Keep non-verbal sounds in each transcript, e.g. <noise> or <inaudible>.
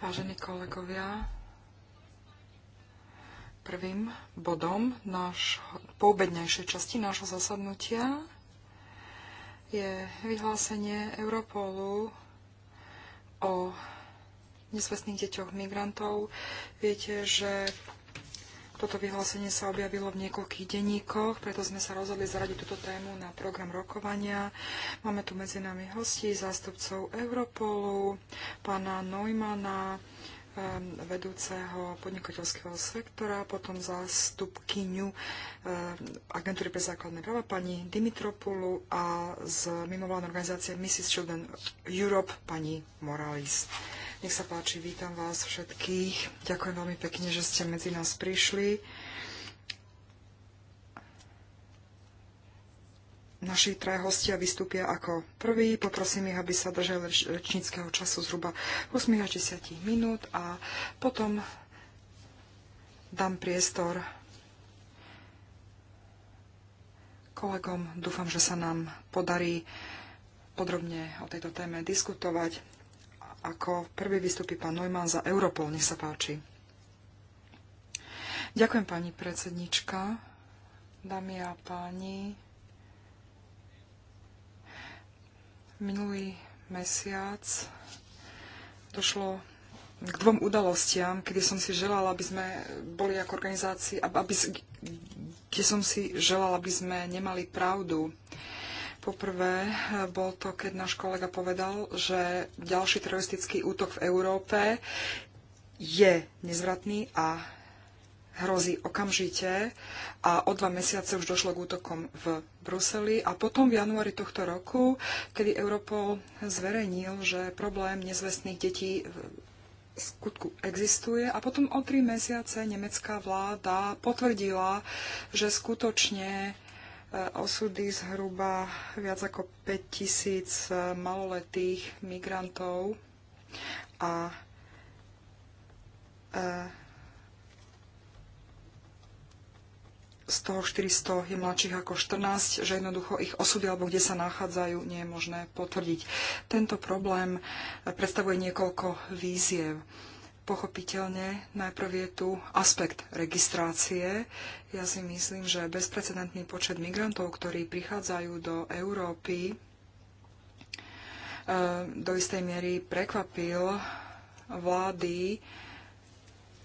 Vážení kolegovia, prvým bodom náš, poobednejšej časti nášho zasadnutia je vyhlásenie Europolu o nesvestných deťoch migrantov. Viete, že toto vyhlásenie sa objavilo v niekoľkých denníkoch, preto sme sa rozhodli zaradiť túto tému na program rokovania. Máme tu medzi nami hostí, zástupcov Europolu, pána Neumana, vedúceho podnikateľského sektora, potom zástupkyňu agentúry pre základné práva pani Dimitropulu a z mimovládnej organizácie Mrs. Children Europe pani Morales. Nech sa páči, vítam vás všetkých. Ďakujem veľmi pekne, že ste medzi nás prišli. naši traja hostia vystúpia ako prvý. Poprosím ich, aby sa držali rečníckého času zhruba 8 až 10 minút a potom dám priestor kolegom. Dúfam, že sa nám podarí podrobne o tejto téme diskutovať ako prvý vystupí pán Neumann za Europol. Nech sa páči. Ďakujem pani predsednička, dámy a páni. Minulý mesiac došlo k dvom udalostiam, kedy som si želala, aby sme boli ako organizácii, aby, aby, kde som si želala, aby sme nemali pravdu. Poprvé bol to, keď náš kolega povedal, že ďalší teroristický útok v Európe je nezvratný a hrozí okamžite a o dva mesiace už došlo k útokom v Bruseli a potom v januári tohto roku, kedy Europol zverejnil, že problém nezvestných detí v skutku existuje a potom o tri mesiace nemecká vláda potvrdila, že skutočne E, osudy zhruba viac ako 5000 e, maloletých migrantov a e, z toho 400 je mladších ako 14, že jednoducho ich osudy alebo kde sa nachádzajú nie je možné potvrdiť. Tento problém predstavuje niekoľko víziev. Pochopiteľne najprv je tu aspekt registrácie. Ja si myslím, že bezprecedentný počet migrantov, ktorí prichádzajú do Európy, e, do istej miery prekvapil vlády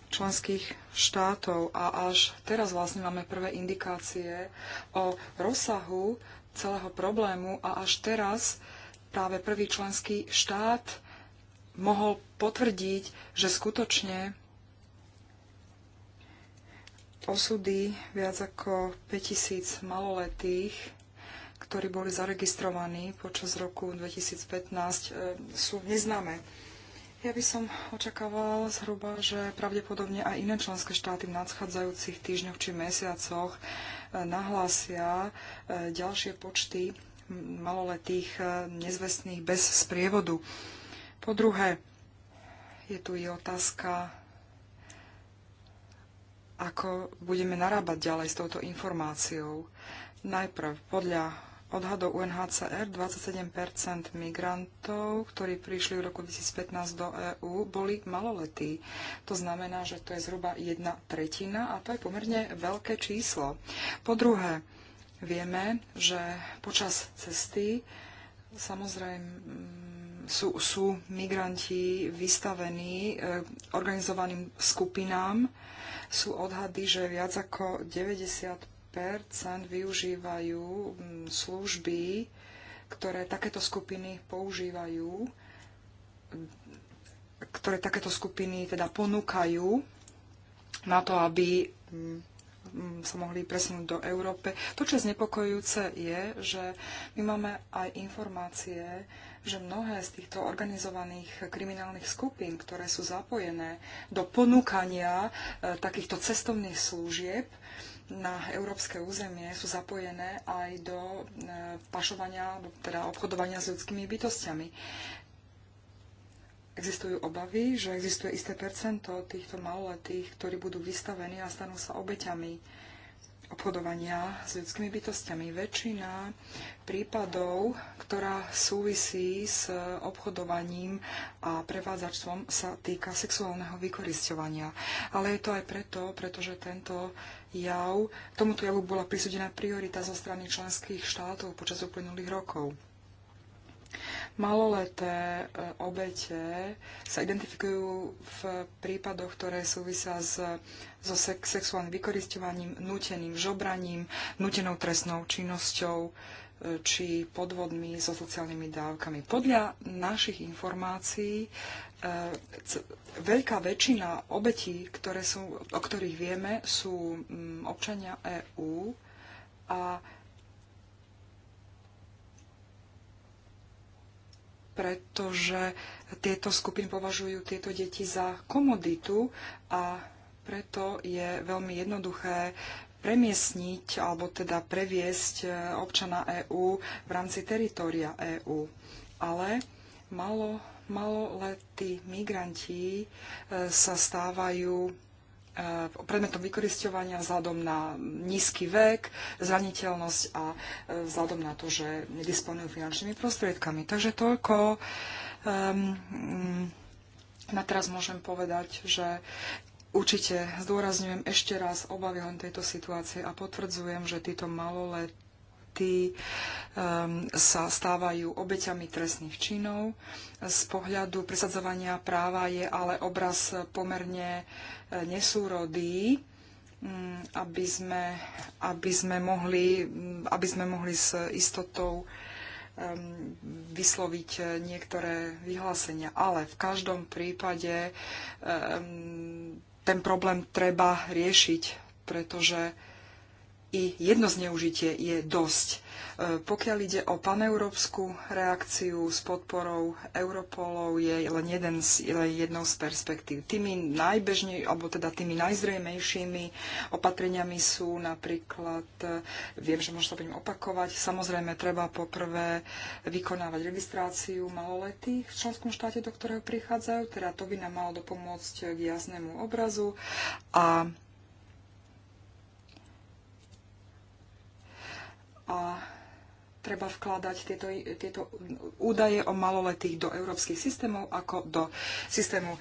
členských štátov a až teraz vlastne máme prvé indikácie o rozsahu celého problému a až teraz práve prvý členský štát mohol potvrdiť, že skutočne osudy viac ako 5000 maloletých, ktorí boli zaregistrovaní počas roku 2015, e, sú neznáme. Ja by som očakával zhruba, že pravdepodobne aj iné členské štáty v nadchádzajúcich týždňoch či mesiacoch e, nahlásia e, ďalšie počty maloletých nezvestných bez sprievodu. Po druhé, je tu i otázka, ako budeme narábať ďalej s touto informáciou. Najprv, podľa odhadov UNHCR 27 migrantov, ktorí prišli v roku 2015 do EÚ, boli maloletí. To znamená, že to je zhruba jedna tretina a to je pomerne veľké číslo. Po druhé, vieme, že počas cesty samozrejme sú, sú migranti vystavení e, organizovaným skupinám. Sú odhady, že viac ako 90 využívajú služby, ktoré takéto skupiny používajú, ktoré takéto skupiny teda ponúkajú na to, aby sa mohli presunúť do Európe. To, čo je znepokojujúce, je, že my máme aj informácie že mnohé z týchto organizovaných kriminálnych skupín, ktoré sú zapojené do ponúkania e, takýchto cestovných služieb, na európske územie sú zapojené aj do e, pašovania, teda obchodovania s ľudskými bytostiami. Existujú obavy, že existuje isté percento týchto maloletých, ktorí budú vystavení a stanú sa obeťami obchodovania s ľudskými bytostiami. Väčšina prípadov, ktorá súvisí s obchodovaním a prevádzačstvom, sa týka sexuálneho vykorisťovania. Ale je to aj preto, pretože tento jav, tomuto javu bola prisúdená priorita zo strany členských štátov počas uplynulých rokov. Maloleté e, obete sa identifikujú v prípadoch, ktoré súvisia s so sex- sexuálnym vykoristovaním, núteným žobraním, nútenou trestnou činnosťou e, či podvodmi so sociálnymi dávkami. Podľa našich informácií e, veľká väčšina obetí, ktoré sú, o ktorých vieme, sú mm, občania EÚ a pretože tieto skupiny považujú tieto deti za komoditu a preto je veľmi jednoduché premiesniť alebo teda previesť e, občana EÚ v rámci teritória EÚ. Ale malo, maloletí migranti e, sa stávajú e, predmetom vykoristovania vzhľadom na nízky vek, zraniteľnosť a vzhľadom na to, že nedisponujú finančnými prostriedkami. Takže toľko. Um, na teraz môžem povedať, že Určite zdôrazňujem ešte raz obavy len tejto situácie a potvrdzujem, že títo maloletí um, sa stávajú obeťami trestných činov. Z pohľadu presadzovania práva je ale obraz pomerne eh, nesúrodý mm, aby sme, aby sme, mohli, mm, aby sme mohli s istotou vysloviť eh, niektoré vyhlásenia. Ale v každom prípade um, ten problém treba riešiť, pretože i jedno zneužitie je dosť. E, pokiaľ ide o paneurópsku reakciu s podporou Europolov, je len, jeden z, len jednou z perspektív. Tými najbežnej, alebo teda tými najzrejmejšími opatreniami sú napríklad, e, viem, že možno sa budem opakovať, samozrejme treba poprvé vykonávať registráciu maloletých v členskom štáte, do ktorého prichádzajú, teda to by nám malo dopomôcť k jasnému obrazu a a treba vkladať tieto, tieto údaje o maloletých do európskych systémov ako do systému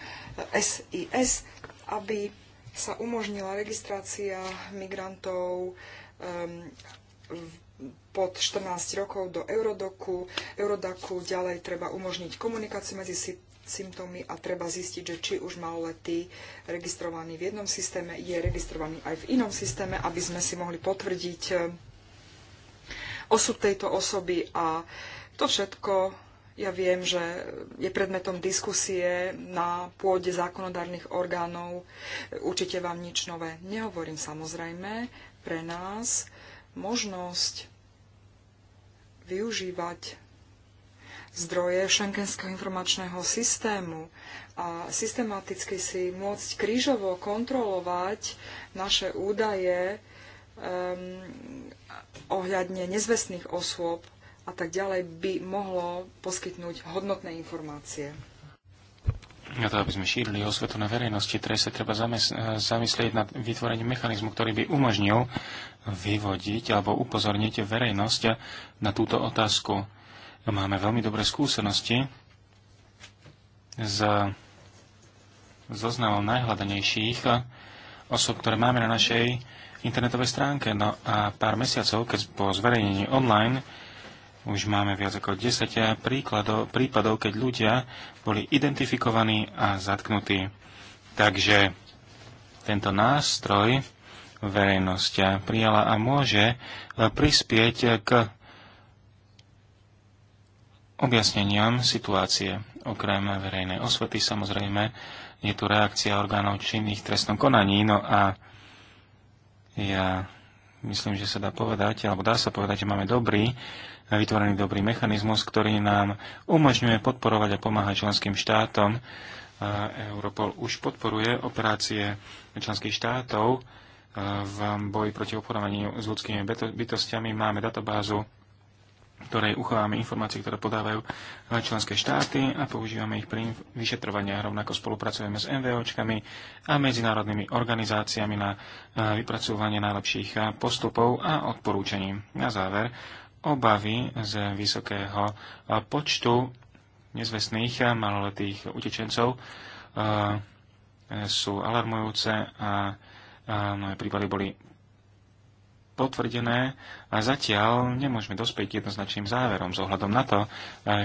SIS, eh, aby sa umožnila registrácia migrantov um, pod 14 rokov do Eurodoku. Eurodaku ďalej treba umožniť komunikáciu medzi symptómy a treba zistiť, že či už maloletý registrovaný v jednom systéme je registrovaný aj v inom systéme, aby sme si mohli potvrdiť osud tejto osoby a to všetko ja viem, že je predmetom diskusie na pôde zákonodárnych orgánov. Určite vám nič nové nehovorím samozrejme. Pre nás možnosť využívať zdroje šengenského informačného systému a systematicky si môcť krížovo kontrolovať naše údaje um, ohľadne nezvestných osôb a tak ďalej by mohlo poskytnúť hodnotné informácie. Na to, aby sme šírili osvetu na verejnosti, treba sa treba e, zamyslieť nad vytvorením mechanizmu, ktorý by umožnil vyvodiť alebo upozorniť verejnosť na túto otázku. Máme veľmi dobré skúsenosti za zoznamom najhľadanejších osob, ktoré máme na našej internetovej stránke. No a pár mesiacov, keď po zverejnení online, už máme viac ako 10 príkladov, prípadov, keď ľudia boli identifikovaní a zatknutí. Takže tento nástroj verejnosť prijala a môže eh, prispieť k objasneniam situácie. Okrem verejnej osvety samozrejme je tu reakcia orgánov činných trestnom konaní. No a ja myslím, že sa dá povedať, alebo dá sa povedať, že máme dobrý, vytvorený dobrý mechanizmus, ktorý nám umožňuje podporovať a pomáhať členským štátom. Europol už podporuje operácie členských štátov v boji proti obchodovaniu s ľudskými bytostiami. Máme databázu ktorej uchováme informácie, ktoré podávajú eh, členské štáty a používame ich pri vyšetrovania. Rovnako spolupracujeme s MVOčkami a medzinárodnými organizáciami na eh, vypracovanie najlepších eh, postupov a odporúčaní. Na záver, obavy z vysokého počtu nezvestných maloletých utečencov sú alarmujúce a mnohé prípady boli potvrdené a zatiaľ nemôžeme dospieť jednoznačným záverom z ohľadom na to,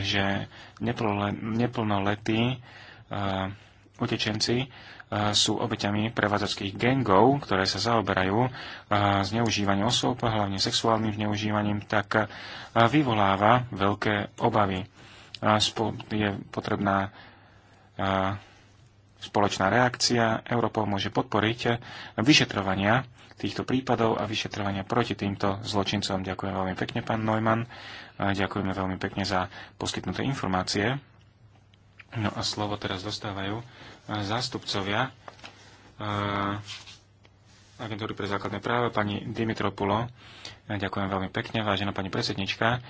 že neplnoletí e, utečenci e, sú obeťami prevádzackých gangov, ktoré sa zaoberajú e, zneužívaním osôb, hlavne sexuálnym zneužívaním, tak vyvoláva veľké obavy. Je potrebná spoločná reakcia. Europol môže podporiť vyšetrovania týchto prípadov a vyšetrovania proti týmto zločincom. Ďakujem veľmi pekne, pán Neumann. Ďakujeme veľmi pekne za poskytnuté informácie. No a slovo teraz dostávajú e, zástupcovia e, agentúry pre základné práva, pani Dimitropulo. E, ďakujem veľmi pekne, vážená pani predsednička,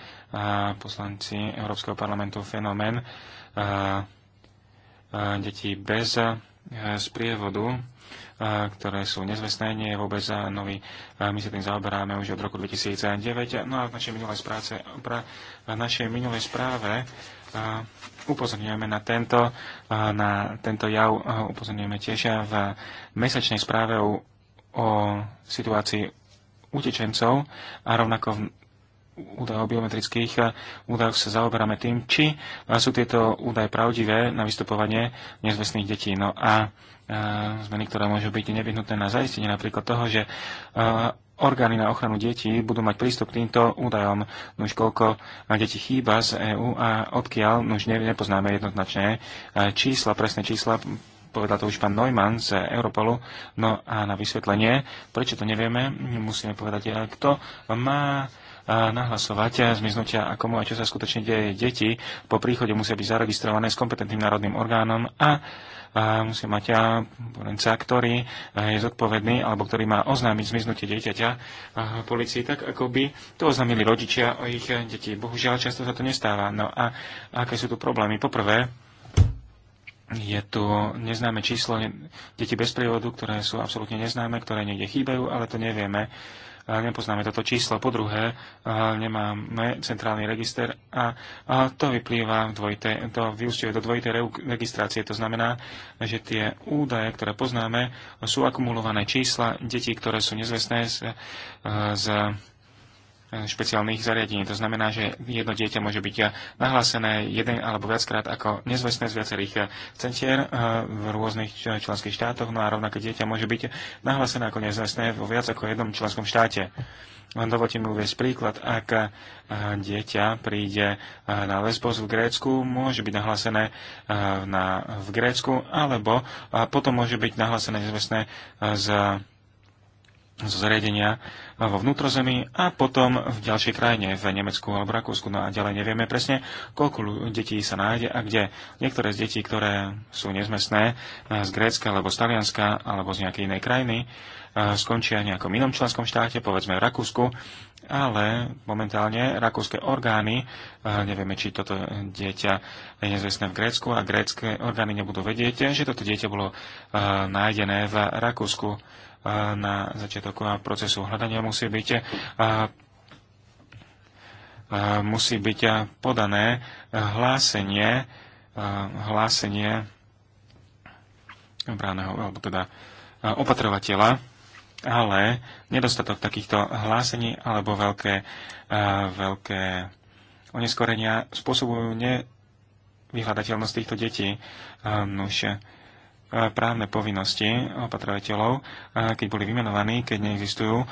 poslanci Európskeho parlamentu fenomén deti bez sprievodu ktoré sú nezvestné, nie je vôbec nový. My sa tým zaoberáme už od roku 2009. No a v našej minulej, spráce, pra, v našej minulej správe upozorňujeme na tento, na tento jav, upozorňujeme tiež v mesačnej správe o, o situácii utečencov a rovnako v údajov biometrických údajoch sa zaoberáme tým, či sú tieto údaje pravdivé na vystupovanie nezvestných detí. No a zmeny, ktoré môžu byť nevyhnutné na zaistenie napríklad toho, že orgány na ochranu detí budú mať prístup k týmto údajom. Nuž koľko detí chýba z EÚ a odkiaľ, už nepoznáme jednoznačné čísla, presné čísla, povedal to už pán Neumann z Europolu. No a na vysvetlenie, prečo to nevieme, musíme povedať, kto má nahlasovať zmiznutia a komu a čo sa skutočne deje deti. Po príchode musia byť zaregistrované s kompetentným národným orgánom a musí mať porenca, ktorý e, je zodpovedný alebo ktorý má oznámiť zmiznutie dieťaťa e, policii, tak ako by to oznámili rodičia o ich e, deti. Bohužiaľ, často sa to nestáva. No a aké sú tu problémy? Poprvé, je tu neznáme číslo detí bez prievodu, ktoré sú absolútne neznáme, ktoré niekde chýbajú, ale to nevieme nepoznáme toto číslo. Po druhé, nemáme centrálny register a to vyplýva dvojité, to vyústuje do dvojitej registrácie. To znamená, že tie údaje, ktoré poznáme, sú akumulované čísla detí, ktoré sú nezvestné z, z Eh, špeciálnych zariadení. To znamená, že jedno dieťa môže byť eh, nahlásené jeden alebo viackrát ako nezvestné z viacerých eh, centier v rôznych členských štátoch, no a rovnaké dieťa môže byť nahlásené ako nezvestné vo viac ako jednom členskom štáte. Len dovolte mi uvieť príklad, ak dieťa príde na lesbos v Grécku, môže byť nahlásené v Grécku, alebo potom môže byť nahlásené nezvestné z zo zariadenia vo vnútrozemí a potom v ďalšej krajine, v Nemecku alebo Rakúsku. No a ďalej nevieme presne, koľko detí sa nájde a kde. Niektoré z detí, ktoré sú nezmestné e, z Grécka alebo z Talianska alebo z nejakej inej krajiny, e, skončia v nejakom inom členskom štáte, povedzme v Rakúsku, ale momentálne rakúske orgány, e, nevieme, či toto dieťa je nezvestné v Grécku a grécké orgány nebudú vedieť, že toto dieťa bolo nájdené v Rakúsku na začiatok procesu hľadania musí byť musí byť podané hlásenie hlásenie obráneho, alebo teda opatrovateľa, ale nedostatok takýchto hlásení alebo veľké, veľké oneskorenia spôsobujú nevyhľadateľnosť týchto detí. Nože, právne povinnosti opatrovateľov, keď boli vymenovaní, keď neexistujú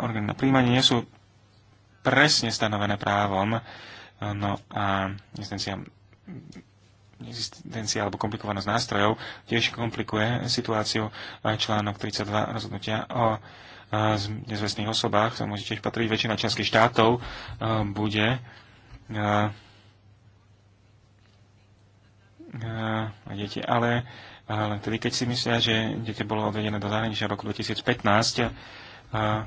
orgány na príjmanie, nie sú presne stanovené právom. No a existencia, existencia alebo komplikovanosť nástrojov tiež komplikuje situáciu článok 32 rozhodnutia o nezvestných osobách, Sa môžete ich patriť väčšina členských štátov, bude deti, ale ale tedy, keď si myslia, že dieťa bolo odvedené do zahraničia roku 2015, a, a,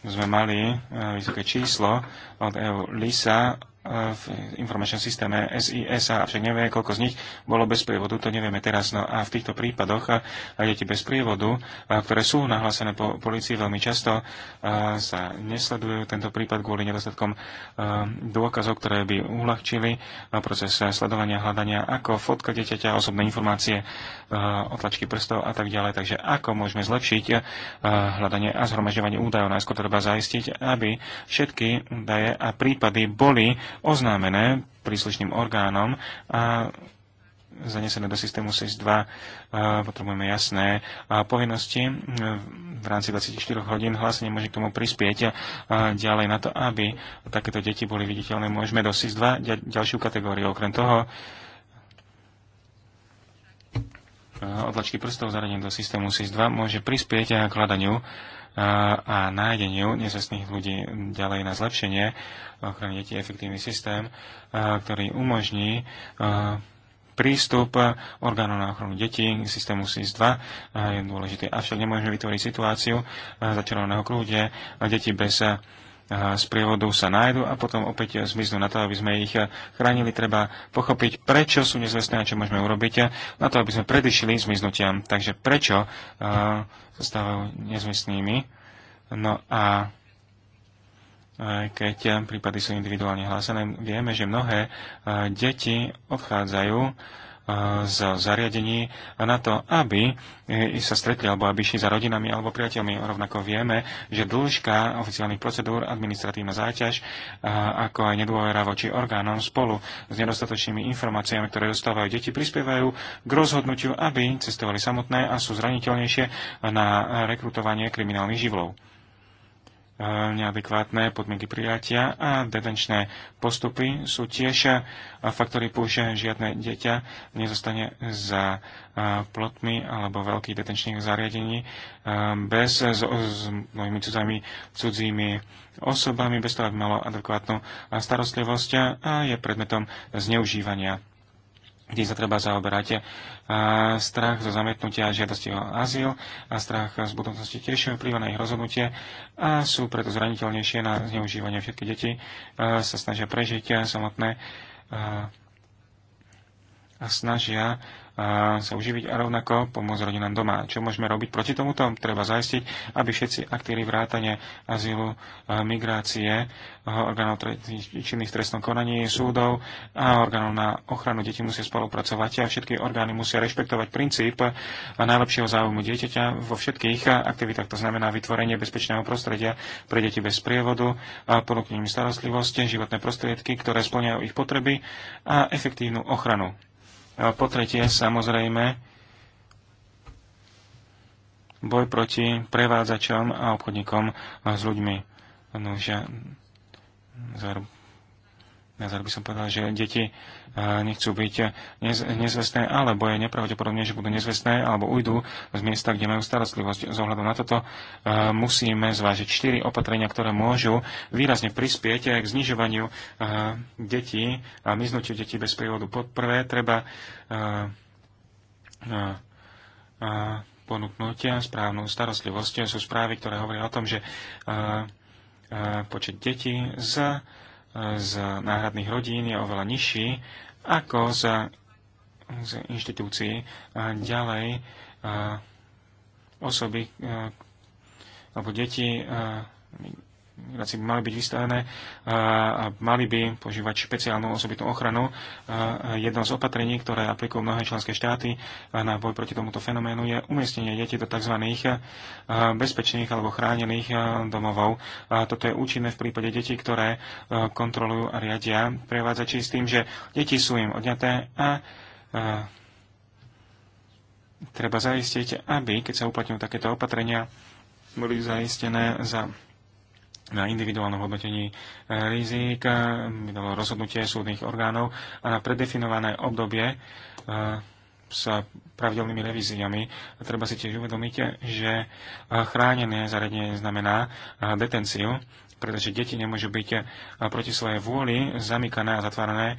sme mali vysoké číslo od EU LISA v informačnom systéme SIS, však nevieme, koľko z nich bolo bez prievodu, to nevieme teraz. No a v týchto prípadoch a deti bez prievodu, a ktoré sú nahlásené po policii veľmi často, a sa nesledujú tento prípad kvôli nedostatkom dôkazov, ktoré by uľahčili proces sledovania, hľadania, ako fotka dieťaťa, osobné informácie, otlačky prstov a tak ďalej. Takže ako môžeme zlepšiť hľadanie a zhromažďovanie údajov. Najskôr treba zaistiť, aby všetky údaje a prípady boli oznámené príslušným orgánom a zanesené do systému SIS-2 e, potrebujeme jasné povinnosti. E, v rámci 24 hodín hlásenie môže k tomu prispieť ďalej na to, aby takéto deti boli viditeľné. Môžeme do SIS-2 ďalšiu kategóriu. Okrem toho e, odlačky prstov zaradené do systému SIS-2 môže prispieť k hľadaniu a nájdeniu nezvestných ľudí ďalej na zlepšenie ochrany detí efektívny systém, ktorý umožní prístup orgánov na ochranu detí k systému SIS-2 je dôležitý. Avšak nemôžeme vytvoriť situáciu začarovaného kľúde deti bez z prievodov sa nájdu a potom opäť zmiznú na to, aby sme ich chránili. Treba pochopiť, prečo sú nezvestné a čo môžeme urobiť na to, aby sme predišli zmiznutiam. Takže prečo sa stávajú nezvestnými. No a keď prípady sú individuálne hlásené, vieme, že mnohé deti odchádzajú z zariadení na to, aby e, sa stretli alebo aby išli za rodinami alebo priateľmi. Rovnako vieme, že dĺžka oficiálnych procedúr, administratívna záťaž, ako aj nedôvera voči orgánom spolu s nedostatočnými informáciami, ktoré dostávajú deti, prispievajú k rozhodnutiu, aby cestovali samotné a sú zraniteľnejšie na rekrutovanie kriminálnych živlov. E, neadekvátne podmienky prijatia a detenčné postupy sú tiež e, faktory púšťa, žiadne dieťa nezostane za e, plotmi alebo veľkých detenčných zariadení bez s, s mojimi cudzami, cudzími osobami, bez toho, aby malo adekvátnu starostlivosť a je predmetom zneužívania kde sa treba zaoberať. A strach zo zametnutia a žiadosti o azyl a strach z budúcnosti tiež vplyva na ich rozhodnutie a sú preto zraniteľnejšie na zneužívanie. Všetky deti a e, sa snažia prežiť samotné a, a snažia sa uživiť a rovnako pomôcť rodinám doma. Čo môžeme robiť proti tomuto? Treba zaistiť, aby všetci aktíry vrátane azylu, e, migrácie, orgánov činných trestných konaní, súdov a orgánov na ochranu detí musia spolupracovať a všetky orgány musia rešpektovať princíp najlepšieho záujmu dieťaťa vo všetkých aktivitách. To znamená vytvorenie bezpečného prostredia pre deti bez prievodu, ponúknením starostlivosti, životné prostriedky, ktoré splňajú ich potreby a efektívnu ochranu. A po tretie, samozrejme, boj proti prevádzačom a obchodníkom s ľuďmi. Nože, že na záver by som povedal, že deti e, nechcú byť nez, nezvestné, alebo je nepravdepodobne, že budú nezvestné, alebo ujdú z miesta, kde majú starostlivosť. Z ohľadu na toto e, musíme zvážiť štyri opatrenia, ktoré môžu výrazne prispieť aj k znižovaniu e, detí a miznutiu detí bez prívodu. Poprvé prvé, treba ponúknutia, správnu starostlivosť. Sú správy, ktoré hovoria o tom, že počet detí z z náhradných rodín je oveľa nižší ako z, z inštitúcií. A ďalej a osoby a, alebo deti a, by mali byť vystavené a mali by požívať špeciálnu osobitnú ochranu. Jedno z opatrení, ktoré aplikujú mnohé členské štáty na boj proti tomuto fenoménu, je umiestnenie detí do tzv. bezpečných alebo chránených domovov. A toto je účinné v prípade detí, ktoré kontrolujú a riadia prevádzači s tým, že deti sú im odňaté a treba zaistiť, aby, keď sa uplatňujú takéto opatrenia, boli zaistené za na individuálnom hodnotení e, rizik, e, vydalo rozhodnutie súdnych orgánov a na predefinované obdobie e, s pravidelnými revíziami. A treba si tiež uvedomiť, že chránené zariadenie znamená detenciu, pretože deti nemôžu byť proti svojej vôli zamykané a zatvárané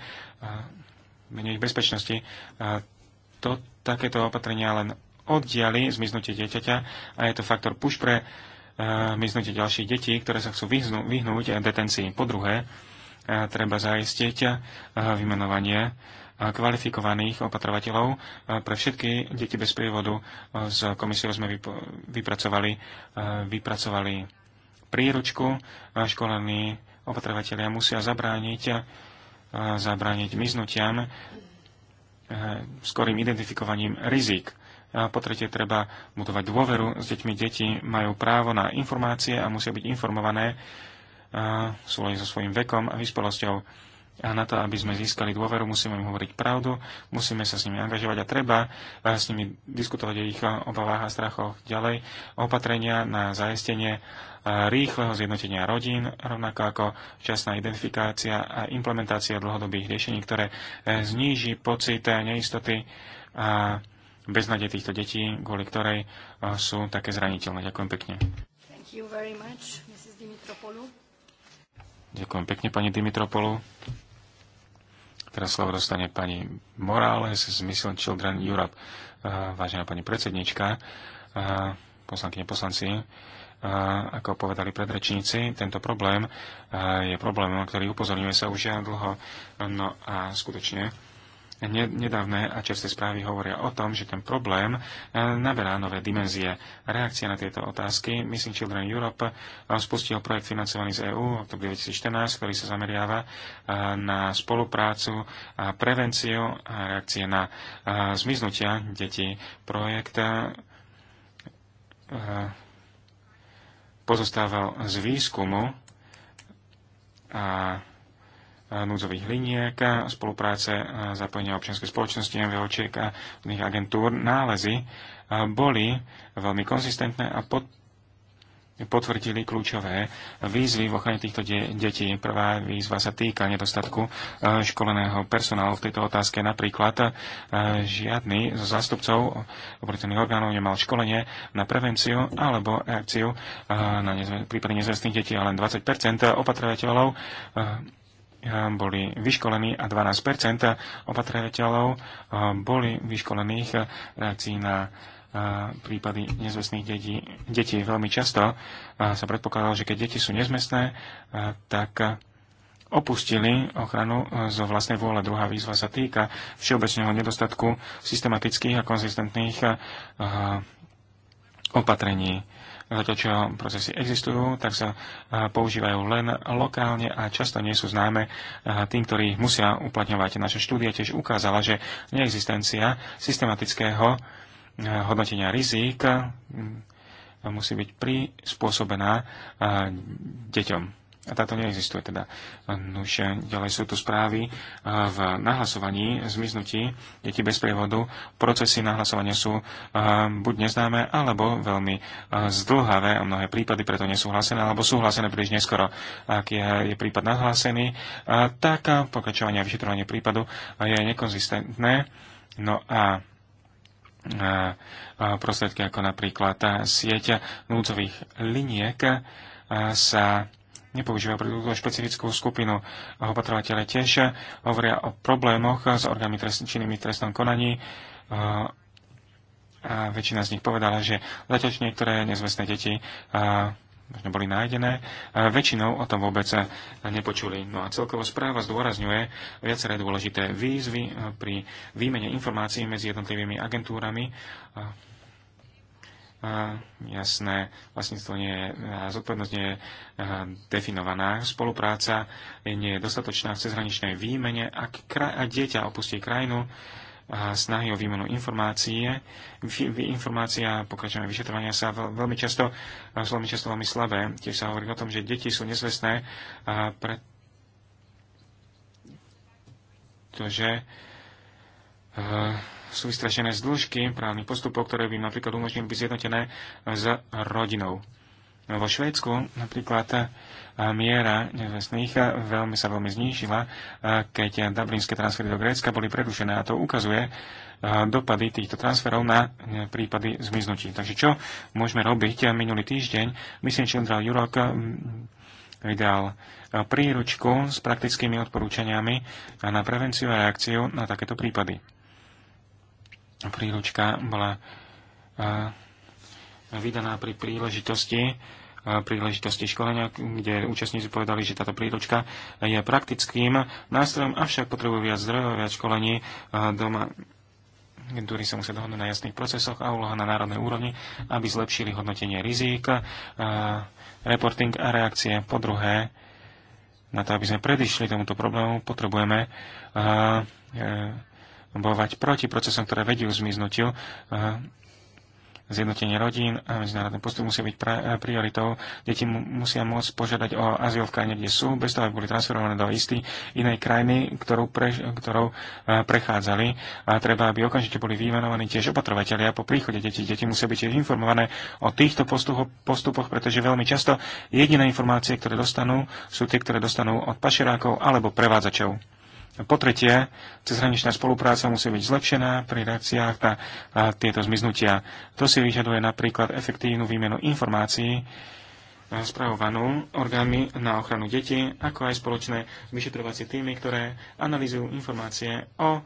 menej ich bezpečnosti. To, takéto opatrenia len oddiali zmiznutie dieťaťa a je to faktor puš pre vyznutie ďalších detí, ktoré sa chcú vyhnúť, vyhnúť detencii. Po druhé, treba zaistiť vymenovanie kvalifikovaných opatrovateľov pre všetky deti bez prievodu. S komisiou sme vypracovali, vypracovali príručku. Školení opatrovateľia musia zabrániť, zabrániť miznutiam skorým identifikovaním rizik. A po tretie, treba budovať dôveru s deťmi. Deti majú právo na informácie a musia byť informované v súlade so svojím vekom a vyspelosťou. A na to, aby sme získali dôveru, musíme im hovoriť pravdu, musíme sa s nimi angažovať a treba a s nimi diskutovať o ich obavách a strachoch ďalej. Opatrenia na zaistenie rýchleho zjednotenia rodín, rovnako ako časná identifikácia a implementácia dlhodobých riešení, ktoré e, zníži pocit e, neistoty a beznade týchto detí, kvôli ktorej eh, sú také zraniteľné. Ďakujem pekne. Much, Ďakujem pekne, pani Dimitropolu. Teraz slovo dostane pani Morales z Mission Children Europe. Eh, vážená pani predsednička, eh, poslankyne poslanci, ako povedali predrečníci, tento problém je na ktorý upozorňuje sa už dlho. No a skutočne Nedávne a časté správy hovoria o tom, že ten problém e, naberá nové dimenzie. Reakcia na tieto otázky Missing Children Europe e, spustil projekt financovaný z EÚ v roku 2014, ktorý sa zameriava e, na spoluprácu a prevenciu a reakcie na zmiznutia detí. Projekt pozostával z výskumu a Eh, núdzových liniek, eh, spolupráce eh, zapojenia občianskej spoločnosti, MVOčiek a iných agentúr nálezy boli veľmi konzistentné a pod, potvrdili kľúčové výzvy v ochrane týchto de- detí. Prvá výzva sa týka nedostatku školeného personálu v tejto otázke. Napríklad žiadny zo zástupcov obritených orgánov nemal školenie na prevenciu alebo reakciu na nezve- prípady nezvestných detí a len 20 opatrovateľov Eh, boli vyškolení a 12 opatrovateľov eh, boli vyškolených eh, reakcií na prípady nezvestných detí. Deti Veľmi často sa predpokladalo, že keď deti sú nezmestné, tak opustili ochranu zo vlastnej vôle. Druhá výzva sa týka všeobecného nedostatku systematických a konzistentných opatrení to, čo procesy existujú, tak sa eh, používajú len lokálne a často nie sú známe eh, tým, ktorí ich musia uplatňovať. Naša štúdia tiež ukázala, že neexistencia systematického eh, hodnotenia rizik mm, musí byť prispôsobená deťom a táto neexistuje teda. Nuž, ďalej sú tu správy e, v nahlasovaní, zmiznutí detí bez prievodu. Procesy nahlasovania sú e, buď neznáme, alebo veľmi e, zdlhavé a mnohé prípady preto nesúhlasené, alebo súhlasené príliš neskoro. Ak je, je prípad nahlásený, tak pokračovanie a vyšetrovanie prípadu je nekonzistentné. No a prostriedky ako napríklad sieť núdzových liniek sa Nepoužíva pre túto špecifickú skupinu. Opatrovateľe tiež hovoria o problémoch s orgánmi trest, činnými trestnom konaní eh, a väčšina z nich povedala, že zatiaľ niektoré nezvestné deti eh, možno boli nájdené, eh, väčšinou o tom vôbec nepočuli. No a celkovo správa zdôrazňuje viaceré dôležité výzvy pri výmene informácií medzi jednotlivými agentúrami jasné, vlastníctvo nie je, zodpovednosť nie je definovaná, spolupráca nie je dostatočná v cezhraničnej výmene, ak kraj, a dieťa opustí krajinu, a snahy o výmenu informácie. Informácia pokračujeme vyšetrovania sa veľmi často, veľmi často veľmi slabé. Tiež sa hovorí o tom, že deti sú nezvestné, pretože sú vystrašené z dĺžky právnych postupov, ktoré by napríklad umožnili byť zjednotené s rodinou. Vo Švédsku napríklad eh, miera nezvestných eh, veľmi sa veľmi znížila, eh, keď dublinské transfery do Grécka boli prerušené a to ukazuje dopady týchto transferov na prípady zmiznutí. Takže čo môžeme robiť? Minulý týždeň že Andral Jurok, hm, vydal príručku s praktickými odporúčaniami na prevenciu a reakciu na takéto prípady príručka bola eh, vydaná pri príležitosti eh, príležitosti školenia, kde účastníci povedali, že táto príručka je praktickým nástrojom, avšak potrebujú viac zdrojov, viac školení eh, doma ktorí sa musia dohodnúť na jasných procesoch a úloha na národnej úrovni, aby zlepšili hodnotenie rizík, reporting a reakcie. Po druhé, na to, aby sme predišli tomuto problému, potrebujeme bojovať proti procesom, ktoré vedú k zmiznutiu. Eh, zjednotenie rodín a medzinárodný postup musia byť eh, prioritou. Deti musia môcť požiadať o azyl v krajine, kde sú, bez toho, aby boli transferované do istý inej krajiny, ktorou, pre, ktorou eh, prechádzali. A treba, aby okamžite boli vymenovaní tiež opatrovateľia po príchode detí. Deti musia byť tiež informované o týchto postupo, postupoch, pretože veľmi často jediné informácie, ktoré dostanú, sú tie, ktoré dostanú od pašerákov alebo prevádzačov. Po tretie, cezhraničná spolupráca musí byť zlepšená pri reakciách na tieto zmiznutia. To si vyžaduje napríklad efektívnu výmenu informácií, eh, spravovanú orgánmi na ochranu detí, ako aj spoločné vyšetrovacie týmy, ktoré analýzujú informácie o eh,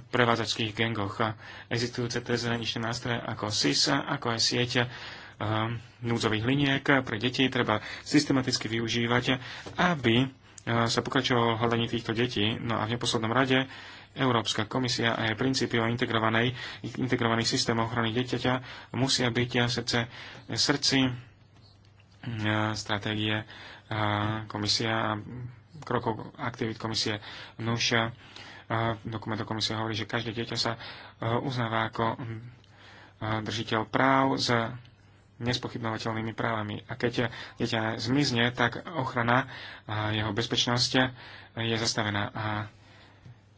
prevádzačských gengoch. Existujúce cezhraničné nástroje ako SIS, ako aj sieť eh, núdzových liniek pre deti treba systematicky využívať, aby sa pokračovalo v týchto detí. No a v neposlednom rade Európska komisia a jej princípy o integrovanej, integrovaných systémoch ochrany dieťaťa musia byť v srdce, srdci stratégie komisia a krokov aktivít komisie Nuša. Dokument komisie hovorí, že každé dieťa sa e, uznáva ako držiteľ práv z nespochybnovateľnými právami. A keď dieťa zmizne, tak ochrana a jeho bezpečnosť je zastavená. A,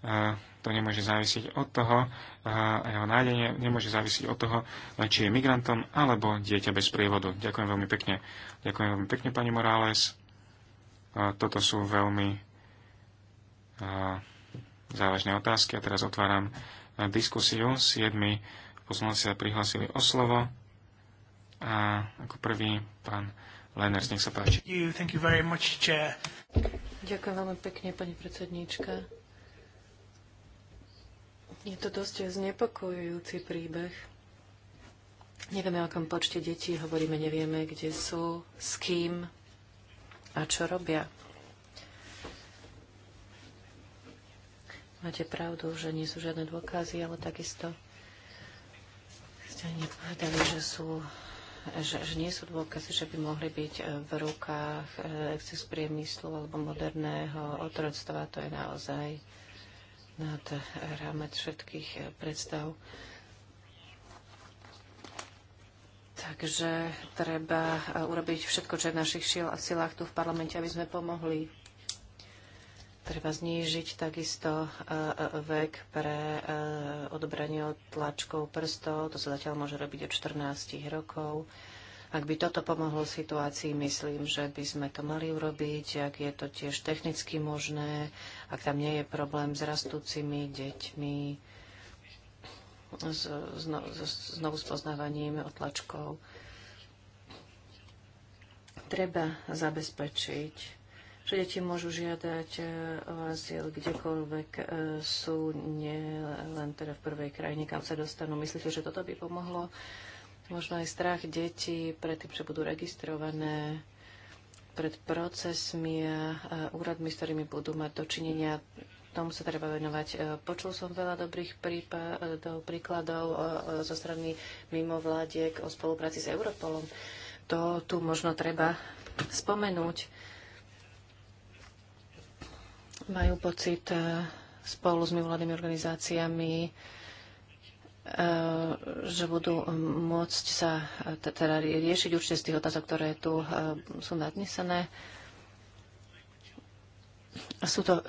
a to nemôže závisiť od toho, a jeho nájdenie nemôže závisiť od toho, či je migrantom alebo dieťa bez prievodu. Ďakujem veľmi pekne. Ďakujem veľmi pekne, pani Morales. A toto sú veľmi a, závažné otázky. A teraz otváram diskusiu. Siedmi poslanci sa prihlásili o slovo. A ako prvý pán Lenners, nech sa páči. Thank you very much, chair. Ďakujem veľmi pekne, pani predsedníčka. Je to dosť znepokojujúci príbeh. Nevieme, o akom počte detí hovoríme, nevieme, kde sú, s kým a čo robia. Máte pravdu, že nie sú žiadne dôkazy, ale takisto ste nepovedali, že sú že, že nie sú dôkazy, že by mohli byť e, v rukách e, exces priemyslu alebo moderného otroctva. To je naozaj nad rámec všetkých e, predstav. Takže treba urobiť všetko, čo je v našich a silách tu v parlamente, aby sme pomohli Treba znížiť takisto e, e, vek pre e, odobranie tlačkov prstov. To sa zatiaľ môže robiť od 14 rokov. Ak by toto pomohlo situácii, myslím, že by sme to mali urobiť, ak je to tiež technicky možné, ak tam nie je problém s rastúcimi deťmi, s, znovu, znovu spoznávaním otlačkov. Treba zabezpečiť že deti môžu žiadať e, o azyl kdekoľvek e, sú, nie len teda v prvej krajine, kam sa dostanú. Myslíte, že toto by pomohlo? Možno aj strach detí pred tým, že budú registrované pred procesmi a úradmi, s ktorými budú mať dočinenia. Tomu sa treba venovať. E, počul som veľa dobrých prípadov, príkladov zo strany mimovládiek o spolupráci s Europolom. To tu možno treba spomenúť majú pocit e, spolu s mimovládnymi organizáciami, e, že budú môcť sa e, teda riešiť určite z tých otázok, ktoré tu sú nadnesené. Sú to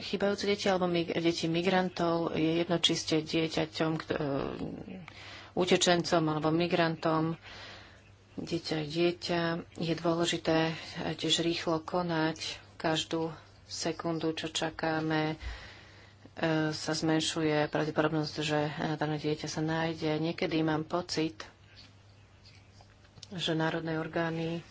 chýbajúce deti alebo deti migrantov? Je jedno, či ste dieťaťom, utečencom alebo migrantom. Dieťa dieťa. Je dôležité tiež rýchlo konať každú sekundu, čo čakáme, e, sa zmenšuje pravdepodobnosť, že e, dané dieťa sa nájde. Niekedy mám pocit, že národné orgány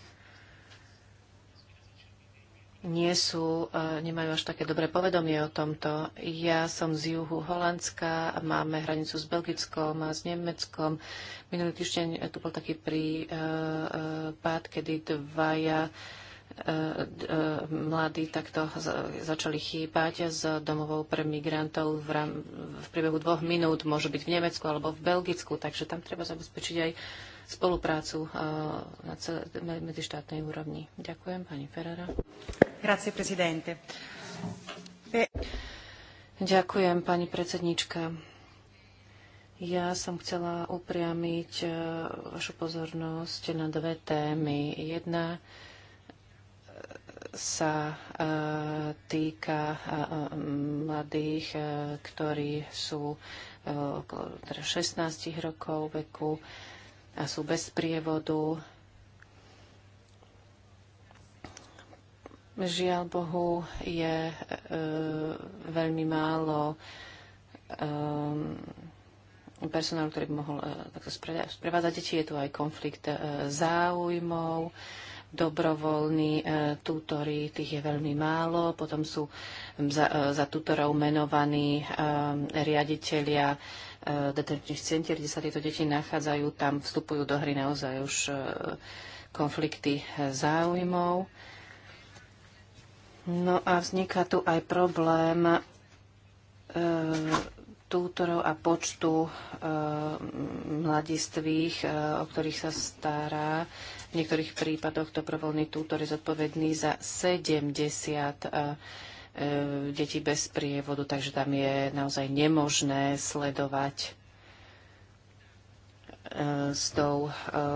nie sú, e, nemajú až také dobré povedomie o tomto. Ja som z juhu Holandska, máme hranicu s Belgickom a s Nemeckom. Minulý týždeň tu bol taký prípad, kedy dvaja E, e, mladí takto začali chýbať z domovou pre migrantov v, rám, v priebehu dvoch minút, môže byť v Nemecku alebo v Belgicku, takže tam treba zabezpečiť aj spoluprácu e, na medzištátnej úrovni. Ďakujem, pani Ferrara. Grazie, prezidente. Ďakujem, pani predsednička. Ja som chcela upriamiť vašu pozornosť na dve témy. Jedna sa e, týka e, mladých, e, ktorí sú okolo 16 teda rokov veku a sú bez prievodu. Žiaľ Bohu, je veľmi málo personálu, ktorý by mohol takto sprevádzať deti. Je tu aj konflikt záujmov dobrovoľní e, tutori, tých je veľmi málo. Potom sú za, e, za tutorov menovaní e, riaditeľia detenčných centier, kde sa tieto deti nachádzajú. Tam vstupujú do hry naozaj už konflikty záujmov. No a vzniká tu aj problém tútorov a počtu e, mladistvých, e, o ktorých sa stará v niektorých prípadoch dobrovoľný tútor je zodpovedný za 70 e, e, detí bez prievodu, takže tam je naozaj nemožné sledovať e, s tou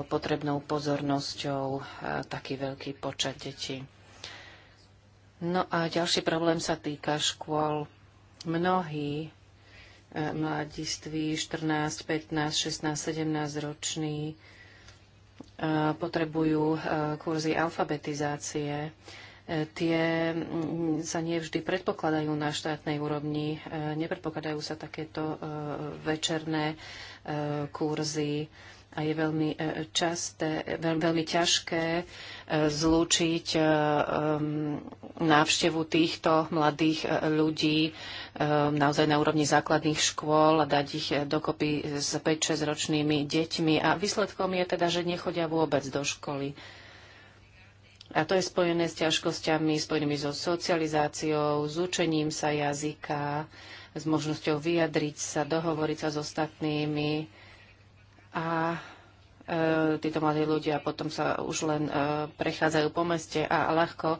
potrebnou pozornosťou taký veľký počet detí. No a ďalší problém sa týka škôl. Mnohí mladiství 14, 15, 16, 17 roční E, potrebujú e, kurzy alfabetizácie. E, tie sa nevždy predpokladajú na štátnej úrovni, nepredpokladajú sa takéto večerné kurzy a je veľmi e, časté, veľ, veľmi ťažké e, zlúčiť e, návštevu týchto mladých ľudí naozaj na úrovni základných škôl a dať ich dokopy s 5-6 ročnými deťmi. A výsledkom je teda, že nechodia vôbec do školy. A to je spojené s ťažkosťami, spojenými so socializáciou, s učením sa jazyka, s možnosťou vyjadriť sa, dohovoriť sa s ostatnými a e, títo mladí ľudia potom sa už len e, prechádzajú po meste a ľahko e,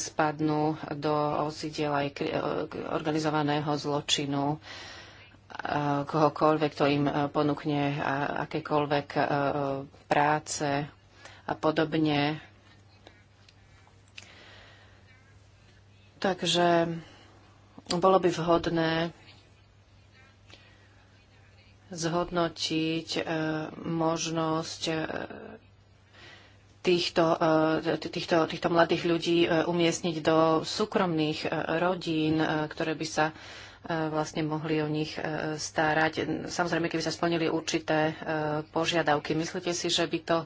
spadnú do osidiel aj organizovaného zločinu kohokoľvek, to im ponúkne akékoľvek práce a podobne. Takže bolo by vhodné zhodnotiť e, možnosť e, týchto, e, týchto, týchto mladých ľudí umiestniť do súkromných rodín, ktoré by sa vlastne mohli o nich starať. Samozrejme, keby sa splnili určité požiadavky. Myslíte si, že by to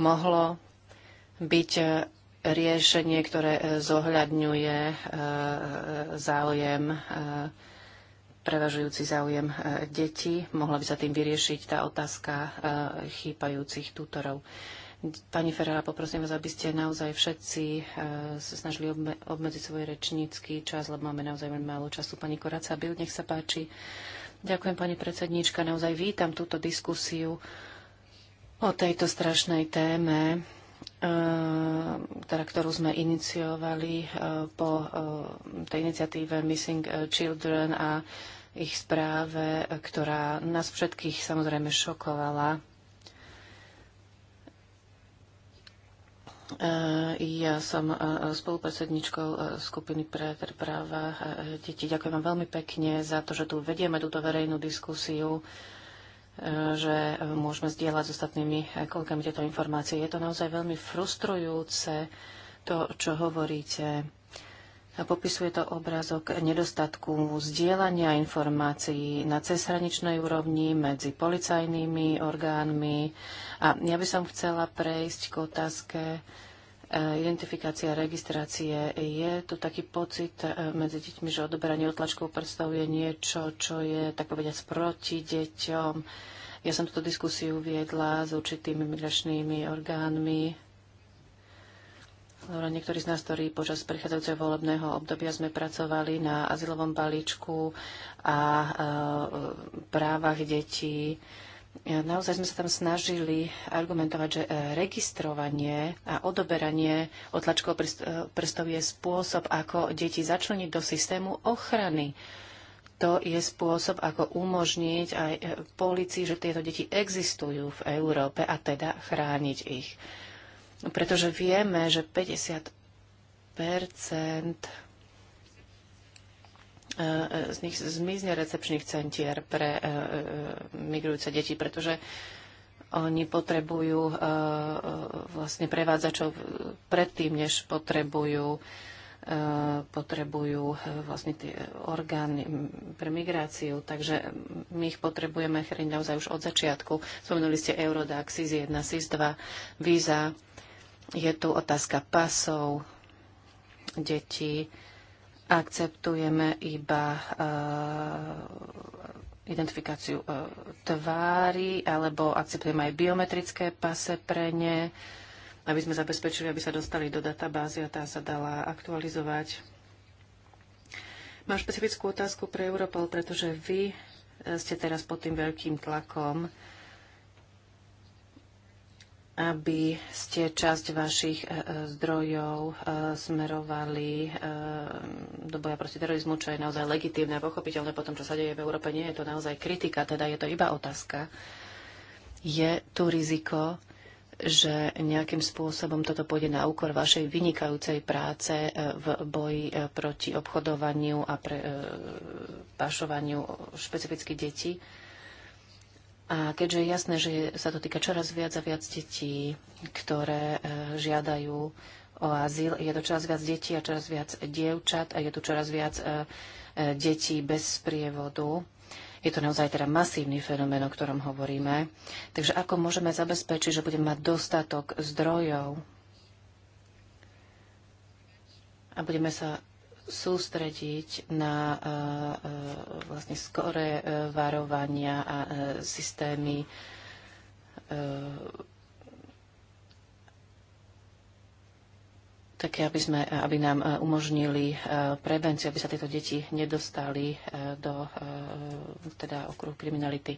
mohlo byť riešenie, ktoré zohľadňuje záujem prevažujúci záujem e, detí. Mohla by sa tým vyriešiť tá otázka e, chýpajúcich tutorov. Pani Ferrara, poprosím vás, aby ste naozaj všetci e, sa snažili obmedziť svoj rečnícky čas, lebo máme naozaj veľmi málo času. Pani Koraca, byl, nech sa páči. Ďakujem, pani predsedníčka. Naozaj vítam túto diskusiu o tejto strašnej téme, teda, ktorú sme iniciovali po tej iniciatíve Missing Children a ich správe, ktorá nás všetkých samozrejme šokovala. E, ja som e, spolupredsedničkou e, skupiny pre práva detí. Ďakujem vám veľmi pekne za to, že tu vedieme túto verejnú diskusiu že môžeme zdieľať s ostatnými kolegami tieto informácie. Je to naozaj veľmi frustrujúce, to, čo hovoríte. Popisuje to obrazok nedostatku zdieľania informácií na cezhraničnej úrovni medzi policajnými orgánmi. A ja by som chcela prejsť k otázke e, identifikácia, a registrácie. Je tu taký pocit e, medzi deťmi, že odoberanie otlačkov prstov je niečo, čo je, tak povedať proti deťom. Ja som túto diskusiu viedla s určitými migračnými orgánmi Dobre, niektorí z nás, ktorí počas prechádzajúceho volebného obdobia sme pracovali na azylovom balíčku a e, právach detí, e, naozaj sme sa tam snažili argumentovať, že e, registrovanie a odoberanie otlačkov e, prstov je spôsob, ako deti začleniť do systému ochrany. To je spôsob, ako umožniť aj policii, že tieto deti existujú v Európe a teda chrániť ich pretože vieme, že 50 eh, z nich zmizne recepčných centier pre eh, eh, migrujúce deti, pretože oni potrebujú vlastne prevádzačov predtým, než potrebujú potrebujú vlastne tie orgány pre migráciu, takže my ich potrebujeme chrániť naozaj už od začiatku. Spomenuli ste Eurodax, SIS 1, SIS 2, Visa. Je tu otázka pasov, detí. Akceptujeme iba eh, identifikáciu eh, tvári alebo akceptujeme aj biometrické pase pre ne, aby sme zabezpečili, aby sa dostali do databázy a tá sa dala aktualizovať. Mám špecifickú otázku pre Europol, pretože vy eh, ste teraz pod tým veľkým tlakom aby ste časť vašich e, e, zdrojov e, smerovali do boja proti terorizmu, čo je naozaj legitímne a pochopiteľné po tom, čo sa deje v Európe. Nie je to naozaj kritika, teda je to iba otázka. Je tu riziko, že nejakým spôsobom toto pôjde na úkor vašej vynikajúcej práce v boji proti obchodovaniu a pre, pašovaniu špecificky detí? A keďže je jasné, že sa to týka čoraz viac a viac detí, ktoré e, žiadajú o azyl, je to čoraz viac detí a čoraz viac dievčat a je tu čoraz viac e, e, detí bez sprievodu. Je to naozaj teda masívny fenomén, o ktorom hovoríme. Takže ako môžeme zabezpečiť, že budeme mať dostatok zdrojov a budeme sa sústrediť na e, e, vlastne skoré e, varovania a systémy také, aby, sme, aby nám umožnili prevenciu, aby sa tieto deti nedostali do teda okruhu kriminality.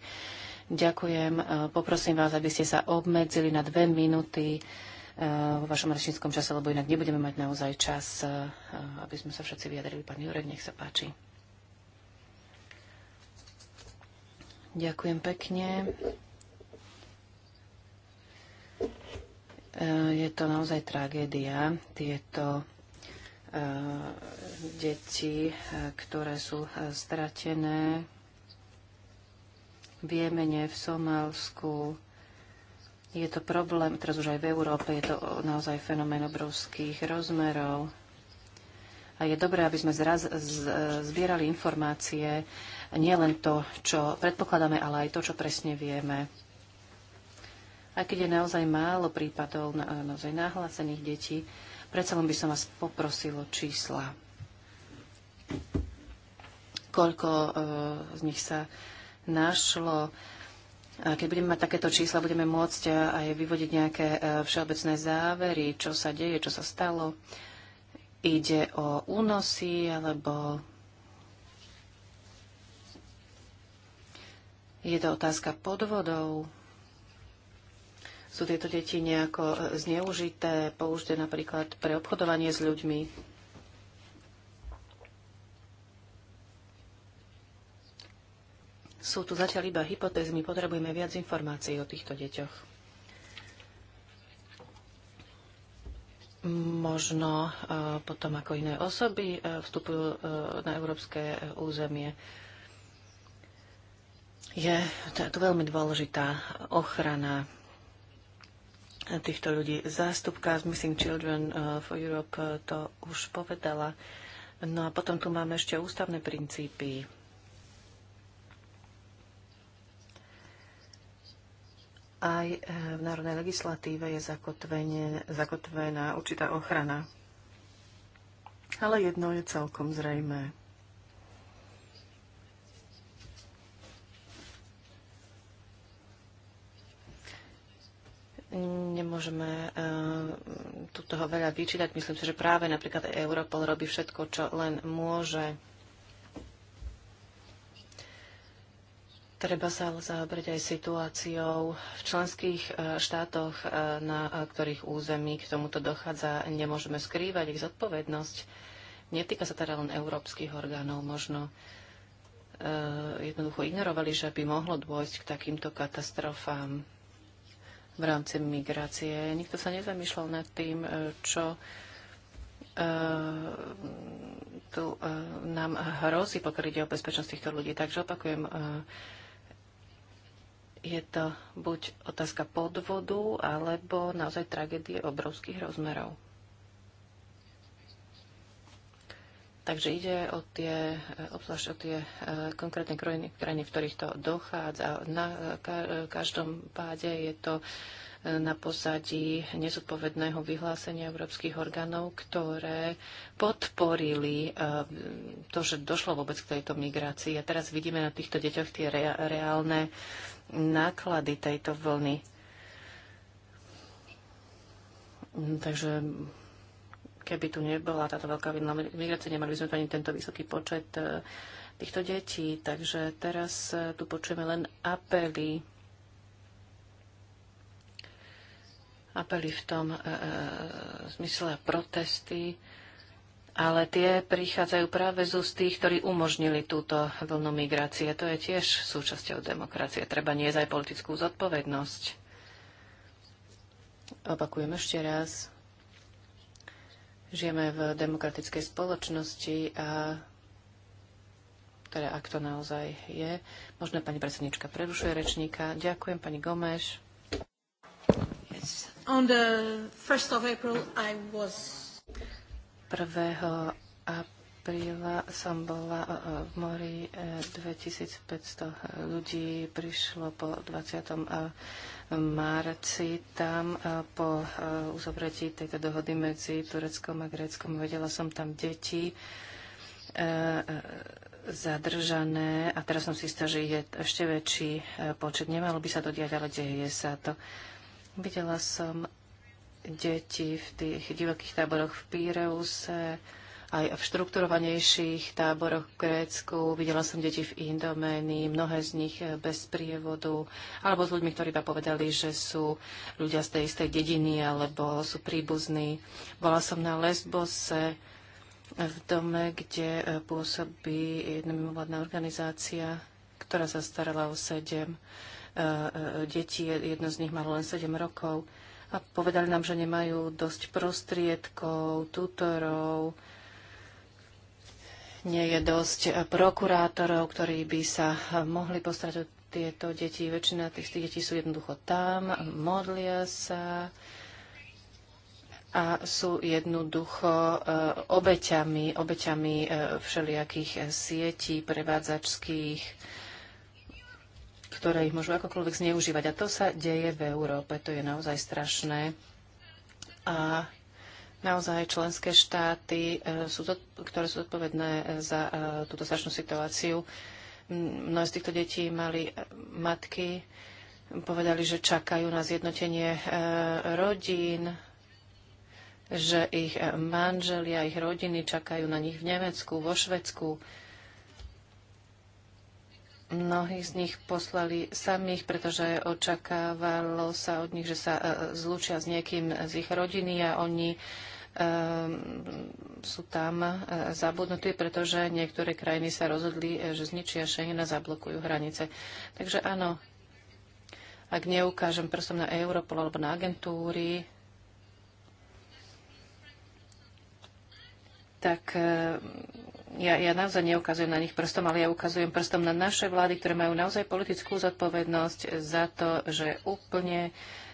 Ďakujem. Poprosím vás, aby ste sa obmedzili na dve minúty vo vašom rečníckom čase, lebo inak nebudeme mať naozaj čas, eh, eh, aby sme sa všetci vyjadrili. Pán Jurek, nech sa páči. Ďakujem pekne. Eh, je to naozaj tragédia, tieto deti, ktoré sú stratené v Jemene, v Somálsku, je to problém, teraz už aj v Európe je to naozaj fenomén obrovských rozmerov. A je dobré, aby sme zraz zbierali informácie, nielen to, čo predpokladáme, ale aj to, čo presne vieme. Aj keď je naozaj málo prípadov na, naozaj nahlásených detí, predsa len by som vás poprosilo čísla. Koľko e, z nich sa našlo, keď budeme mať takéto čísla, budeme môcť e, aj vyvodiť nejaké e, všeobecné závery, čo sa deje, čo sa stalo. Ide o únosy alebo je to otázka podvodov. Sú tieto deti nejako e, zneužité, použité napríklad pre obchodovanie s ľuďmi? Sú tu zatiaľ iba hypotézy, my potrebujeme viac informácií o týchto deťoch. Možno e, potom ako iné osoby e, vstupujú e, na európske územie. Je tu veľmi dôležitá ochrana týchto ľudí. Zástupka z Missing Children for Europe to už povedala. No a potom tu máme ešte ústavné princípy Aj eh, v národnej legislatíve je zakotvená určitá ochrana. Ale jedno je celkom zrejmé. Nemôžeme uh, tu toho veľa vyčítať. Myslím si, že práve napríklad Europol robí všetko, čo len môže. Treba sa ale zaobrať aj situáciou v členských e, štátoch, e, na ktorých území k tomuto dochádza. Nemôžeme skrývať ich zodpovednosť. Netýka sa teda len európskych orgánov. Možno e, jednoducho ignorovali, že by mohlo dôjsť k takýmto katastrofám v rámci migrácie. Nikto sa nezamýšľal nad tým, čo tu nám hrozí, pokiaľ ide o bezpečnosť týchto ľudí. Takže opakujem, je to buď otázka podvodu, alebo naozaj tragédie obrovských rozmerov. Takže ide o tie, e, obzvlášť o tie e, konkrétne krajiny, krajiny, v ktorých to dochádza. Na každom páde je to e, na pozadí nezodpovedného vyhlásenia európskych orgánov, ktoré podporili to, že došlo vôbec k tejto migrácii. A teraz vidíme na týchto deťoch tie reálne náklady tejto vlny. Mm, Takže keby tu nebola táto veľká vlna migrácie, nemali by sme tu ani tento vysoký počet e, týchto detí. Takže teraz e, tu počujeme len apely apely v tom e, e, e zmysle protesty. E, ale tie prichádzajú práve z úst tých, ktorí umožnili túto vlnu migrácie. To je tiež súčasťou demokracie. Treba nie aj politickú zodpovednosť. Opakujem ešte raz. Žijeme v demokratickej spoločnosti a teda ak to naozaj je. Možno pani predsednička prerušuje rečníka. Ďakujem, pani Gomeš. Yes. On the 1st of April I was 1. apríla som bola e, e, v mori 2500 e, ľudí, prišlo po 20. marci tam po uzobretí tejto dohody medzi Tureckom a Gréckom. Vedela som tam deti zadržané a teraz som si istá, že je ešte väčší počet. Nemalo by sa to diať, ale deje sa to. Videla som deti v tých divokých táboroch v Píreuse, aj v štrukturovanejších táboroch v Grécku. Videla som deti v Indoménii, mnohé z nich eh, bez prievodu, alebo s ľuďmi, ktorí iba povedali, že sú ľudia z tej istej dediny alebo sú príbuzní. Bola som na Lesbose, eh, v dome, kde eh, pôsobí jedna mimovládna organizácia, ktorá sa starala o sedem detí. Jedno z nich malo len sedem rokov a povedali nám, že nemajú dosť prostriedkov, tutorov, nie je dosť prokurátorov, ktorí by sa mohli postarať o tieto deti. Väčšina tých, tých detí sú jednoducho tam, modlia sa a sú jednoducho e, obeťami, obeťami e, všelijakých sietí prevádzačských ktoré ich môžu akokoľvek zneužívať. A to sa deje v Európe. To je naozaj strašné. A naozaj členské štáty, e, sú to, ktoré sú odpovedné e, za e, túto strašnú situáciu, mnohé z týchto detí mali matky, povedali, že čakajú na zjednotenie rodín, že ich manželia, ich rodiny čakajú na nich v Nemecku, vo Švedsku. Mnohí z nich poslali samých, pretože očakávalo sa od nich, že sa e, zlúčia s niekým z ich rodiny a oni e, sú tam e, zabudnutí, pretože niektoré krajiny sa rozhodli, že zničia Schengen a zablokujú hranice. Takže áno, ak neukážem prstom na Europol alebo na agentúry, tak ja, ja naozaj neukazujem na nich prstom, ale ja ukazujem prstom na naše vlády, ktoré majú naozaj politickú zodpovednosť za to, že úplne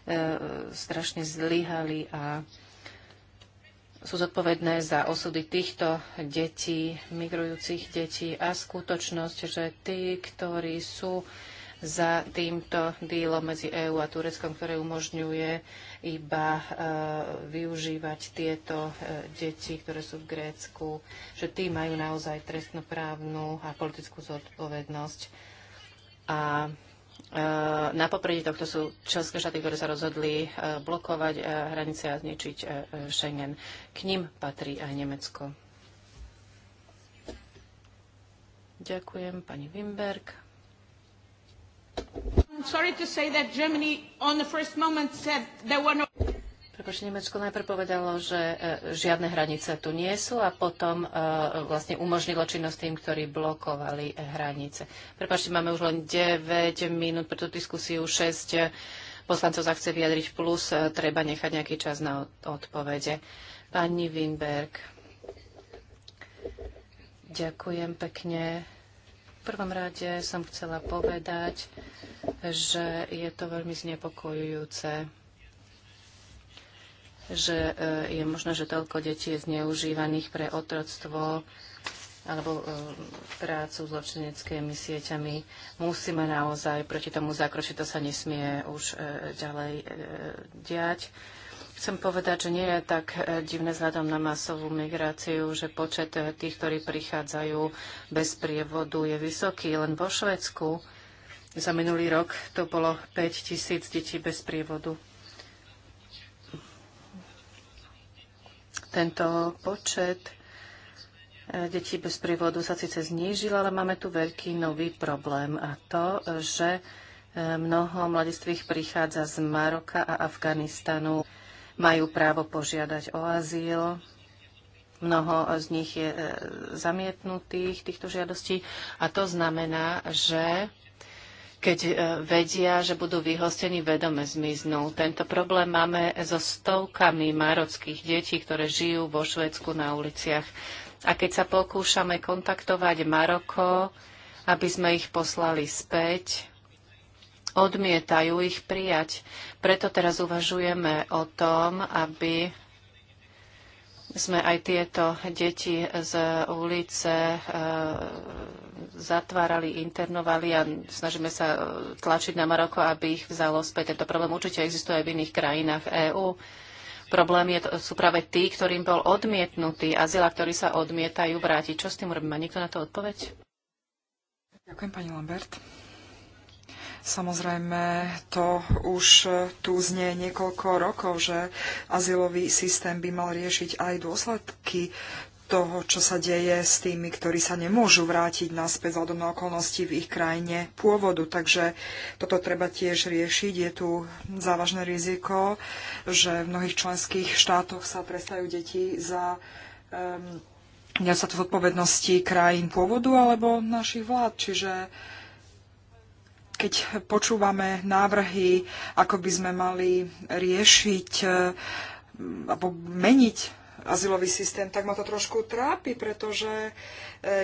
e, strašne zlyhali a sú zodpovedné za osudy týchto detí, migrujúcich detí a skutočnosť, že tí, ktorí sú za týmto dílom medzi EÚ a Tureckom, ktoré umožňuje iba e, využívať tieto e, deti, ktoré sú v Grécku, že tí majú naozaj trestnoprávnu a politickú zodpovednosť. A e, na popredí tohto sú členské štáty, ktoré sa rozhodli blokovať hranice a zničiť Schengen. K ním patrí aj Nemecko. Ďakujem, pani Wimberg. No- Prepočne Nemecko najprv povedalo, že e, žiadne hranice tu nie sú a potom e, vlastne umožnilo činnosť tým, ktorí blokovali hranice. Prepačte, máme už len 9 minút pre tú diskusiu, 6 e, poslancov sa chce vyjadriť, plus treba nechať nejaký čas na odpovede. Pani Winberg. Ďakujem pekne prvom rade som chcela povedať, že je to veľmi znepokojujúce, že e, je možné, že toľko detí je zneužívaných pre otroctvo alebo e, prácu zločineckými sieťami. Musíme naozaj proti tomu zakročiť, to sa nesmie už e, ďalej diať. Chcem povedať, že nie je tak eh, divné vzhľadom na masovú migráciu, že počet eh, tých, ktorí prichádzajú bez prievodu, je vysoký. Len vo Švedsku za minulý rok to bolo 5 tisíc detí bez prievodu. Tento počet eh, detí bez prievodu sa síce znížil, ale máme tu veľký nový problém a to, že mnoho mladistvých prichádza z Maroka a Afganistanu majú právo požiadať o azyl. Mnoho z nich je e, zamietnutých týchto žiadostí a to znamená, že keď e, vedia, že budú vyhostení, vedome zmiznú. Tento problém máme so stovkami marockých detí, ktoré žijú vo Švedsku na uliciach. A keď sa pokúšame kontaktovať Maroko, aby sme ich poslali späť, odmietajú ich prijať. Preto teraz uvažujeme o tom, aby sme aj tieto deti z ulice e, zatvárali, internovali a snažíme sa e, tlačiť na Maroko, aby ich vzalo späť. Tento problém určite existuje aj v iných krajinách EÚ. Problém je, sú práve tí, ktorým bol odmietnutý azyl a ktorí sa odmietajú vrátiť. Čo s tým robí? Má niekto na to odpoveď? Ďakujem, pani Lambert. Samozrejme, to už e, tu znie niekoľko rokov, že azylový systém by mal riešiť aj dôsledky toho, čo sa deje s tými, ktorí sa nemôžu vrátiť naspäť z na okolnosti v ich krajine pôvodu. Takže toto treba tiež riešiť. Je tu závažné riziko, že v mnohých členských štátoch sa trestajú deti za um, sa to odpovednosti krajín pôvodu alebo našich vlád. Čiže keď počúvame návrhy, ako by sme mali riešiť e, alebo meniť azylový systém, tak ma to trošku trápi, pretože e,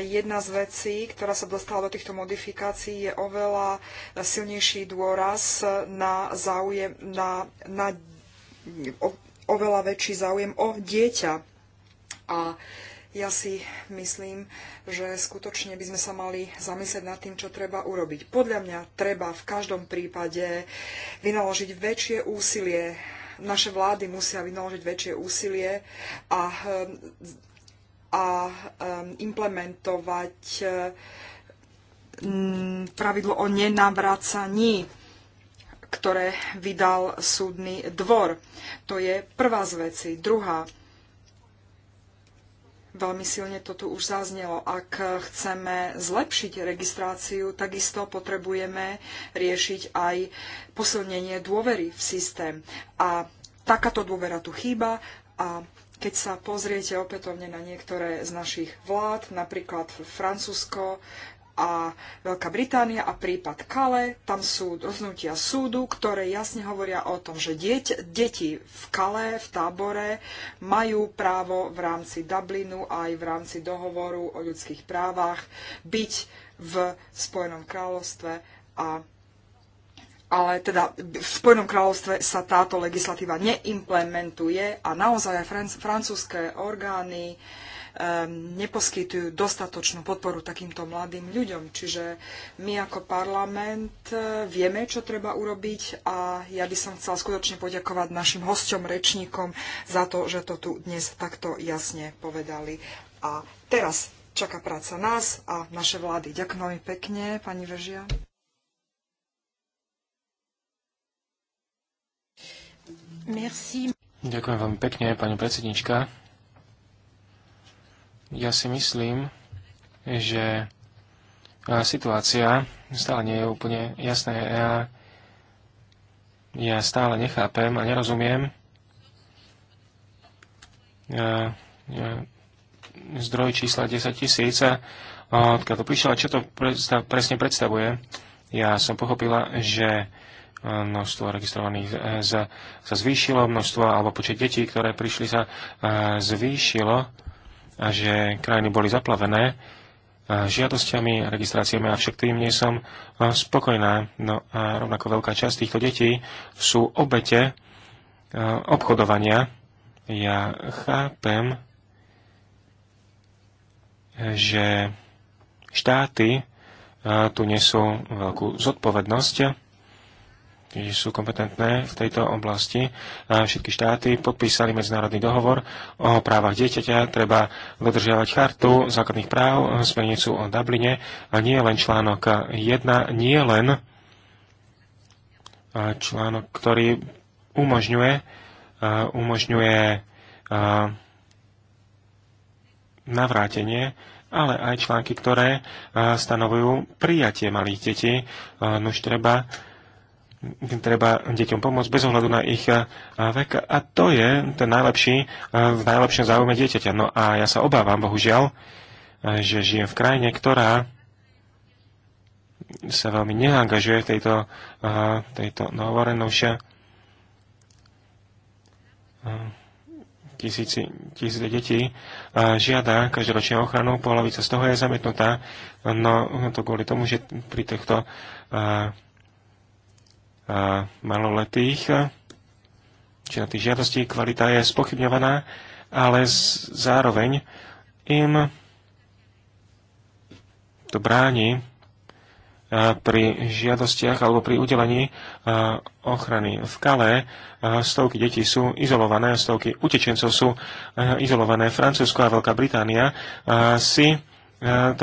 jedna z vecí, ktorá sa dostala do týchto modifikácií, je oveľa silnejší dôraz na záujem, na, na o, oveľa väčší záujem o dieťa. A ja si myslím, že skutočne by sme sa mali zamyslieť nad tým, čo treba urobiť. Podľa mňa treba v každom prípade vynaložiť väčšie úsilie. Naše vlády musia vynaložiť väčšie úsilie a, eh, a eh, implementovať eh, pravidlo o nenavracaní ktoré vydal súdny dvor. To je prvá z vecí. Druhá, Veľmi silne to tu už zaznelo. Ak chceme zlepšiť registráciu, takisto potrebujeme riešiť aj posilnenie dôvery v systém. A takáto dôvera tu chýba a keď sa pozriete opätovne na niektoré z našich vlád, napríklad Francúzsko, a Veľká Británia a prípad Kale. Tam sú rozhodnutia súdu, ktoré jasne hovoria o tom, že dieť, deti v Kale, v tábore, majú právo v rámci Dublinu aj v rámci dohovoru o ľudských právach byť v Spojenom kráľovstve a ale teda v Spojenom kráľovstve sa táto legislatíva neimplementuje a naozaj aj francúzske orgány uh, neposkytujú dostatočnú podporu takýmto mladým ľuďom. Čiže my ako parlament eh, vieme, čo treba urobiť a ja by som chcela skutočne poďakovať našim hosťom, rečníkom za to, že to tu dnes takto jasne povedali. A teraz čaká práca nás a naše vlády. Ďakujem veľmi pekne, pani Vežia. Merci. Ďakujem veľmi pekne, pani predsednička. Ja si myslím, že situácia stále nie je úplne jasná. Ja, ja stále nechápem a nerozumiem ja, ja, zdroj čísla 10 tisíc, odkiaľ to prišlo a čo to predstav, presne predstavuje. Ja som pochopila, že množstvo registrovaných e, sa zvýšilo, množstvo alebo počet detí, ktoré prišli sa zvýšilo a že krajiny boli zaplavené e, žiadosťami a registráciami, avšak tým nie som e, spokojná. No a rovnako veľká časť týchto detí sú obete e, obchodovania. Ja chápem, že štáty tu nesú veľkú zodpovednosť kde sú kompetentné v tejto oblasti. Všetky štáty podpísali medzinárodný dohovor o právach dieťaťa, treba dodržiavať chartu základných práv, smernicu o Dubline a nie len článok 1, nie len článok, ktorý umožňuje, umožňuje navrátenie ale aj články, ktoré stanovujú prijatie malých detí. Nož treba treba deťom pomôcť bez ohľadu na ich eh, vek a to je ten najlepší, eh, v najlepšom záujme dieťaťa. No a ja sa obávam, bohužiaľ, eh, že žijem v krajine, ktorá sa veľmi neangažuje v tejto, tejto novorenovšia. Tisíci, tisíce detí žiada každoročne ochranu, polovica z toho je zamietnutá, no to kvôli tomu, že pri týchto maloletých, či na tých žiadostí kvalita je spochybňovaná, ale zároveň im to bráni pri žiadostiach alebo pri udelení ochrany. V Kale stovky detí sú izolované, stovky utečencov sú izolované. Francúzsko a Veľká Británia si to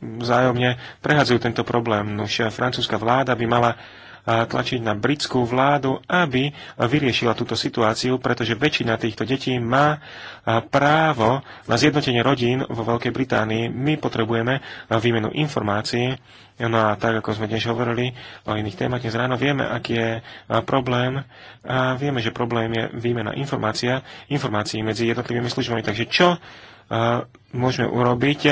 vzájomne prehádzajú tento problém. francúzska vláda by mala tlačiť na britskú vládu, aby vyriešila túto situáciu, pretože väčšina týchto detí má právo na zjednotenie rodín vo Veľkej Británii. My potrebujeme výmenu informácií. No a tak, ako sme dnes hovorili o iných témach dnes ráno, vieme, aký je problém a vieme, že problém je výmena informácia, informácií medzi jednotlivými službami. Takže čo môžeme urobiť?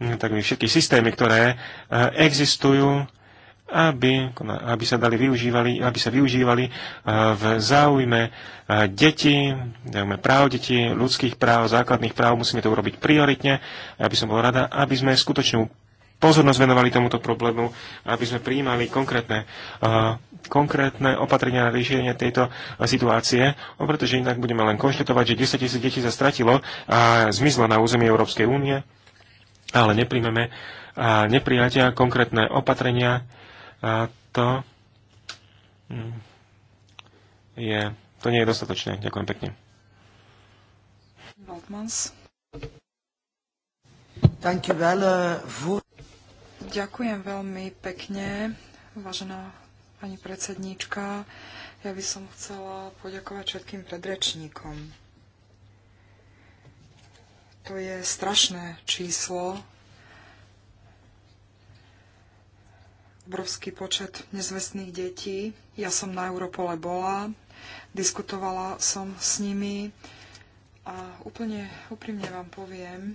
tak všetky systémy, ktoré existujú, aby, aby sa dali využívali, aby sa využívali eh, v záujme eh, detí, dajme práv detí, ľudských práv, základných práv. Musíme to urobiť prioritne. aby som bol rada, aby sme skutočnú pozornosť venovali tomuto problému, aby sme prijímali konkrétne, eh, konkrétne opatrenia na riešenie tejto situácie, no, pretože inak budeme len konštatovať, že 10 tisíc detí sa stratilo a zmizlo na území Európskej únie, ale nepríjmeme a neprijatia konkrétne opatrenia a to mm, je, to nie je dostatočné. Ďakujem pekne. Uh, Ďakujem veľmi pekne, vážená pani predsedníčka. Ja by som chcela poďakovať všetkým predrečníkom. To je strašné číslo, obrovský počet nezvestných detí. Ja som na Europole bola, diskutovala som s nimi a úplne úprimne vám poviem,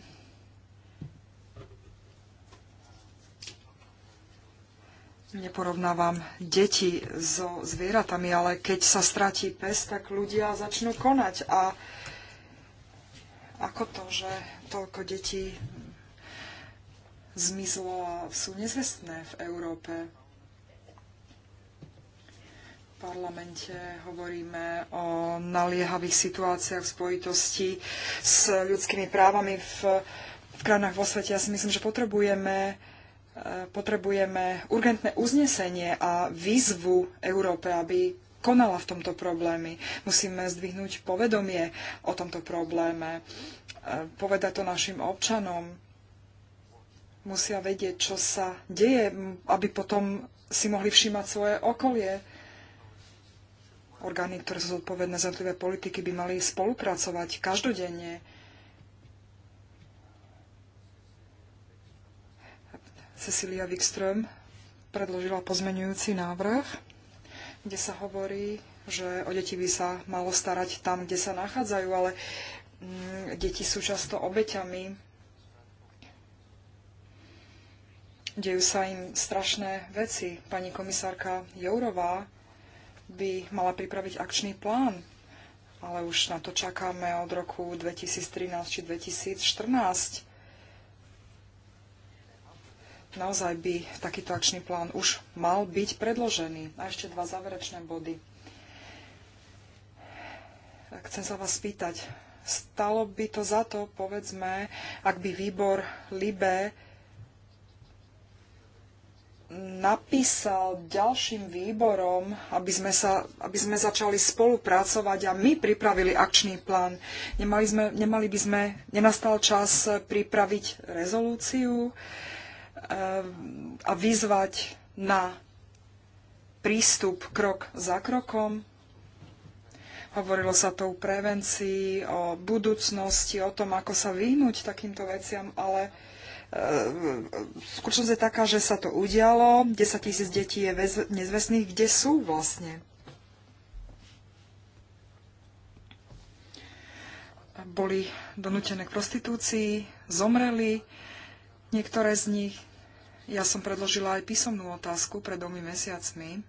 neporovnávam deti so zvieratami, ale keď sa stratí pes, tak ľudia začnú konať. A ako to, že toľko detí zmizlo a sú nezvestné v Európe. V parlamente hovoríme o naliehavých situáciách v spojitosti s ľudskými právami v, v krajinách vo svete. Ja si myslím, že potrebujeme eh, potrebujeme urgentné uznesenie a výzvu Európe, aby konala v tomto probléme. Musíme zdvihnúť povedomie o tomto probléme, eh, povedať to našim občanom, musia vedieť, čo sa deje, aby potom si mohli všímať svoje okolie. Orgány, ktoré sú zodpovedné za jednotlivé politiky, by mali spolupracovať každodenne. Cecilia Wikström predložila pozmenujúci návrh, kde sa hovorí, že o deti by sa malo starať tam, kde sa nachádzajú, ale mm, deti sú často obeťami Dejú sa im strašné veci. Pani komisárka Jourová by mala pripraviť akčný plán, ale už na to čakáme od roku 2013 či 2014. Naozaj by takýto akčný plán už mal byť predložený. A ešte dva záverečné body. Chcem sa vás spýtať, stalo by to za to, povedzme, ak by výbor LIBE napísal ďalším výborom, aby sme, sa, aby sme začali spolupracovať a my pripravili akčný plán. Nemali, sme, nemali by sme, nenastal čas pripraviť rezolúciu e, a vyzvať na prístup krok za krokom. Hovorilo sa to o prevencii, o budúcnosti, o tom, ako sa vyhnúť takýmto veciam, ale E, skutočnosť je taká, že sa to udialo, 10 tisíc detí je nezvestných, kde sú vlastne? Boli donútené k prostitúcii, zomreli niektoré z nich. Ja som predložila aj písomnú otázku pred dvomi mesiacmi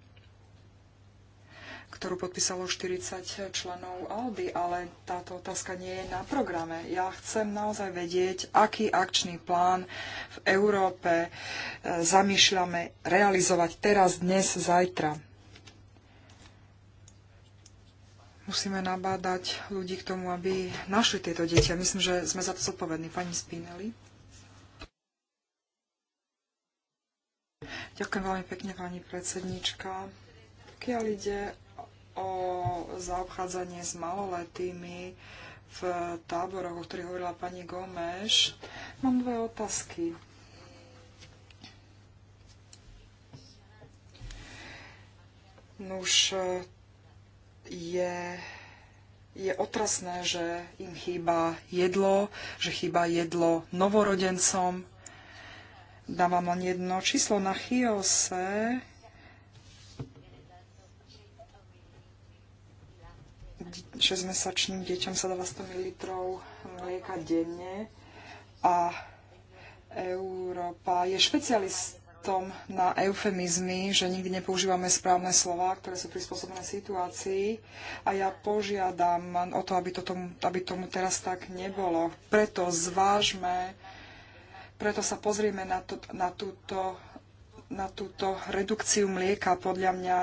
ktorú podpísalo 40 členov ALDI, ale táto otázka nie je na programe. Ja chcem naozaj vedieť, aký akčný plán v Európe e, zamýšľame realizovať teraz, dnes, zajtra. Musíme nabádať ľudí k tomu, aby našli tieto deti. myslím, že sme za to zodpovední. Pani Spinelli. Ďakujem veľmi pekne, pani predsednička. Pokiaľ ide o zaobchádzanie s maloletými v táboroch, o ktorých hovorila pani Gomeš. Mám dve otázky. Nuž je, je otrasné, že im chýba jedlo, že chýba jedlo novorodencom. Dávam len jedno číslo na Chiose 6-mesačným deťom sa dáva 100 ml mlieka denne a Európa je špecialistom na eufemizmy, že nikdy nepoužívame správne slova, ktoré sú prispôsobené situácii a ja požiadam o to, aby, to tomu, aby tomu teraz tak nebolo. Preto zvážme, preto sa pozrieme na, to, na túto na túto redukciu mlieka. Podľa mňa,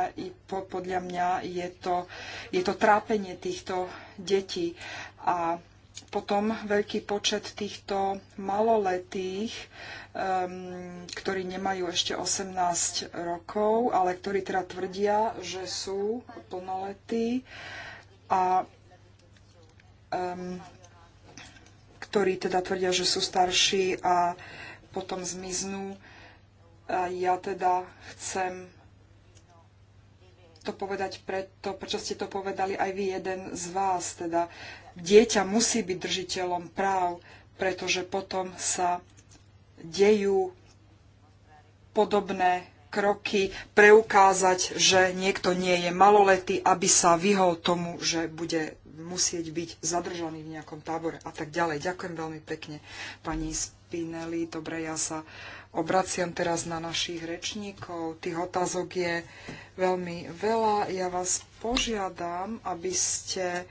po, podľa mňa je, to, je to trápenie týchto detí. A potom veľký počet týchto maloletých, um, ktorí nemajú ešte 18 rokov, ale ktorí teda tvrdia, že sú plnoletí a um, ktorí teda tvrdia, že sú starší a potom zmiznú. A ja teda chcem to povedať preto, prečo ste to povedali aj vy, jeden z vás. Teda dieťa musí byť držiteľom práv, pretože potom sa dejú podobné kroky, preukázať, že niekto nie je maloletý, aby sa vyhol tomu, že bude musieť byť zadržaný v nejakom tábore a tak ďalej. Ďakujem veľmi pekne, pani Spinelli. Dobre, ja sa Obraciam teraz na našich rečníkov. Tých otázok je veľmi veľa. Ja vás požiadam, aby ste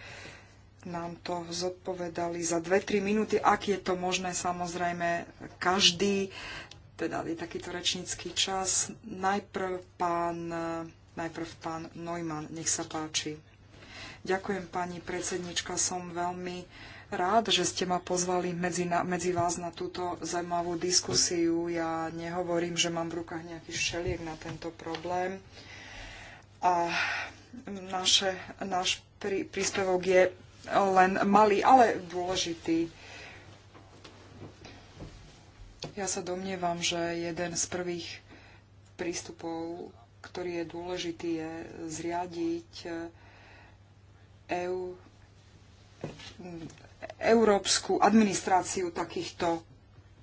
nám to zodpovedali za 2-3 minúty, ak je to možné, samozrejme, každý, teda je takýto rečnícky čas. Najprv pán, najprv pán Neumann, nech sa páči. Ďakujem, pani predsednička, som veľmi rád, že ste ma pozvali medzi, na, medzi vás na túto zaujímavú diskusiu. Ja nehovorím, že mám v rukách nejaký šeliek na tento problém. A naše, náš prí, príspevok je len malý, ale dôležitý. Ja sa domnievam, že jeden z prvých prístupov, ktorý je dôležitý, je zriadiť eh, EU európsku administráciu takýchto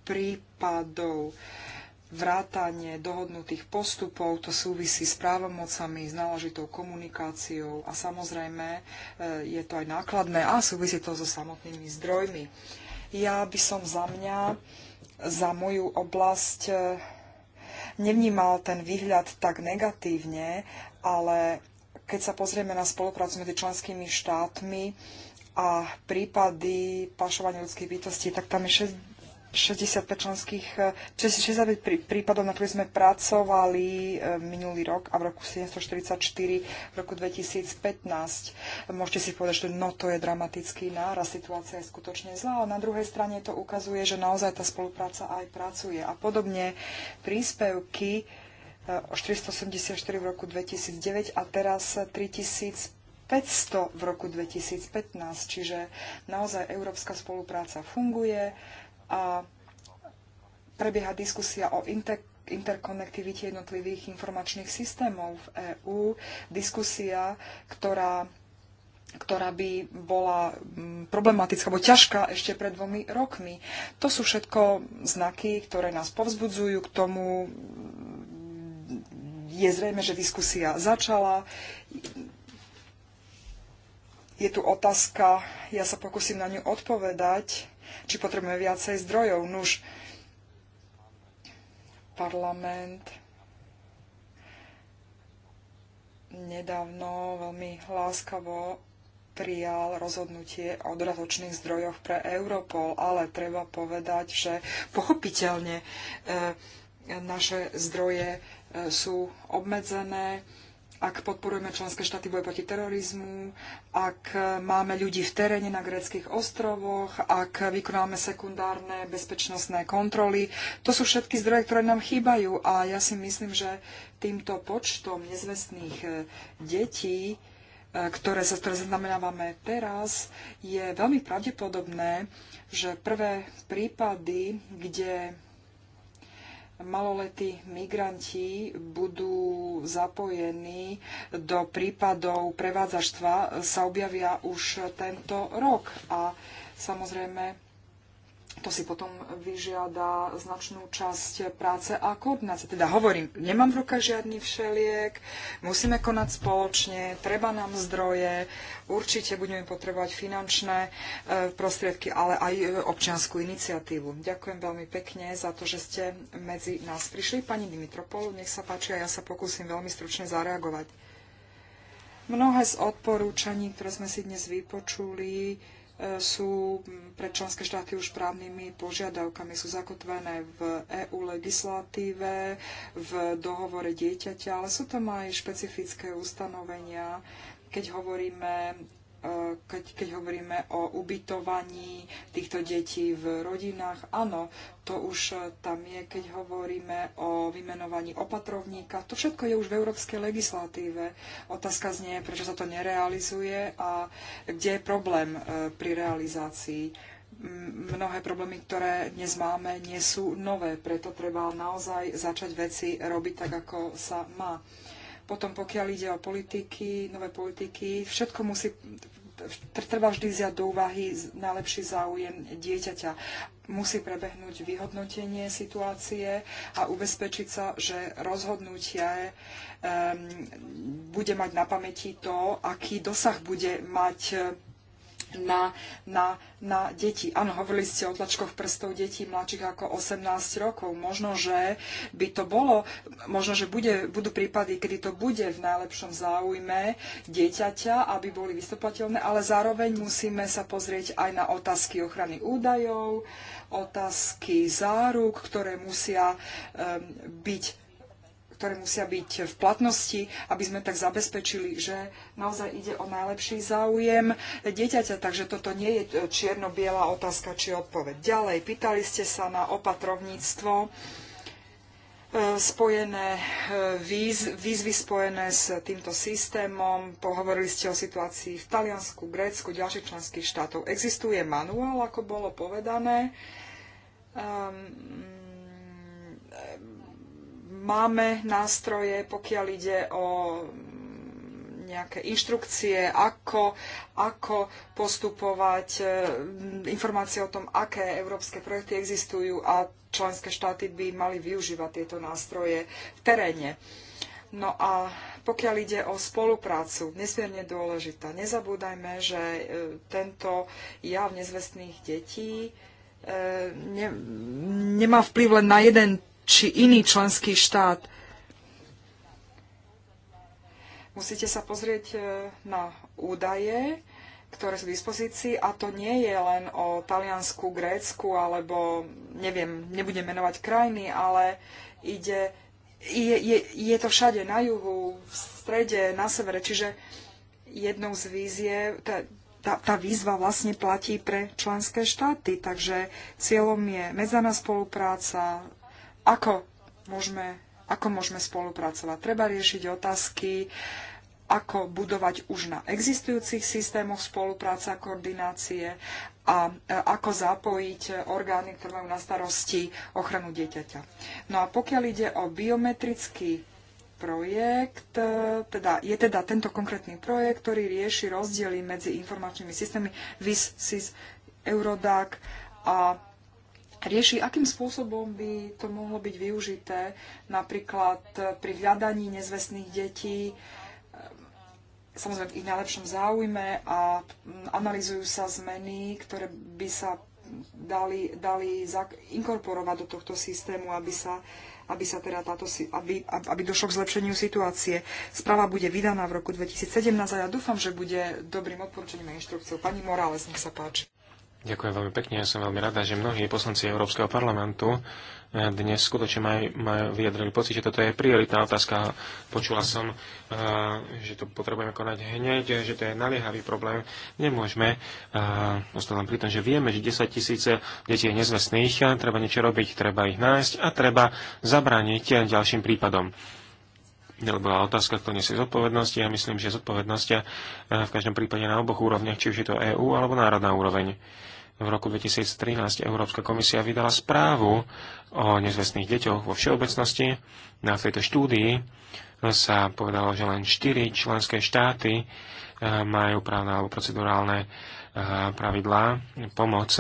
prípadov vrátanie dohodnutých postupov, to súvisí s právomocami, s náležitou komunikáciou a samozrejme e, je to aj nákladné a súvisí to so samotnými zdrojmi. Ja by som za mňa, za moju oblasť e, nevnímal ten výhľad tak negatívne, ale keď sa pozrieme na spoluprácu medzi členskými štátmi, a prípady pašovania ľudských bytostí, tak tam je 65 členských, 65 e, prípadov, na ktorých sme pracovali e, minulý rok a v roku 744, v roku 2015. Môžete si povedať, že no to je dramatický náraz, situácia je skutočne zlá, ale na druhej strane to ukazuje, že naozaj tá spolupráca aj pracuje. A podobne príspevky 484 e, v roku 2009 a teraz 3500 500 v roku 2015, čiže naozaj európska spolupráca funguje a prebieha diskusia o inter- interkonektivite jednotlivých informačných systémov v EÚ, diskusia, ktorá ktorá by bola mm, problematická alebo ťažká ešte pred dvomi rokmi. To sú všetko znaky, ktoré nás povzbudzujú k tomu. Mm, je zrejme, že diskusia začala. Je tu otázka, ja sa pokúsim na ňu odpovedať, či potrebujeme viacej zdrojov. Nuž, parlament nedávno veľmi láskavo prijal rozhodnutie o dodatočných zdrojoch pre Europol, ale treba povedať, že pochopiteľne e, naše zdroje e, sú obmedzené. E, ak podporujeme členské štáty boj proti terorizmu, ak máme ľudí v teréne na gréckých ostrovoch, ak vykonáme sekundárne bezpečnostné kontroly. To sú všetky zdroje, ktoré nám chýbajú a ja si myslím, že týmto počtom nezvestných e, detí, e, ktoré sa ktoré zaznamenávame teraz, je veľmi pravdepodobné, že prvé prípady, kde maloletí migranti budú zapojení do prípadov prevádzačstva, sa objavia už tento rok. A samozrejme to si potom vyžiada značnú časť práce a koordinácie. Teda hovorím, nemám v rukách žiadny všeliek, musíme konať spoločne, treba nám zdroje, určite budeme potrebovať finančné e, prostriedky, ale aj občianskú iniciatívu. Ďakujem veľmi pekne za to, že ste medzi nás prišli. Pani Dimitropolu, nech sa páči a ja sa pokúsim veľmi stručne zareagovať. Mnohé z odporúčaní, ktoré sme si dnes vypočuli, sú mm, pre členské štáty už právnymi požiadavkami, sú zakotvené v EU legislatíve, v dohovore dieťaťa, ale sú tam aj špecifické ustanovenia, keď hovoríme keď, keď hovoríme o ubytovaní týchto detí v rodinách, áno, to už eh, tam je, keď hovoríme o vymenovaní opatrovníka. To všetko je už v európskej legislatíve. Otázka znie, prečo sa to nerealizuje a kde je problém eh, pri realizácii. Mnohé problémy, ktoré dnes máme, nie sú nové, preto treba naozaj začať veci robiť tak, ako sa má. Potom pokiaľ ide o politiky, nové politiky, všetko musí, treba vždy vziať do úvahy najlepší záujem dieťaťa. Musí prebehnúť vyhodnotenie situácie a ubezpečiť sa, že rozhodnutie um, bude mať na pamäti to, aký dosah bude mať na, na, na deti. Áno, hovorili ste o tlačkoch prstov detí mladších ako 18 rokov. Možno, že by to bolo, možno, že bude, budú prípady, kedy to bude v najlepšom záujme dieťaťa, aby boli vystupateľné, ale zároveň musíme sa pozrieť aj na otázky ochrany údajov, otázky záruk, ktoré musia um, byť ktoré musia byť v platnosti, aby sme tak zabezpečili, že naozaj ide o najlepší záujem dieťaťa. Takže toto nie je čierno-biela otázka či odpoveď. Ďalej, pýtali ste sa na opatrovníctvo e, spojené e, výz, výzvy spojené s týmto systémom. Pohovorili ste o situácii v Taliansku, Grécku, ďalších členských štátov. Existuje manuál, ako bolo povedané. Um, máme nástroje, pokiaľ ide o nejaké inštrukcie, ako, ako postupovať, e, informácie o tom, aké európske projekty existujú a členské štáty by mali využívať tieto nástroje v teréne. No a pokiaľ ide o spoluprácu, nesmierne dôležitá. Nezabúdajme, že e, tento jav nezvestných detí e, ne, nemá vplyv len na jeden či iný členský štát. Musíte sa pozrieť e, na údaje, ktoré sú v dispozícii a to nie je len o Taliansku, Grécku alebo neviem, nebudem menovať krajiny, ale ide, je, je, je to všade na juhu, v strede, na severe, čiže jednou z vízie, tá, tá, tá výzva vlastne platí pre členské štáty, takže cieľom je medzaná spolupráca, ako môžeme, ako môžeme spolupracovať. Treba riešiť otázky, ako budovať už na existujúcich systémoch spolupráca a koordinácie a e, ako zapojiť orgány, ktoré majú na starosti ochranu dieťaťa. No a pokiaľ ide o biometrický projekt, e, teda, je teda tento konkrétny projekt, ktorý rieši rozdiely medzi informačnými systémy VIS, SIS, Eurodac a rieši, akým spôsobom by to mohlo byť využité napríklad pri hľadaní nezvestných detí, samozrejme v ich najlepšom záujme a analizujú sa zmeny, ktoré by sa dali, dali inkorporovať do tohto systému, aby sa, aby sa teda táto, aby, aby došlo k zlepšeniu situácie. Správa bude vydaná v roku 2017 a ja dúfam, že bude dobrým odporúčaním a inštrukciou. Pani Morales, nech sa páči. Ďakujem veľmi pekne. Ja som veľmi rada, že mnohí poslanci Európskeho parlamentu eh, dnes skutočne maj, maj vyjadrili pocit, že toto je prioritná otázka. Počula som, eh, že to potrebujeme konať hneď, že to je naliehavý problém. Nemôžeme eh, ostať pri tom, že vieme, že 10 tisíce detí je nezvestných, treba niečo robiť, treba ich nájsť a treba zabrániť ďalším prípadom alebo bola otázka, kto nesie zodpovednosť. Ja myslím, že zodpovednosť eh, v každom prípade na oboch úrovniach, či už je to EÚ alebo národná úroveň. V roku 2013 Európska komisia vydala správu o nezvestných deťoch vo všeobecnosti. Na tejto štúdii eh, sa povedalo, že len 4 členské štáty eh, majú právne alebo procedurálne pravidlá pomoc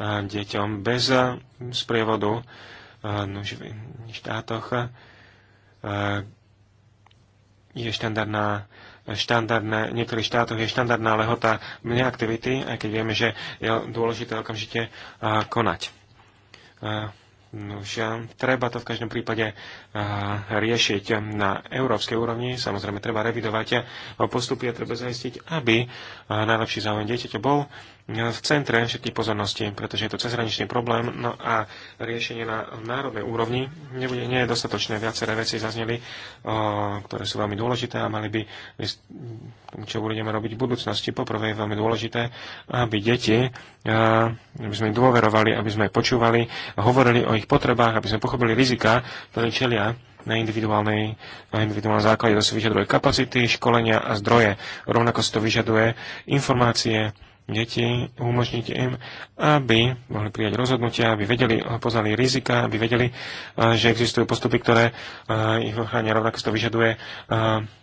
deťom bez sprievodu v štátoch je štandardná štandardné, v niektorých štátoch je štandardná lehota neaktivity, aj keď vieme, že je dôležité okamžite konať. No, že treba to v každom prípade riešiť na európskej úrovni. Samozrejme, treba revidovať postupy a treba zaistiť, aby najlepší záujem dieťaťa bol v centre všetkých pozornosti, pretože je to cezhraničný problém no a riešenie na národnej úrovni nebude, nie je dostatočné. Viaceré veci zazneli, ktoré sú veľmi dôležité a mali by, čo budeme robiť v budúcnosti, poprvé je veľmi dôležité, aby deti, e, aby sme dôverovali, aby sme počúvali, hovorili o ich potrebách, aby sme pochopili rizika, ktoré čelia na, individuálnej, na individuálnej základe. To si vyžaduje kapacity, školenia a zdroje. Rovnako si to vyžaduje informácie, deti, umožniť im, aby mohli prijať rozhodnutia, aby vedeli, poznali rizika, aby vedeli, eh, že existujú postupy, ktoré eh, ich ochránia rovnako to vyžaduje eh,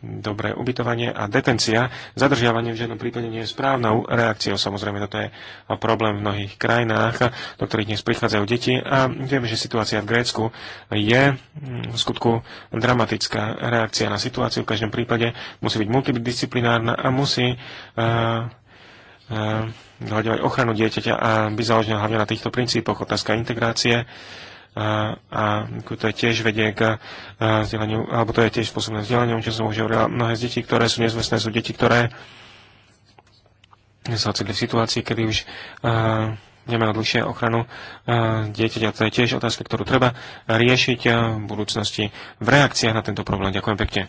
dobré ubytovanie a detencia. Zadržiavanie v žiadnom prípade nie je správnou reakciou. Samozrejme, toto je problém v mnohých krajinách, do ktorých dnes prichádzajú deti a vieme, že situácia v Grécku je hm, v skutku dramatická reakcia na situáciu. V každom prípade musí byť multidisciplinárna a musí uh, Eh, dohode aj ochranu dieťaťa a by založil hlavne na týchto princípoch. Otázka integrácie eh, a, a to je tiež vedie k eh, vzdelaniu, alebo to je tiež spôsobné vzdelanie, o čom som už hovorila. Mnohé z detí, ktoré sú nezvestné, sú deti, ktoré sa ocitli v situácii, kedy už a, nemajú dlhšie ochranu dieťaťa. To je tiež otázka, ktorú treba riešiť v budúcnosti v reakciách na tento problém. Ďakujem pekne.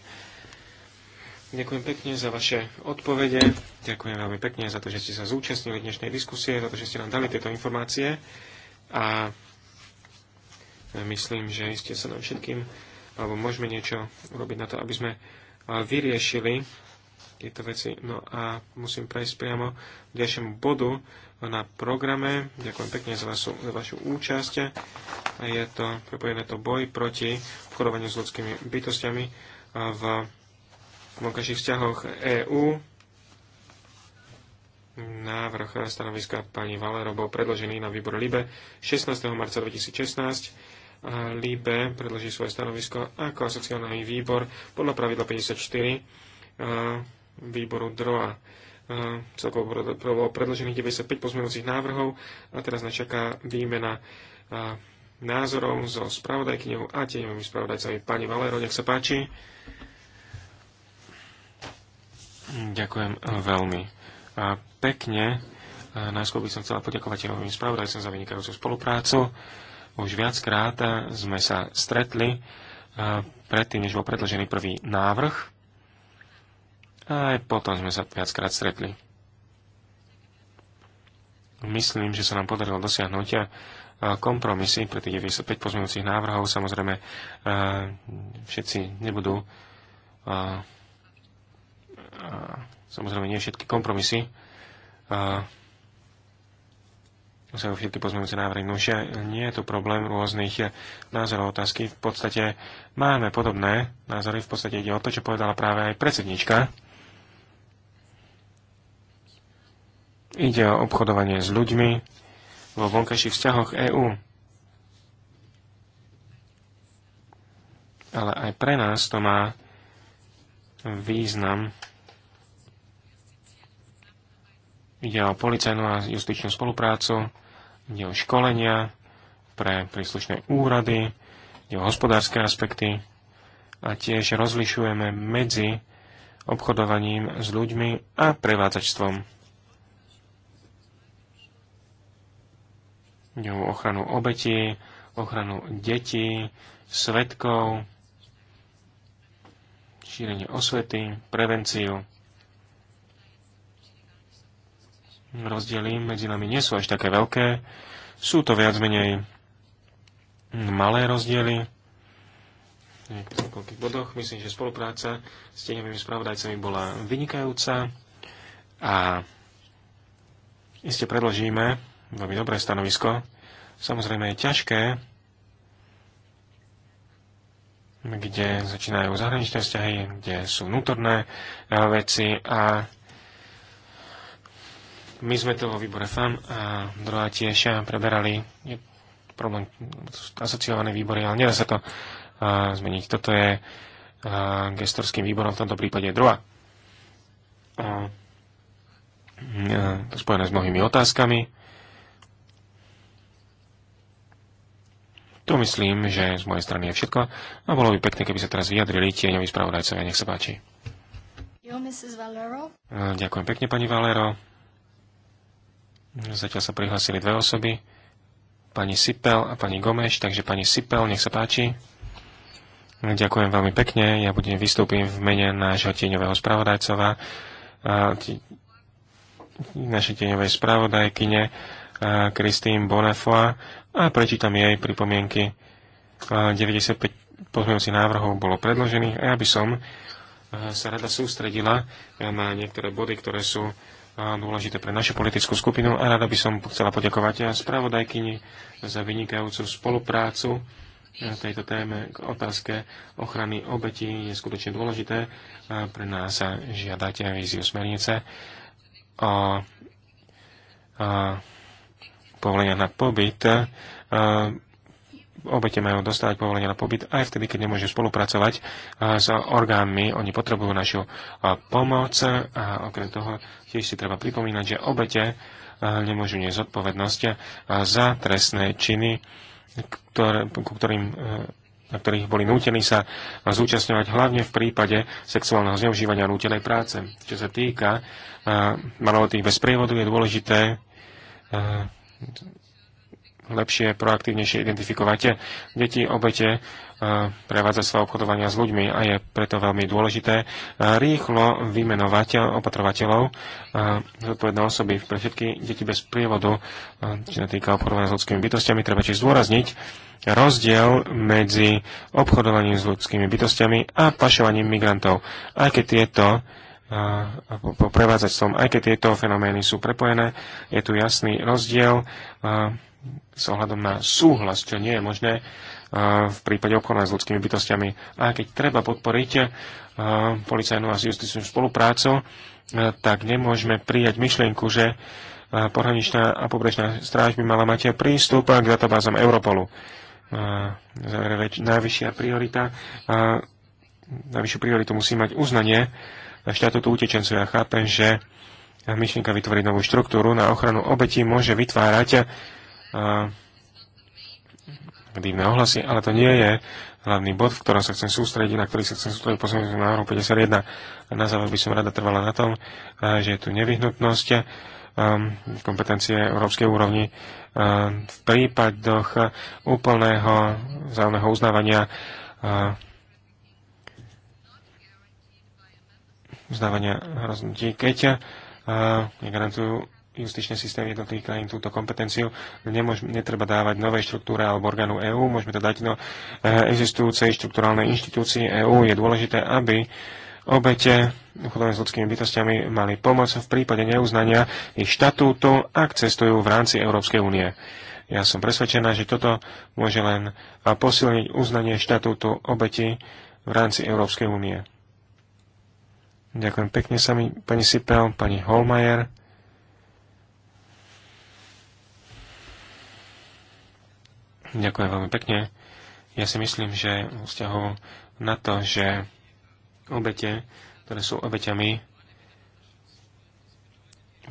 Ďakujem pekne za vaše odpovede. Ďakujem veľmi pekne za to, že ste sa zúčastnili dnešnej diskusie, za to, že ste nám dali tieto informácie. A myslím, že ste sa nám všetkým, alebo môžeme niečo urobiť na to, aby sme vyriešili tieto veci. No a musím prejsť priamo k ďalšiemu bodu na programe. Ďakujem pekne za vašu, za vašu účasť. Je to prepojené to boj proti obchodovaniu s ľudskými bytostiami v vonkajších vzťahoch EÚ. Návrh stanoviska pani Valero bol predložený na výbor LIBE 16. marca 2016. LIBE predloží svoje stanovisko ako asociálny výbor podľa pravidla 54 výboru DROA. Celkovo bolo predložených 95 pozmenujúcich návrhov a teraz načaká výmena názorov so spravodajkyňou a tieňovými spravodajcami. Pani Valero, nech sa páči. Ďakujem eh, veľmi a pekne. A eh, najskôr by som chcela poďakovať novým spravodajcom za vynikajúcu spoluprácu. Už viackrát eh, sme sa stretli predtým, než bol predložený prvý návrh. A aj potom sme sa viackrát stretli. Myslím, že sa nám podarilo dosiahnuť kompromisy pre tých 95 pozmeňujúcich návrhov. Samozrejme, všetci nebudú samozrejme nie všetky kompromisy, sa všetky pozmeňujúce návrhy. No nie je to problém rôznych názorov otázky. V podstate máme podobné názory. V podstate ide o to, čo povedala práve aj predsednička. Ide o obchodovanie s ľuďmi vo vonkajších vzťahoch EÚ. Ale aj pre nás to má význam Ide o policajnú a justičnú spoluprácu, ide o školenia pre príslušné úrady, ide o hospodárske aspekty a tiež rozlišujeme medzi obchodovaním s ľuďmi a prevádzačstvom. Ide o ochranu obetí, ochranu detí, svetkov, šírenie osvety, prevenciu rozdiely medzi nami nie sú až také veľké. Sú to viac menej malé rozdiely v niekoľkých bodoch. Myslím, že spolupráca s tieňovými spravodajcami bola vynikajúca a iste predložíme veľmi dobré stanovisko. Samozrejme je ťažké, kde začínajú zahraničné vzťahy, kde sú vnútorné veci a my sme to vo výbore FAM a druhá tiež eh, preberali. Je problém asociované výbory, ale nedá sa to eh, zmeniť. Toto je eh, gestorským výborom, v tomto prípade druhá. Uh, to spojené s mnohými otázkami. Tu myslím, že z mojej strany je všetko a bolo by pekné, keby sa teraz vyjadrili tieňoví spravodajcovia. Nech sa páči. Jo, Ďakujem pekne, pani Valero. Zatiaľ sa prihlásili dve osoby, pani Sipel a pani Gomeš, takže pani Sipel, nech sa páči. Ďakujem veľmi pekne, ja budem vystúpim v mene nášho tieňového spravodajcova, našej tieňovej spravodajkyne Kristín Bonafoa a prečítam jej pripomienky. 95 pozmeňujúcich návrhov bolo predložených a ja by som sa rada sústredila na niektoré body, ktoré sú dôležité pre našu politickú skupinu a rada by som chcela poďakovať spravodajkyni za vynikajúcu spoluprácu tejto téme k otázke ochrany obetí je skutočne dôležité. Pre nás sa žiadate víziu smernice o, o povoleniach na pobyt obete majú dostávať povolenie na pobyt aj vtedy, keď nemôžu spolupracovať s orgánmi. Oni potrebujú našu pomoc a okrem toho tiež si treba pripomínať, že obete nemôžu niesť zodpovednosť za trestné činy, ktoré, ku ktorým e, na ktorých boli nútení sa zúčastňovať hlavne v prípade sexuálneho zneužívania a nútenej práce. Čo sa týka uh, maloletých bez prievodu, je dôležité uh, lepšie, proaktívnejšie identifikovať deti, obete, e, prevádza prevádzačstva obchodovania s ľuďmi a je preto veľmi dôležité e, rýchlo vymenovať opatrovateľov e, zodpovedné osoby pre všetky deti bez prievodu, či sa týka obchodovania s ľudskými bytostiami. Treba tiež zdôrazniť rozdiel medzi obchodovaním s ľudskými bytostiami a pašovaním migrantov. Aj keď tieto po prevádzačstvom, aj keď tieto fenomény sú prepojené, je tu jasný rozdiel s ohľadom na súhlas, čo nie je možné e, v prípade obchodovania s ľudskými bytostiami. A keď treba podporiť e, policajnú a justičnú spoluprácu, e, tak nemôžeme prijať myšlienku, že pohraničná a pobrežná stráž by mala mať prístup k databázam Europolu. Najvyššia priorita, najvyššiu prioritu musí mať uznanie štatútu utečencov. Ja chápem, že myšlienka vytvoriť novú štruktúru na ochranu obetí môže vytvárať negatívne ohlasy, ale to nie je hlavný bod, v ktorom sa chcem sústrediť, na ktorý sa chcem sústrediť posledným návrhu 51. A na záver by som rada trvala na tom, že je tu nevyhnutnosť um, kompetencie európskej úrovni v prípadoch úplného vzájomného uznávania uznávania rozhodnutí, keď negarantujú justičné systémy jednotlivých krajín túto kompetenciu. Nemôž, netreba dávať novej štruktúre alebo orgánu EÚ, môžeme to dať no existujúcej štruktúralnej inštitúcii EÚ. Je dôležité, aby obete obchodovania s ľudskými bytostiami mali pomoc v prípade neuznania ich štatútu, ak cestujú v rámci Európskej únie. Ja som presvedčená, že toto môže len posilniť uznanie štatútu obeti v rámci Európskej únie. Ďakujem pekne sami, pani Sipel, pani Holmajer. Ďakujem veľmi pekne. Ja si myslím, že vzťahu na to, že obete, ktoré sú obeťami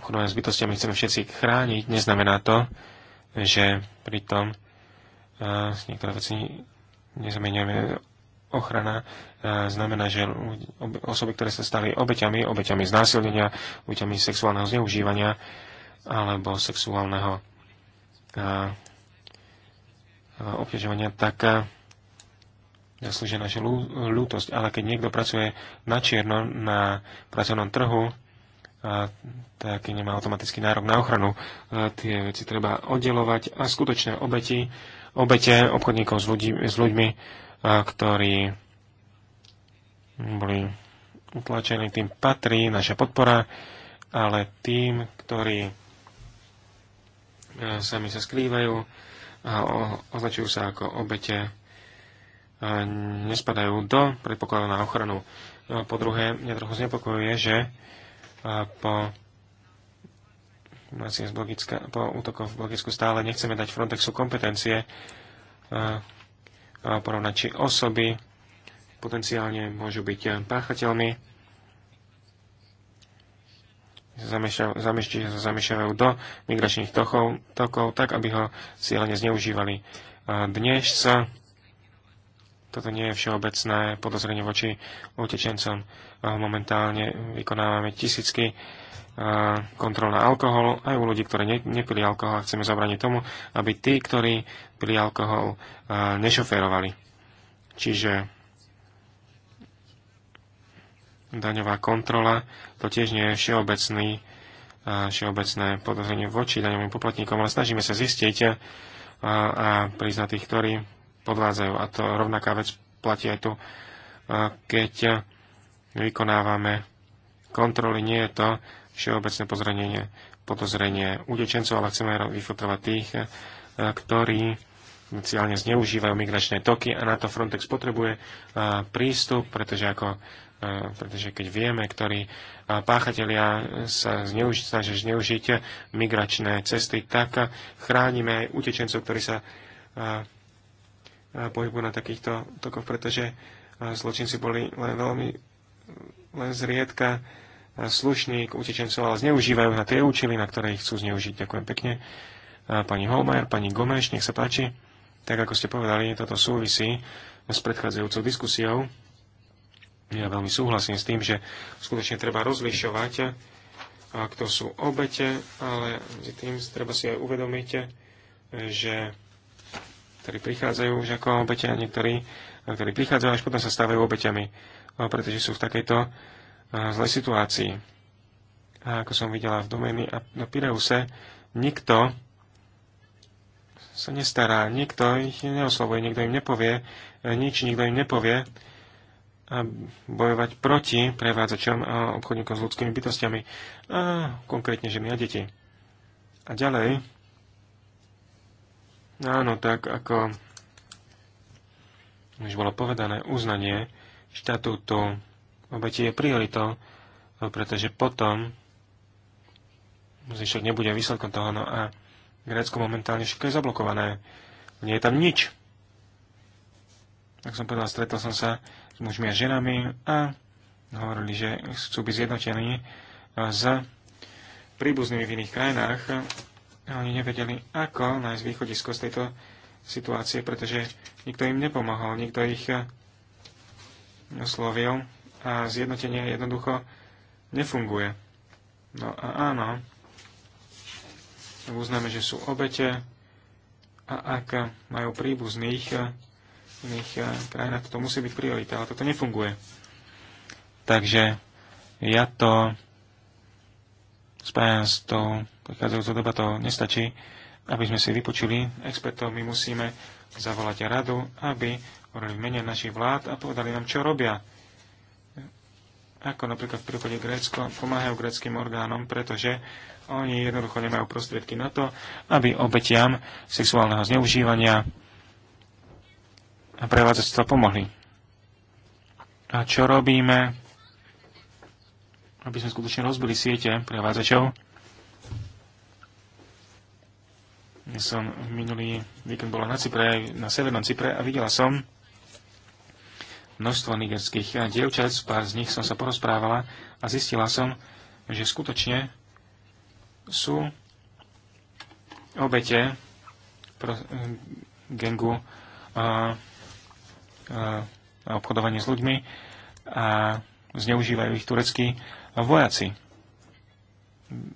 obchodovania s bytostiami chceme všetci chrániť, neznamená to, že pritom uh, niektoré veci nezamieňujeme. Ochrana uh, znamená, že osoby, ktoré sa stali obeťami, obeťami znásilnenia, obeťami sexuálneho zneužívania alebo sexuálneho uh, Eh, obťažovania, tak eh, zaslúžia naša ľútosť. Ale keď niekto pracuje na čierno na pracovnom trhu, a eh, tak nemá automatický nárok na ochranu. A tie veci treba oddelovať a skutočné obeti, obete obchodníkov s, ľudí, s ľuďmi, a ktorí boli utlačení, tým patrí naša podpora, ale tým, ktorí sami sa skrývajú, a označujú sa ako obete, e, nespadajú do predpokladu na ochranu. No po druhé, mňa trochu znepokojuje, že e, po po útokoch v Blogicku stále nechceme dať Frontexu kompetencie e, porovnať, či osoby potenciálne môžu byť páchateľmi zamiešťajú zamiešťajú do migračných tokov, tokov, tak aby ho cieľne zneužívali. Dnes sa toto nie je všeobecné podozrenie voči utečencom. Momentálne vykonávame tisícky kontrol na alkohol aj u ľudí, ktorí ne, nepili alkohol a chceme zabraniť tomu, aby tí, ktorí pili alkohol, nešoférovali. Čiže daňová kontrola, to tiež nie je všeobecný, všeobecné podozrenie voči daňovým poplatníkom, ale snažíme sa zistiť a, a priznať tých, ktorí podvádzajú. A to rovnaká vec platí aj tu, keď vykonávame kontroly, nie je to všeobecné pozrenie, podozrenie utečencov, ale chceme vyfotrovať tých, ktorí cieľne zneužívajú migračné toky a na to Frontex potrebuje prístup, pretože ako E, pretože keď vieme, ktorí e, páchatelia sa zneuži- snažia zneužiť migračné cesty, tak chránime aj utečencov, ktorí sa e, pohybujú na takýchto tokoch, pretože zločinci boli len veľmi len zriedka slušní k utečencov, ale zneužívajú na tie účely, na ktoré ich chcú zneužiť. Ďakujem pekne. Pani Holmajer, pani Gomeš, nech sa páči. Tak ako ste povedali, toto súvisí s predchádzajúcou diskusiou ja veľmi súhlasím s tým, že skutočne treba rozlišovať, a kto sú obete, ale tým treba si aj uvedomiť, že ktorí prichádzajú už ako obete a niektorí, ktorí prichádzajú až potom sa stávajú obeťami, pretože sú v takejto zlej situácii. A ako som videla v domény a na Pireuse, nikto sa nestará, nikto ich neoslovuje, nikto im nepovie, nič nikto im nepovie, bojovať proti prevádzačom a obchodníkom s ľudskými bytostiami a konkrétne ženy a deti. A ďalej, áno, tak ako už bolo povedané, uznanie štatútu obeti je prioritou, pretože potom zvyšok nebude výsledkom toho, no a Grécko momentálne všetko je zablokované. Nie je tam nič. Tak som povedal, stretol som sa mužmi a ženami a hovorili, že chcú byť zjednotení e, s príbuznými v iných krajinách. A oni nevedeli, ako nájsť východisko z tejto situácie, pretože nikto im nepomohol, nikto ich e, oslovil a zjednotenie jednoducho nefunguje. No a áno, uznáme, že sú obete a ak majú príbuzných, e, iných eh, krajinách toto musí byť priorita, ale toto nefunguje. Takže ja to spájam s tou prechádzajúcou debatou. Nestačí, aby sme si vypočuli expertov, my musíme zavolať radu, aby hovorili v mene našich vlád a povedali nám, čo robia. Ako napríklad v prípade Grécko, pomáhajú gréckým orgánom, pretože oni jednoducho nemajú prostriedky na to, aby obetiam sexuálneho zneužívania a prevádzateľ pomohli. A čo robíme, aby sme skutočne rozbili siete prevádzačov? Ja som minulý víkend bola na Cypre, na severnom Cypre a videla som množstvo nigerských dievčat, pár z nich som sa porozprávala a zistila som, že skutočne sú obete pro, gengu uh, a obchodovanie s ľuďmi a zneužívajú ich tureckí vojaci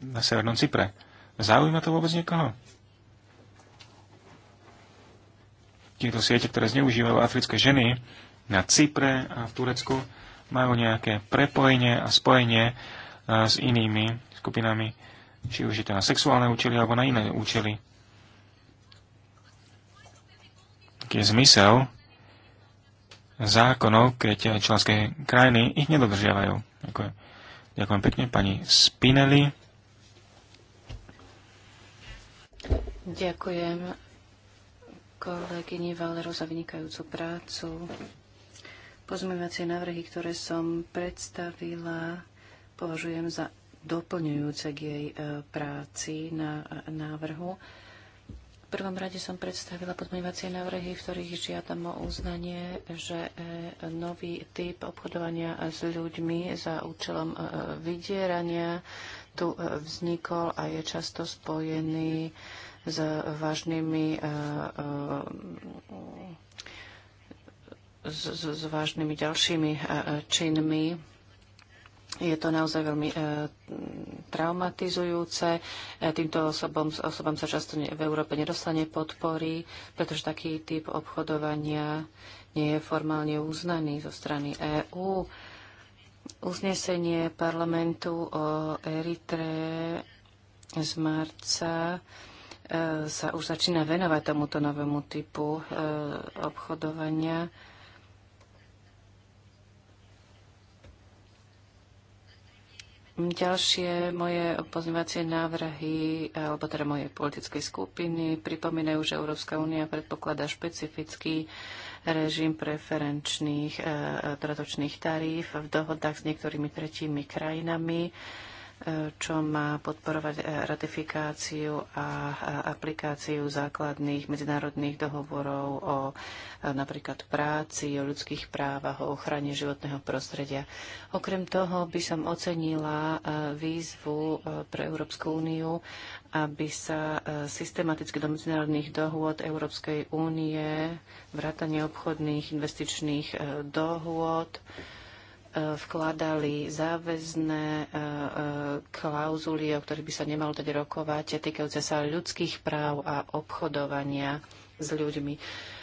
na Severnom Cypre. Zaujíma to vôbec niekoho? Tieto siete, ktoré zneužívajú africké ženy na Cypre a v Turecku, majú nejaké prepojenie a spojenie e, s inými skupinami, či už je to na sexuálne účely alebo na iné účely. Taký je zmysel zákonov, keď členské krajiny ich nedodržiavajú. Ďakujem, Ďakujem pekne pani Spinelli. Ďakujem kolegyni Valero za vynikajúcu prácu. Pozmývacie návrhy, ktoré som predstavila, považujem za doplňujúce k jej e, práci na e, návrhu prvom rade som predstavila podmenovacie návrhy, v ktorých žiadam o uznanie, že e, nový typ obchodovania s ľuďmi za účelom e, vydierania tu e, vznikol a je často spojený s vážnymi s, s vážnymi ďalšími činmi je to naozaj veľmi e, traumatizujúce. E, týmto osobom, osobám sa často ne, v Európe nedostane podpory, pretože taký typ obchodovania nie je formálne uznaný zo strany EÚ. Uznesenie parlamentu o Eritre z marca e, sa už začína venovať tomuto novému typu e, obchodovania. Ďalšie moje pozmevacie návrhy, eh, alebo teda moje politickej skupiny, pripomínajú, že Európska únia predpokladá špecifický režim preferenčných e, dodatočných taríf v dohodách s niektorými tretími krajinami čo má podporovať e, ratifikáciu a aplikáciu základných medzinárodných dohovorov o e, napríklad práci, o ľudských právach, o ochrane životného prostredia. Okrem toho by som ocenila e, výzvu pre Európsku úniu, aby sa systematicky do medzinárodných dohôd Európskej únie, vrátanie obchodných investičných dohôd, vkladali záväzné e, e, klauzuly, o ktorých by sa nemalo teda rokovať, týkajúce sa ľudských práv a obchodovania s ľuďmi.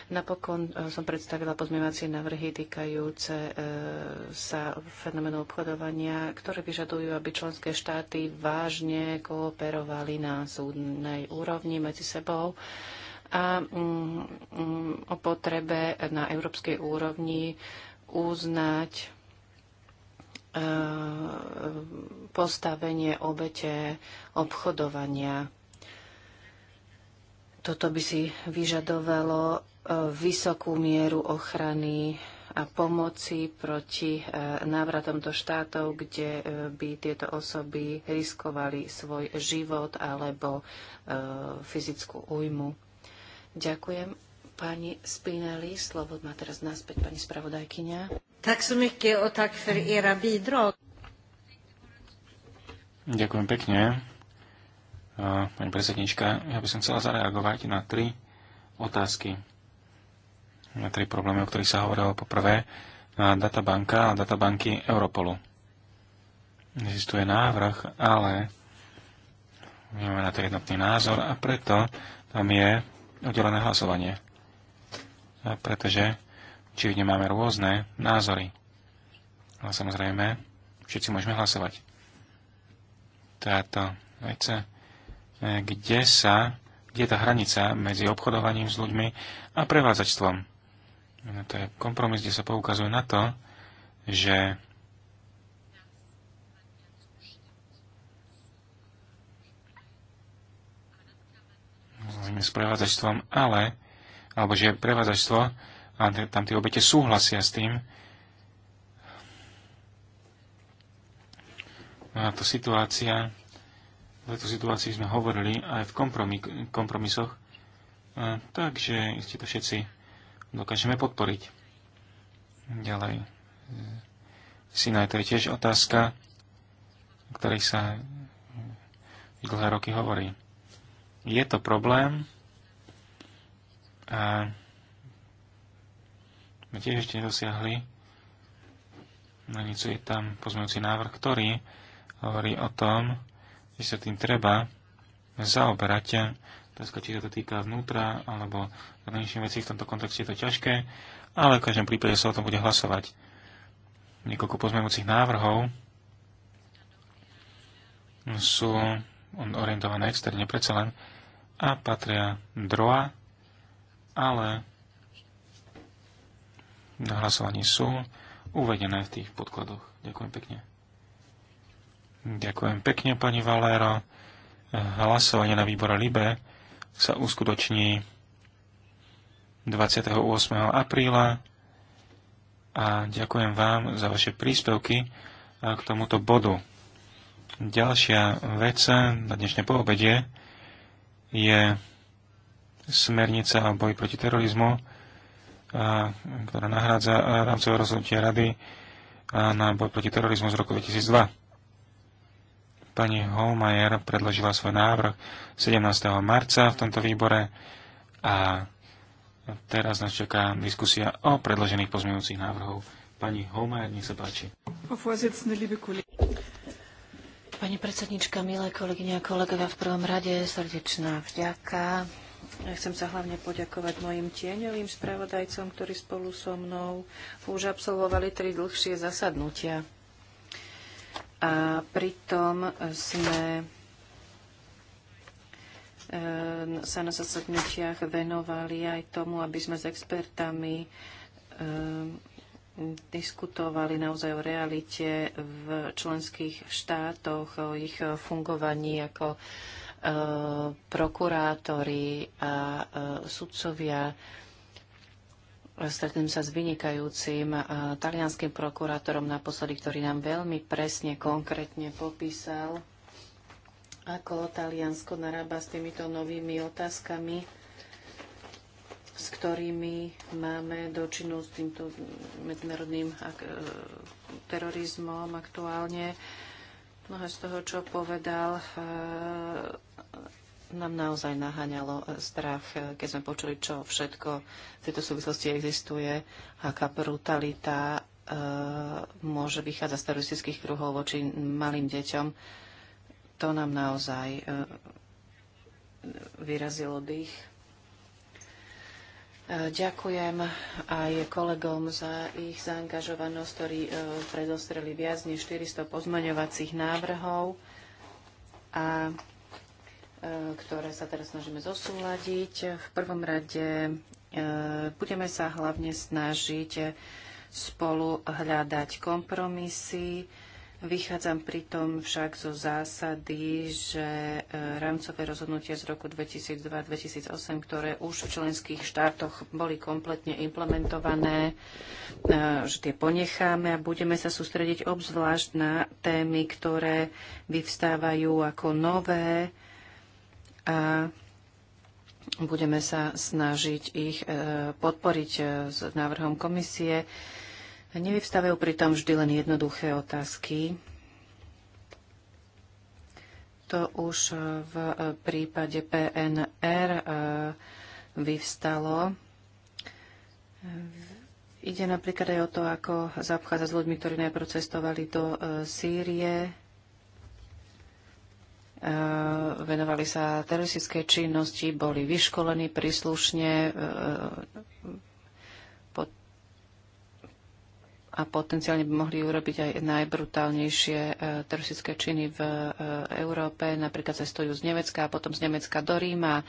Napokon e, som predstavila pozmievacie návrhy týkajúce sa fenoménu obchodovania, ktoré vyžadujú, aby členské štáty vážne kooperovali na súdnej úrovni medzi sebou a mm, mm, o potrebe na európskej úrovni uznať E, postavenie obete obchodovania. Toto by si vyžadovalo e, vysokú mieru ochrany a pomoci proti e, návratom do štátov, kde by tieto osoby riskovali svoj život alebo fyzickú újmu. Ďakujem. Pani Spinelli, slovo má teraz naspäť pani spravodajkyňa. Tack så mycket och tack för era bidrag. Ďakujem pekne. Pani predsednička, ja by som chcela zareagovať na tri otázky. Na tri problémy, o ktorých sa hovorilo poprvé. Na databanka a databanky Europolu. Existuje návrh, ale nemáme na to jednotný názor a preto tam je oddelené hlasovanie. A pretože či kde máme rôzne názory. Ale samozrejme, všetci môžeme hlasovať. Táto vec, e, kde sa, kde je tá hranica medzi obchodovaním s ľuďmi a prevádzačstvom. No to je kompromis, kde sa poukazuje na to, že s prevádzačstvom, ale, alebo že prevádzačstvo a tam tie obete súhlasia s tým. A to situácia, v tejto situácii sme hovorili aj v kompromis, kompromisoch, a, takže ste to všetci dokážeme podporiť. Ďalej. E, Sinaj, to je tiež otázka, o ktorej sa dlhé roky hovorí. Je to problém a sme tiež ešte nedosiahli. Na nicu je tam pozmeňujúci návrh, ktorý hovorí o tom, že sa tým treba zaoberať. Otázka, či sa to týka vnútra alebo zahraničných vecí, v tomto kontexte je to ťažké, ale v každom prípade sa o tom bude hlasovať. Niekoľko pozmeňujúcich návrhov sú orientované externe predsa len a patria droa, ale na hlasovaní sú uvedené v tých podkladoch. Ďakujem pekne. Ďakujem pekne, pani Valero. Hlasovanie na výbore LIBE sa uskutoční 28. apríla a ďakujem vám za vaše príspevky k tomuto bodu. Ďalšia vec na dnešné poobede je smernica o boji proti terorizmu ktorá nahrádza rámcové rozhodnutie Rady na boj proti terorizmu z roku 2002. Pani Holmajer predložila svoj návrh 17. marca v tomto výbore a teraz nás čaká diskusia o predložených pozmeňujúcich návrhov. Pani Holmajer, nech sa páči. Pani predsednička, milé kolegyne a kolegovia, v prvom rade srdečná vďaka ja chcem sa hlavne poďakovať mojim tieňovým spravodajcom, ktorí spolu so mnou už absolvovali tri dlhšie zasadnutia. A pritom sme e, sa na zasadnutiach venovali aj tomu, aby sme s expertami e, diskutovali naozaj o realite v členských štátoch, o ich fungovaní ako E, prokurátori a e, sudcovia. Stretnem sa s vynikajúcim e, talianským prokurátorom naposledy, ktorý nám veľmi presne, konkrétne popísal, ako Taliansko narába s týmito novými otázkami, s ktorými máme dočinu s týmto medzinárodným terorizmom aktuálne. Mnohé z toho, čo povedal, nám naozaj naháňalo strach, keď sme počuli, čo všetko v tejto súvislosti existuje, aká brutalita e, môže vychádzať z teroristických kruhov voči malým deťom. To nám naozaj e, vyrazilo dých. Eh, ďakujem aj kolegom za ich zaangažovanosť, ktorí predostreli viac než 400 pozmaňovacích návrhov. A E, ktoré sa teraz snažíme zosúľadiť. V prvom rade e, budeme sa hlavne snažiť spolu hľadať kompromisy. Vychádzam pritom však zo zásady, že e, rámcové rozhodnutia z roku 2002-2008, ktoré už v členských štátoch boli kompletne implementované, že tie ponecháme a budeme sa sústrediť obzvlášť na témy, ktoré vyvstávajú ako nové, a budeme sa snažiť ich e, podporiť e, s návrhom komisie. Nevyvstávajú pritom vždy len jednoduché otázky. To už e, v prípade PNR vyvstalo. Ide napríklad aj o to, ako zaobchádza s ľuďmi, ktorí najprv cestovali do Sýrie, Eh, venovali sa teroristickej činnosti, boli vyškolení príslušne eh, a potenciálne by mohli urobiť aj najbrutálnejšie eh, teroristické činy v Európe. Napríklad cestujú z Nemecka a potom z Nemecka do Ríma.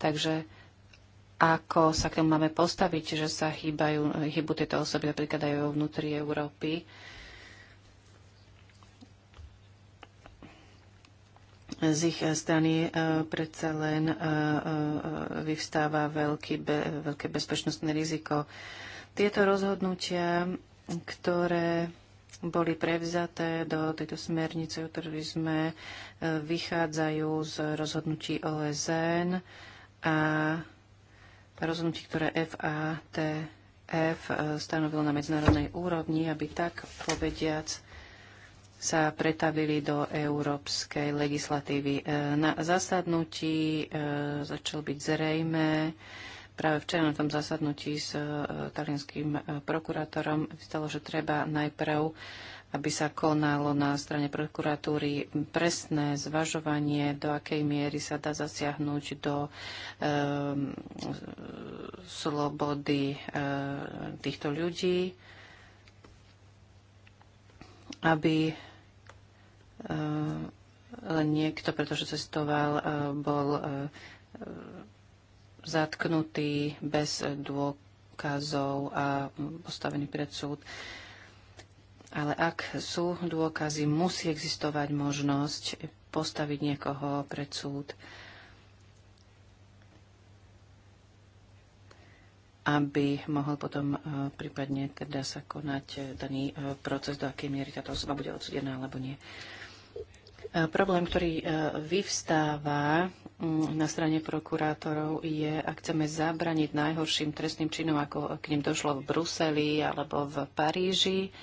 Takže ako sa k tomu máme postaviť, že sa chýbajú, chýbu tieto osoby napríklad aj vnútri Európy. Uh, z ich eh, strany eh, predsa len eh, vyvstáva veľký be, veľké bezpečnostné riziko. Tieto rozhodnutia, ktoré boli prevzaté do tejto smernice o sme, vychádzajú z rozhodnutí OSN a rozhodnutí, ktoré FATF stanovil na medzinárodnej úrovni, aby tak povediac sa pretavili do európskej legislatívy. E, na zasadnutí e, začal byť zrejme, práve včera na tom zasadnutí s e, talianským prokurátorom vystalo, že treba najprv aby sa konalo na strane prokuratúry presné zvažovanie, do akej miery sa dá zasiahnuť do e, slobody e, týchto ľudí, aby eh, len niekto, pretože cestoval, eh, bol eh, zatknutý bez dôkazov a postavený pred súd. Ale ak sú dôkazy, musí existovať možnosť postaviť niekoho pred súd. aby mohol potom e, prípadne teda sa konať e, daný e, proces, do akej miery táto osoba bude odsudená alebo nie. Problém, ktorý vyvstáva mm, na strane prokurátorov je, ak chceme zabraniť najhorším trestným činom, ako k nim došlo v Bruseli alebo v Paríži,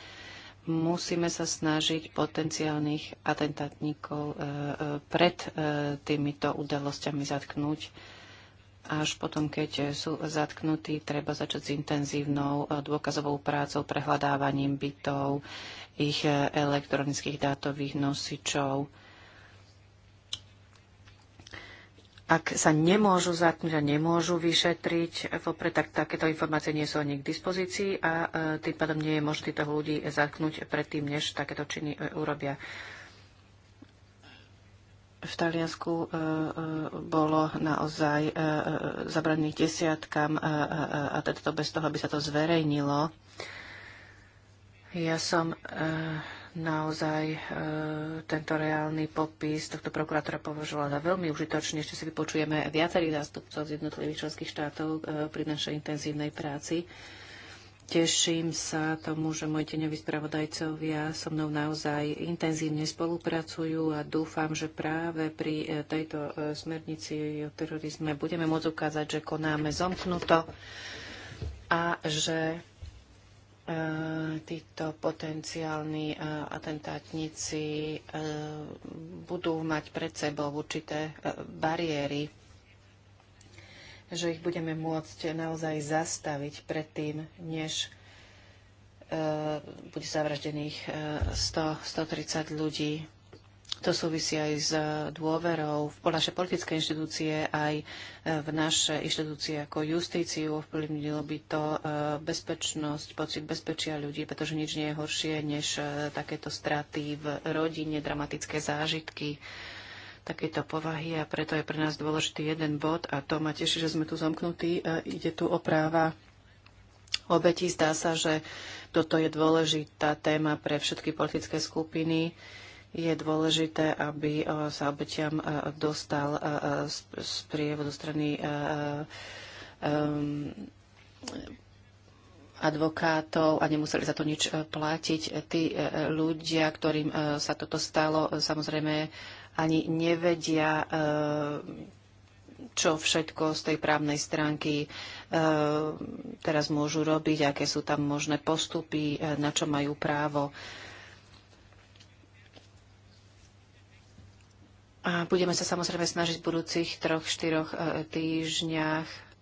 musíme sa snažiť potenciálnych atentátníkov pred týmito udalosťami zatknúť až potom, keď sú zatknutí, treba začať s intenzívnou eh, dôkazovou prácou, prehľadávaním bytov, ich eh, elektronických dátových nosičov. Ak sa nemôžu zatknúť a nemôžu vyšetriť vopred, tak takéto informácie nie sú ani k dispozícii a eh, tým pádom nie je možné týchto ľudí zatknúť predtým, než takéto činy urobia v Taliansku e, e, bolo naozaj e, zabraných desiatkam a teda to bez toho, aby sa to zverejnilo. Ja som naozaj tento reálny popis tohto prokurátora považovala za veľmi užitočný. Ešte si vypočujeme viacerých zástupcov z jednotlivých členských štátov pri našej intenzívnej práci. Teším sa tomu, že moji teňoví spravodajcovia so mnou naozaj intenzívne spolupracujú a dúfam, že práve pri e, tejto e, smernici o terorizme budeme môcť ukázať, že konáme zomknuto a že e, títo potenciálni atentátnici budú mať pred sebou určité bariéry že ich budeme môcť naozaj zastaviť predtým, než e, bude zavraždených 100, e, 130 ľudí. To súvisí aj s dôverou v naše politické inštitúcie, aj e, v naše inštitúcie ako justíciu. Ovplyvnilo by to bezpečnosť, pocit bezpečia ľudí, pretože nič nie je horšie než takéto straty v rodine, dramatické zážitky takéto povahy a preto je pre nás dôležitý jeden bod a to ma teší, že sme tu zomknutí. E, ide tu o práva obetí. Zdá sa, že toto je dôležitá téma pre všetky politické skupiny. Je dôležité, aby e, sa obetiam e, dostal z do strany advokátov a nemuseli za to nič platiť. Tí ľudia, ktorým sa toto stalo, samozrejme ani nevedia, e, čo všetko z tej právnej stránky e, teraz môžu robiť, aké sú tam možné postupy, e, na čo majú právo. A budeme sa samozrejme snažiť v budúcich troch, štyroch týždňach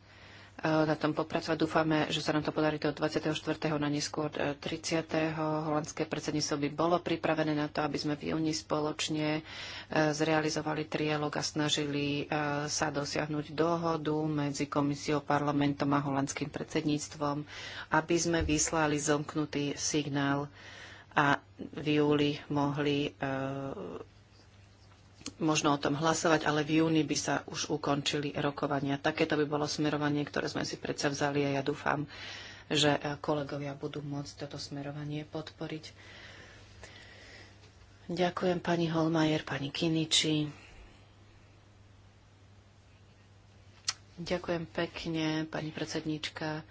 Eh, na tom popracovať. Dúfame, že sa nám to podarí do 24. na neskôr 30. Eh, Holandské predsedníctvo by bolo pripravené na to, aby sme v júni spoločne eh, zrealizovali trialog a snažili sa dosiahnuť dohodu medzi komisiou, parlamentom a holandským predsedníctvom, aby sme vyslali zomknutý signál a v júli mohli možno o tom hlasovať, ale v júni by sa už ukončili rokovania. Takéto by bolo smerovanie, ktoré sme si predsa vzali a ja dúfam, že e, kolegovia budú môcť toto smerovanie podporiť. Ďakujem pani Holmajer, pani Kiniči. Ďakujem pekne, pani predsedníčka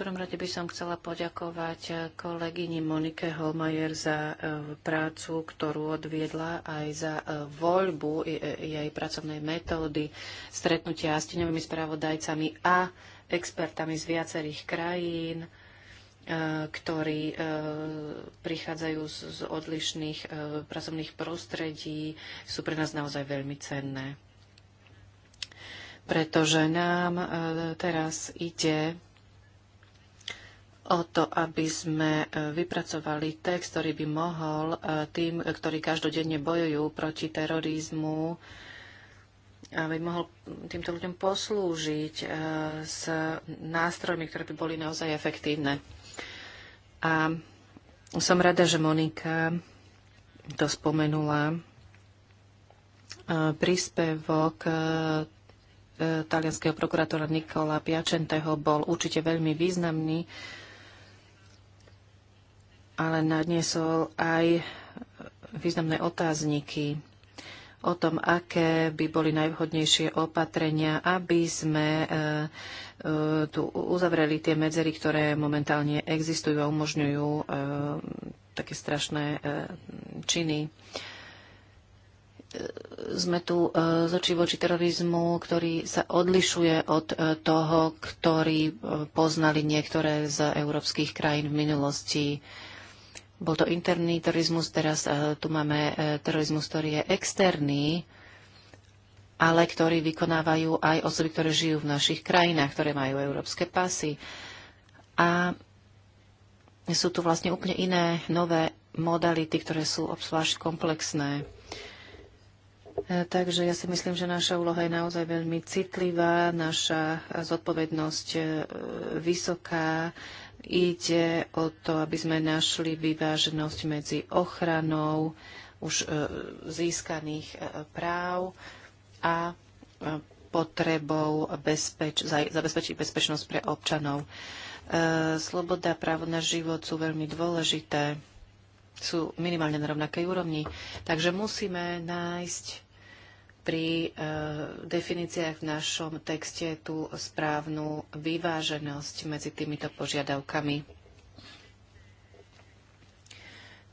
prvom rade by som chcela poďakovať eh, kolegyni Monike Holmajer za eh, prácu, ktorú odviedla aj za eh, voľbu jej pracovnej metódy, stretnutia s tieňovými spravodajcami a expertami z viacerých krajín, ktorí prichádzajú z odlišných pracovných prostredí, sú pre nás naozaj veľmi cenné. Pretože nám teraz ide o to, aby sme e, vypracovali text, ktorý by mohol e, tým, ktorí každodenne bojujú proti terorizmu, aby mohol týmto ľuďom poslúžiť e, s nástrojmi, ktoré by boli naozaj efektívne. A som rada, že Monika to spomenula. Príspevok talianského prokurátora Nikola Piačenteho bol určite veľmi významný ale nadniesol aj významné otázniky o tom, aké by boli najvhodnejšie opatrenia, aby sme e, e, tu uzavreli tie medzery, ktoré momentálne existujú a umožňujú e, také strašné činy. Sme tu z očí voči terorizmu, ktorý sa odlišuje od toho, ktorý poznali niektoré z európskych krajín v minulosti. Bol to interný terorizmus, teraz e, tu máme e, terorizmus, ktorý je externý, ale ktorý vykonávajú aj osoby, ktoré žijú v našich krajinách, ktoré majú európske pasy. A sú tu vlastne úplne iné nové modality, ktoré sú obzvlášť komplexné. E, takže ja si myslím, že naša úloha je naozaj veľmi citlivá, naša zodpovednosť vysoká Ide o to, aby sme našli vyváženosť medzi ochranou už e, získaných e, práv a e, potrebou bezpeč- zabezpečiť bezpečnosť pre občanov. Sloboda a právo na život sú veľmi dôležité, sú minimálne na rovnakej úrovni, takže musíme nájsť pri eh, definíciách v našom texte tú správnu vyváženosť medzi týmito požiadavkami.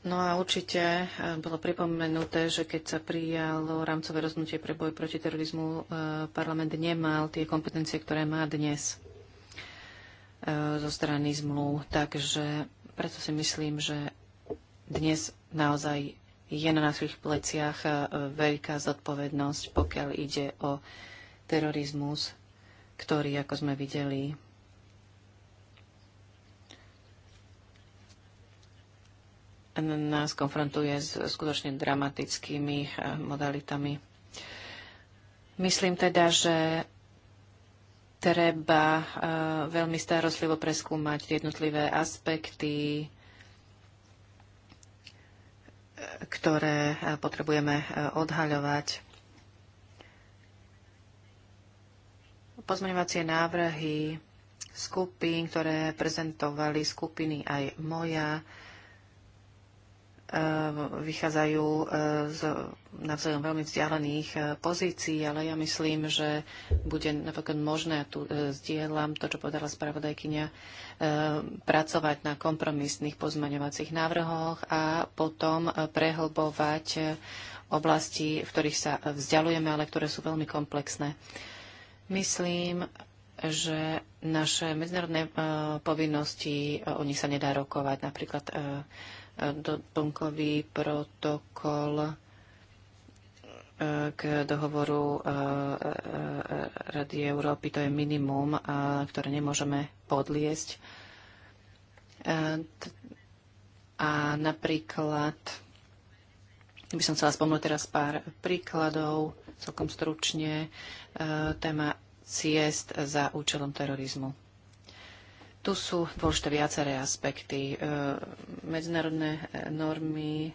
No a určite eh, bolo pripomenuté, že keď sa prijalo rámcové rozhodnutie pre boj proti terorizmu, eh, parlament nemal tie kompetencie, ktoré má dnes zo strany zmluv. Takže preto si myslím, že dnes naozaj je na našich pleciach e, veľká zodpovednosť, pokiaľ ide o terorizmus, ktorý, ako sme videli, nás konfrontuje s skutočne dramatickými e, modalitami. Myslím teda, že treba e, veľmi starostlivo preskúmať jednotlivé aspekty ktoré eh, potrebujeme eh, odhaľovať. Pozmeňovacie návrhy skupín, ktoré prezentovali skupiny aj moja, E, vychádzajú e, z navzájom veľmi vzdialených e, pozícií, ale ja myslím, že bude napokon možné, a tu zdieľam to, čo povedala spravodajkynia, pracovať na kompromisných pozmaňovacích návrhoch a potom prehlbovať oblasti, v ktorých sa vzdialujeme, ale ktoré sú veľmi komplexné. Myslím, že naše medzinárodné povinnosti, o nich sa nedá rokovať. Napríklad doplnkový protokol e, k dohovoru e, e, Rady Európy. To je minimum, ktoré nemôžeme podliesť. A napríklad, by som chcela spomnúť teraz pár príkladov, celkom stručne, téma ciest za účelom terorizmu. Tu sú dôležité viaceré aspekty. E, medzinárodné e, normy e,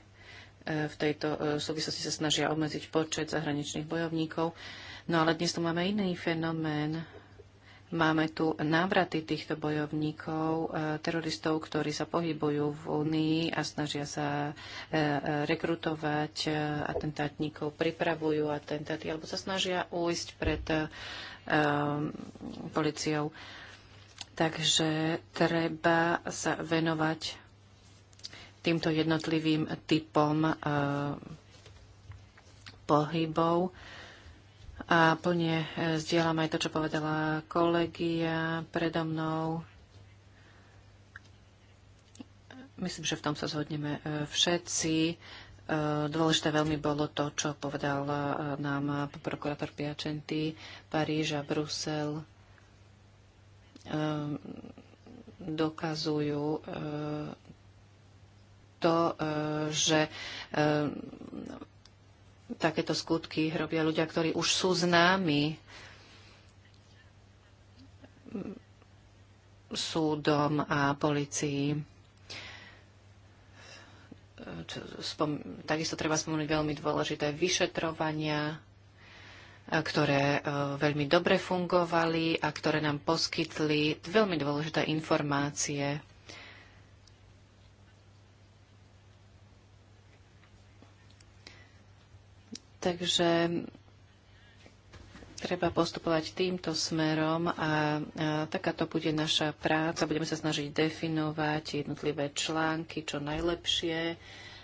v tejto súvislosti sa snažia obmedziť počet zahraničných bojovníkov. No ale dnes tu máme iný fenomén. Máme tu návraty týchto bojovníkov, teroristov, ktorí sa pohybujú v Únii a snažia sa rekrutovať atentátníkov, pripravujú atentáty alebo sa snažia ujsť pred policiou. Um, Takže treba sa venovať týmto jednotlivým typom e, pohybov. A plne e, zdieľam aj to, čo povedala kolegia predo mnou. Myslím, že v tom sa zhodneme e, všetci. E, dôležité veľmi bolo to, čo povedal nám prokurátor Piačenty, Paríž a Brusel Ehm, dokazujú ehm, to, ehm, že takéto skutky robia ľudia, ktorí už sú známi súdom a policií. Takisto treba spomenúť veľmi dôležité vyšetrovania ktoré e, veľmi dobre fungovali a ktoré nám poskytli veľmi dôležité informácie. Takže treba postupovať týmto smerom a, takáto bude naša práca. Budeme sa snažiť definovať jednotlivé články čo najlepšie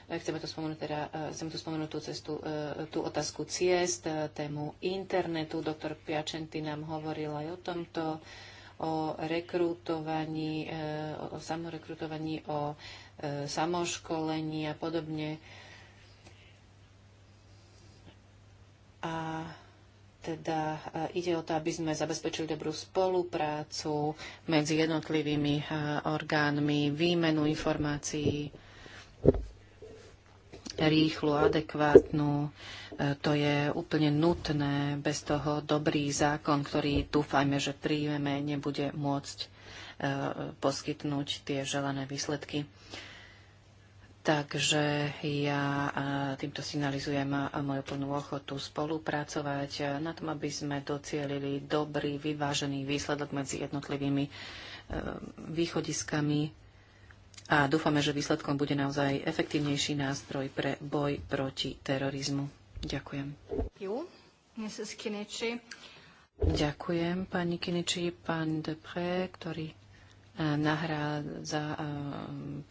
Eh, chceme tu spomenúť, teda, eh, chceme tu spomenúť tú, cestu, eh, tú otázku ciest, tému internetu. Doktor Piačenty nám hovoril aj o tomto o rekrutovaní, o samorekrutovaní, o samoškolení a podobne. A teda ide o to, aby sme zabezpečili dobrú spoluprácu medzi jednotlivými orgánmi, výmenu informácií rýchlu, adekvátnu. E, to je úplne nutné. Bez toho dobrý zákon, ktorý dúfajme, že príjmeme, nebude môcť e, poskytnúť tie želané výsledky. Takže ja e, týmto signalizujem moju plnú ochotu spolupracovať na tom, aby sme docielili dobrý, vyvážený výsledok medzi jednotlivými východiskami a dúfame, že výsledkom bude naozaj efektívnejší nástroj pre boj proti terorizmu. Ďakujem. Ďakujem pani Kiniči, pán Depre, ktorý eh, za eh,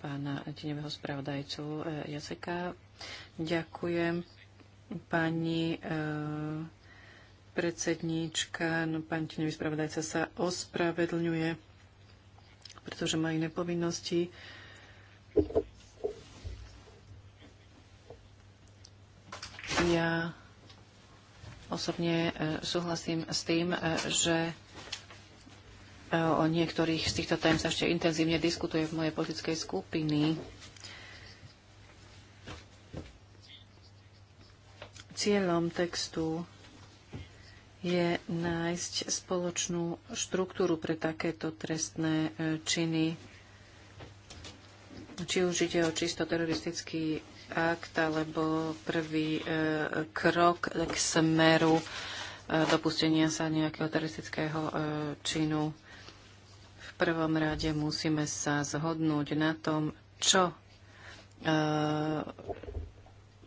pána tenevého spravodajcu eh, Jaseka. Ďakujem pani predsedníčka, no pán tenevý spravodajca sa ospravedlňuje, pretože má iné povinnosti. Ja osobne e, súhlasím s tým, e, že e, o niektorých z týchto tém sa ešte intenzívne diskutuje v mojej politickej skupiny. Cieľom textu je nájsť spoločnú štruktúru pre takéto trestné činy či už ide o čisto teroristický akt alebo prvý e, krok k smeru e, dopustenia sa nejakého teroristického e, činu. V prvom rade musíme sa zhodnúť na tom, čo e,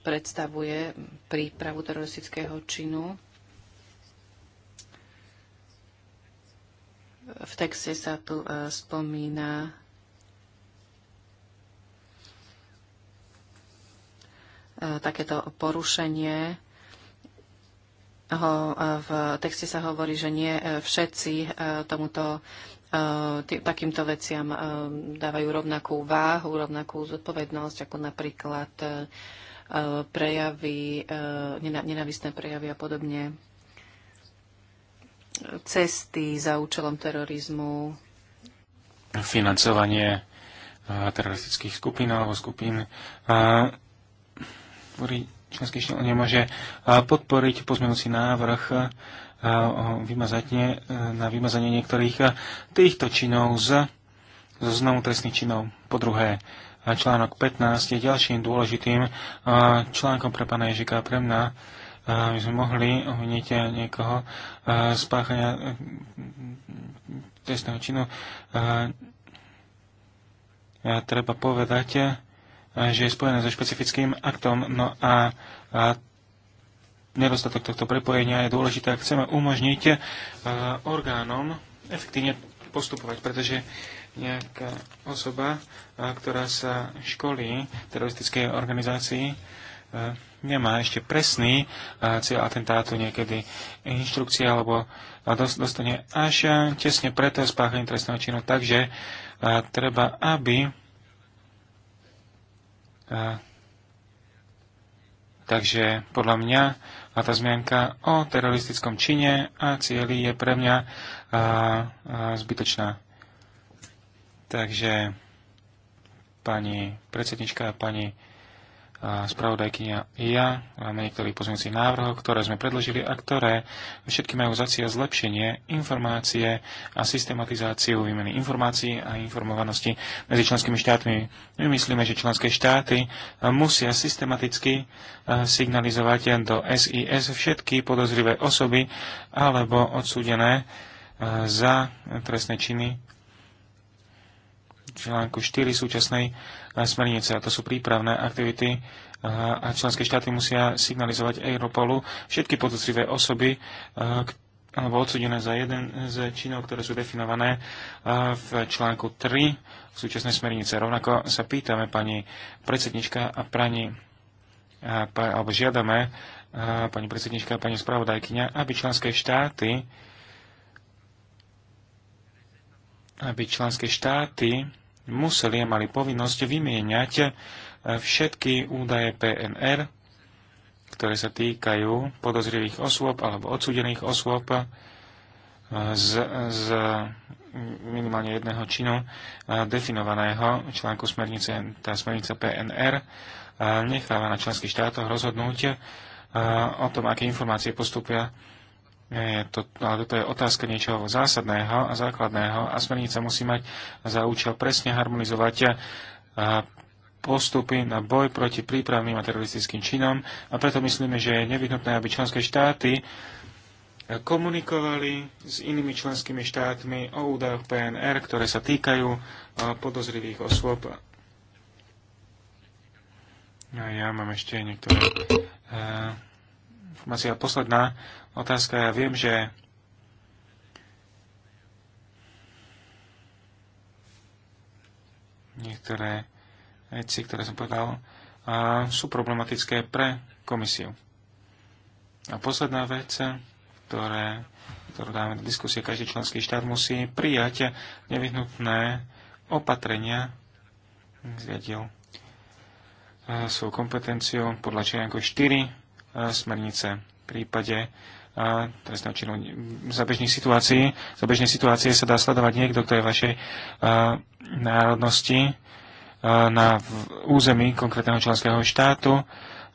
predstavuje prípravu teroristického činu. V texte sa tu e, spomína E, takéto porušenie. ho e, V texte sa hovorí, že nie e, všetci tomuto takýmto veciam dávajú rovnakú váhu, rovnakú zodpovednosť, ako napríklad prejavy, nenavistné prejavy a podobne, cesty za účelom terorizmu, financovanie teroristických skupín alebo skupín podporiť, členský štát nemôže eh, podporiť pozmenúci návrh eh, eh, na vymazanie niektorých týchto činov z zoznamu trestných činov. Po druhé, článok 15 je ďalším dôležitým článkom pre pána Ježika pre mňa. My sme mohli obviniť niekoho z páchania trestného činu. Treba povedať, že je spojené so špecifickým aktom. No a, a nedostatok tohto prepojenia je dôležité, ak chceme umožniť e, orgánom efektívne postupovať, pretože nejaká osoba, e, ktorá sa školí teroristickej organizácii, e, nemá ešte presný cieľ atentátu, niekedy inštrukcia alebo dostane až tesne preto spáchanie trestného činu. Takže treba, aby Takže podľa mňa a tá zmienka o teroristickom čine a cieli je pre mňa a, a zbytočná. Takže pani predsednička a pani spravodajkynia ja máme niektorých pozmeňujúcich návrhov, ktoré sme predložili a ktoré všetky majú za cieľ zlepšenie informácie a systematizáciu výmeny informácií a informovanosti medzi členskými štátmi. My myslíme, že členské štáty musia systematicky eh, signalizovať do SIS všetky podozrivé osoby alebo odsúdené eh, za trestné činy článku 4 súčasnej smernice, a to sú prípravné aktivity, a členské štáty musia signalizovať Europolu všetky podozrivé osoby, alebo odsudené za jeden z činov, ktoré sú definované v článku 3 v súčasnej smernice. Rovnako sa pýtame pani predsednička a pani, alebo žiadame pani predsednička a pani spravodajkyňa, aby členské štáty aby členské štáty museli a mali povinnosť vymieňať eh, všetky údaje PNR, ktoré sa týkajú podozrivých osôb alebo odsúdených osôb eh, z, z minimálne jedného činu eh, definovaného článku smernice, tá smernica PNR, necháva na členských štátoch rozhodnúť o tom, aké informácie postupia nie, to, ale toto je otázka niečoho zásadného a základného a smernica musí mať za účel presne harmonizovať a eh, postupy na boj proti prípravným a teroristickým činom a preto myslíme, že je nevyhnutné, aby členské štáty eh, komunikovali s inými členskými štátmi o údajoch PNR, ktoré sa týkajú eh, podozrivých osôb. A ja mám ešte niektoré informácie. posledná otázka. Ja viem, že niektoré veci, ktoré som povedal, sú problematické pre komisiu. A posledná vec, ktoré, ktorú dáme do diskusie, každý členský štát musí prijať nevyhnutné opatrenia, zriadil e, svoju kompetenciu podľa článku 4 e, smernice v prípade trestného činu za bežných situácií. Za bežnej situácie sa dá sledovať niekto, kto je vašej národnosti na území konkrétneho členského štátu.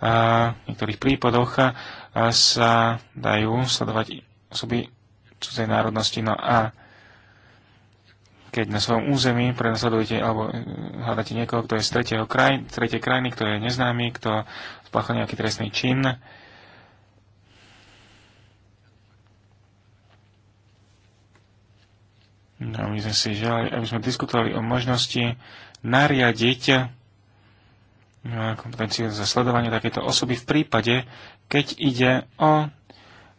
V niektorých prípadoch sa dajú sledovať osoby cudzej národnosti. No a keď na svojom území prenasledujete alebo e, hľadáte niekoho, kto je z tretej kraj, krajiny, kto je neznámy, kto spáchal nejaký trestný čin, No, my sme si želali, aby sme diskutovali o možnosti nariadiť no, kompetenciu za sledovanie takéto osoby v prípade, keď ide o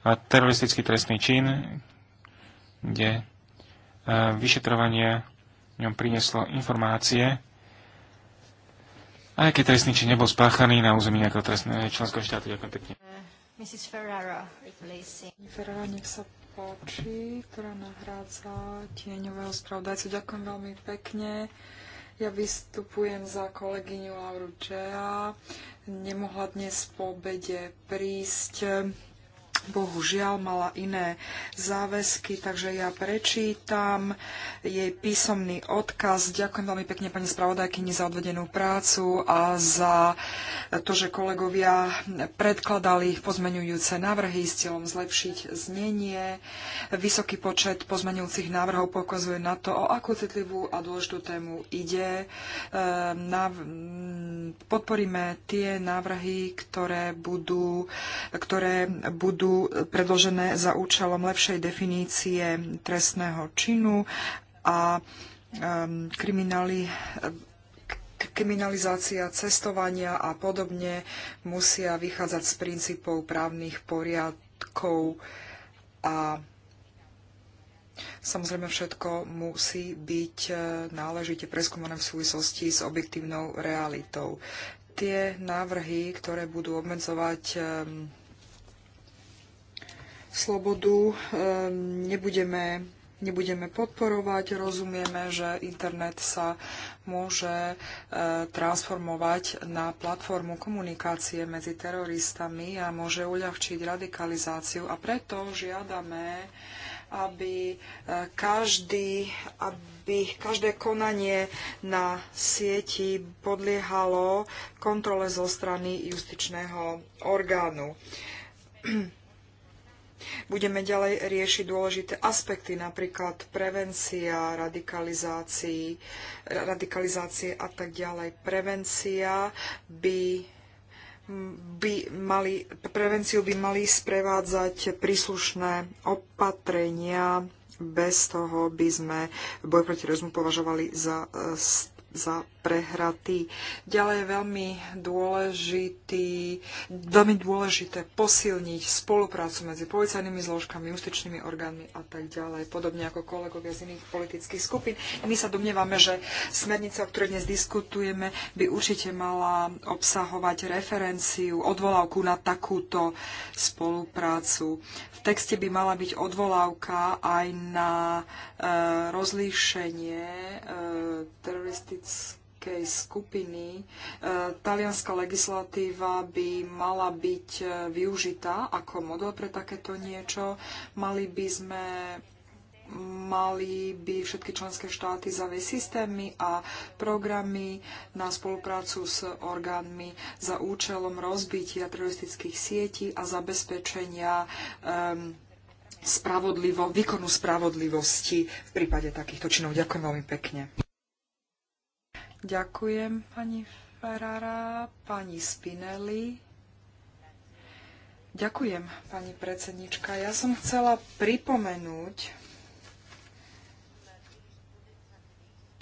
teroristický trestný čin, kde vyšetrovanie ňom prinieslo informácie, aj keď trestný čin nebol spáchaný na území nejakého trestného členského štátu. Ďakujem pekne. Eh, Mrs. Ferrara, nech sa páči, ktorá nahrádza tieňového spravodajcu. Ďakujem veľmi pekne. Ja vystupujem za kolegyňu Lauru Čea. Nemohla dnes po obede prísť bohužiaľ mala iné záväzky, takže ja prečítam jej písomný odkaz. Ďakujem veľmi pekne pani spravodajkyni za odvedenú prácu a za to, že kolegovia predkladali pozmenujúce návrhy s cieľom zlepšiť znenie. Vysoký počet pozmenujúcich návrhov pokazuje na to, o akú citlivú a dôležitú tému ide. Ehm, podporíme tie návrhy, ktoré budú, ktoré budú sú predložené za účelom lepšej definície trestného činu a um, kriminali, kriminalizácia cestovania a podobne musia vychádzať z princípov právnych poriadkov a Samozrejme, všetko musí byť e, náležite preskúmané v súvislosti s objektívnou realitou. Tie návrhy, ktoré budú obmedzovať slobodu ehm, nebudeme, nebudeme podporovať. Rozumieme, že internet sa môže eh, transformovať na platformu komunikácie medzi teroristami a môže uľahčiť radikalizáciu. A preto žiadame aby eh, každý, aby každé konanie na sieti podliehalo kontrole zo strany justičného orgánu. <clears throat> Budeme ďalej riešiť dôležité aspekty, napríklad prevencia, radikalizácie a tak ďalej. Prevencia by by mali, prevenciu by mali sprevádzať príslušné opatrenia, bez toho by sme boj proti rozmu považovali za e, za prehraty. Ďalej je veľmi, dôležitý, veľmi dôležité posilniť spoluprácu medzi policajnými zložkami, justičnými orgánmi a tak ďalej, podobne ako kolegovia z iných politických skupín. My sa domnievame, že smernica, o ktorej dnes diskutujeme, by určite mala obsahovať referenciu, odvolávku na takúto spoluprácu. V texte by mala byť odvolávka aj na e, rozlíšenie e, teroristických vedeckej skupiny. E, talianská legislatíva by mala byť e, využitá ako model pre takéto niečo. Mali by sme mali by všetky členské štáty zaviesť systémy a programy na spoluprácu s orgánmi za účelom rozbitia teroristických sietí a zabezpečenia um, spravodlivo, výkonu spravodlivosti v prípade takýchto činov. Ďakujem veľmi pekne. Ďakujem, pani Ferrara, pani Spinelli. Ďakujem, pani predsednička. Ja som chcela pripomenúť,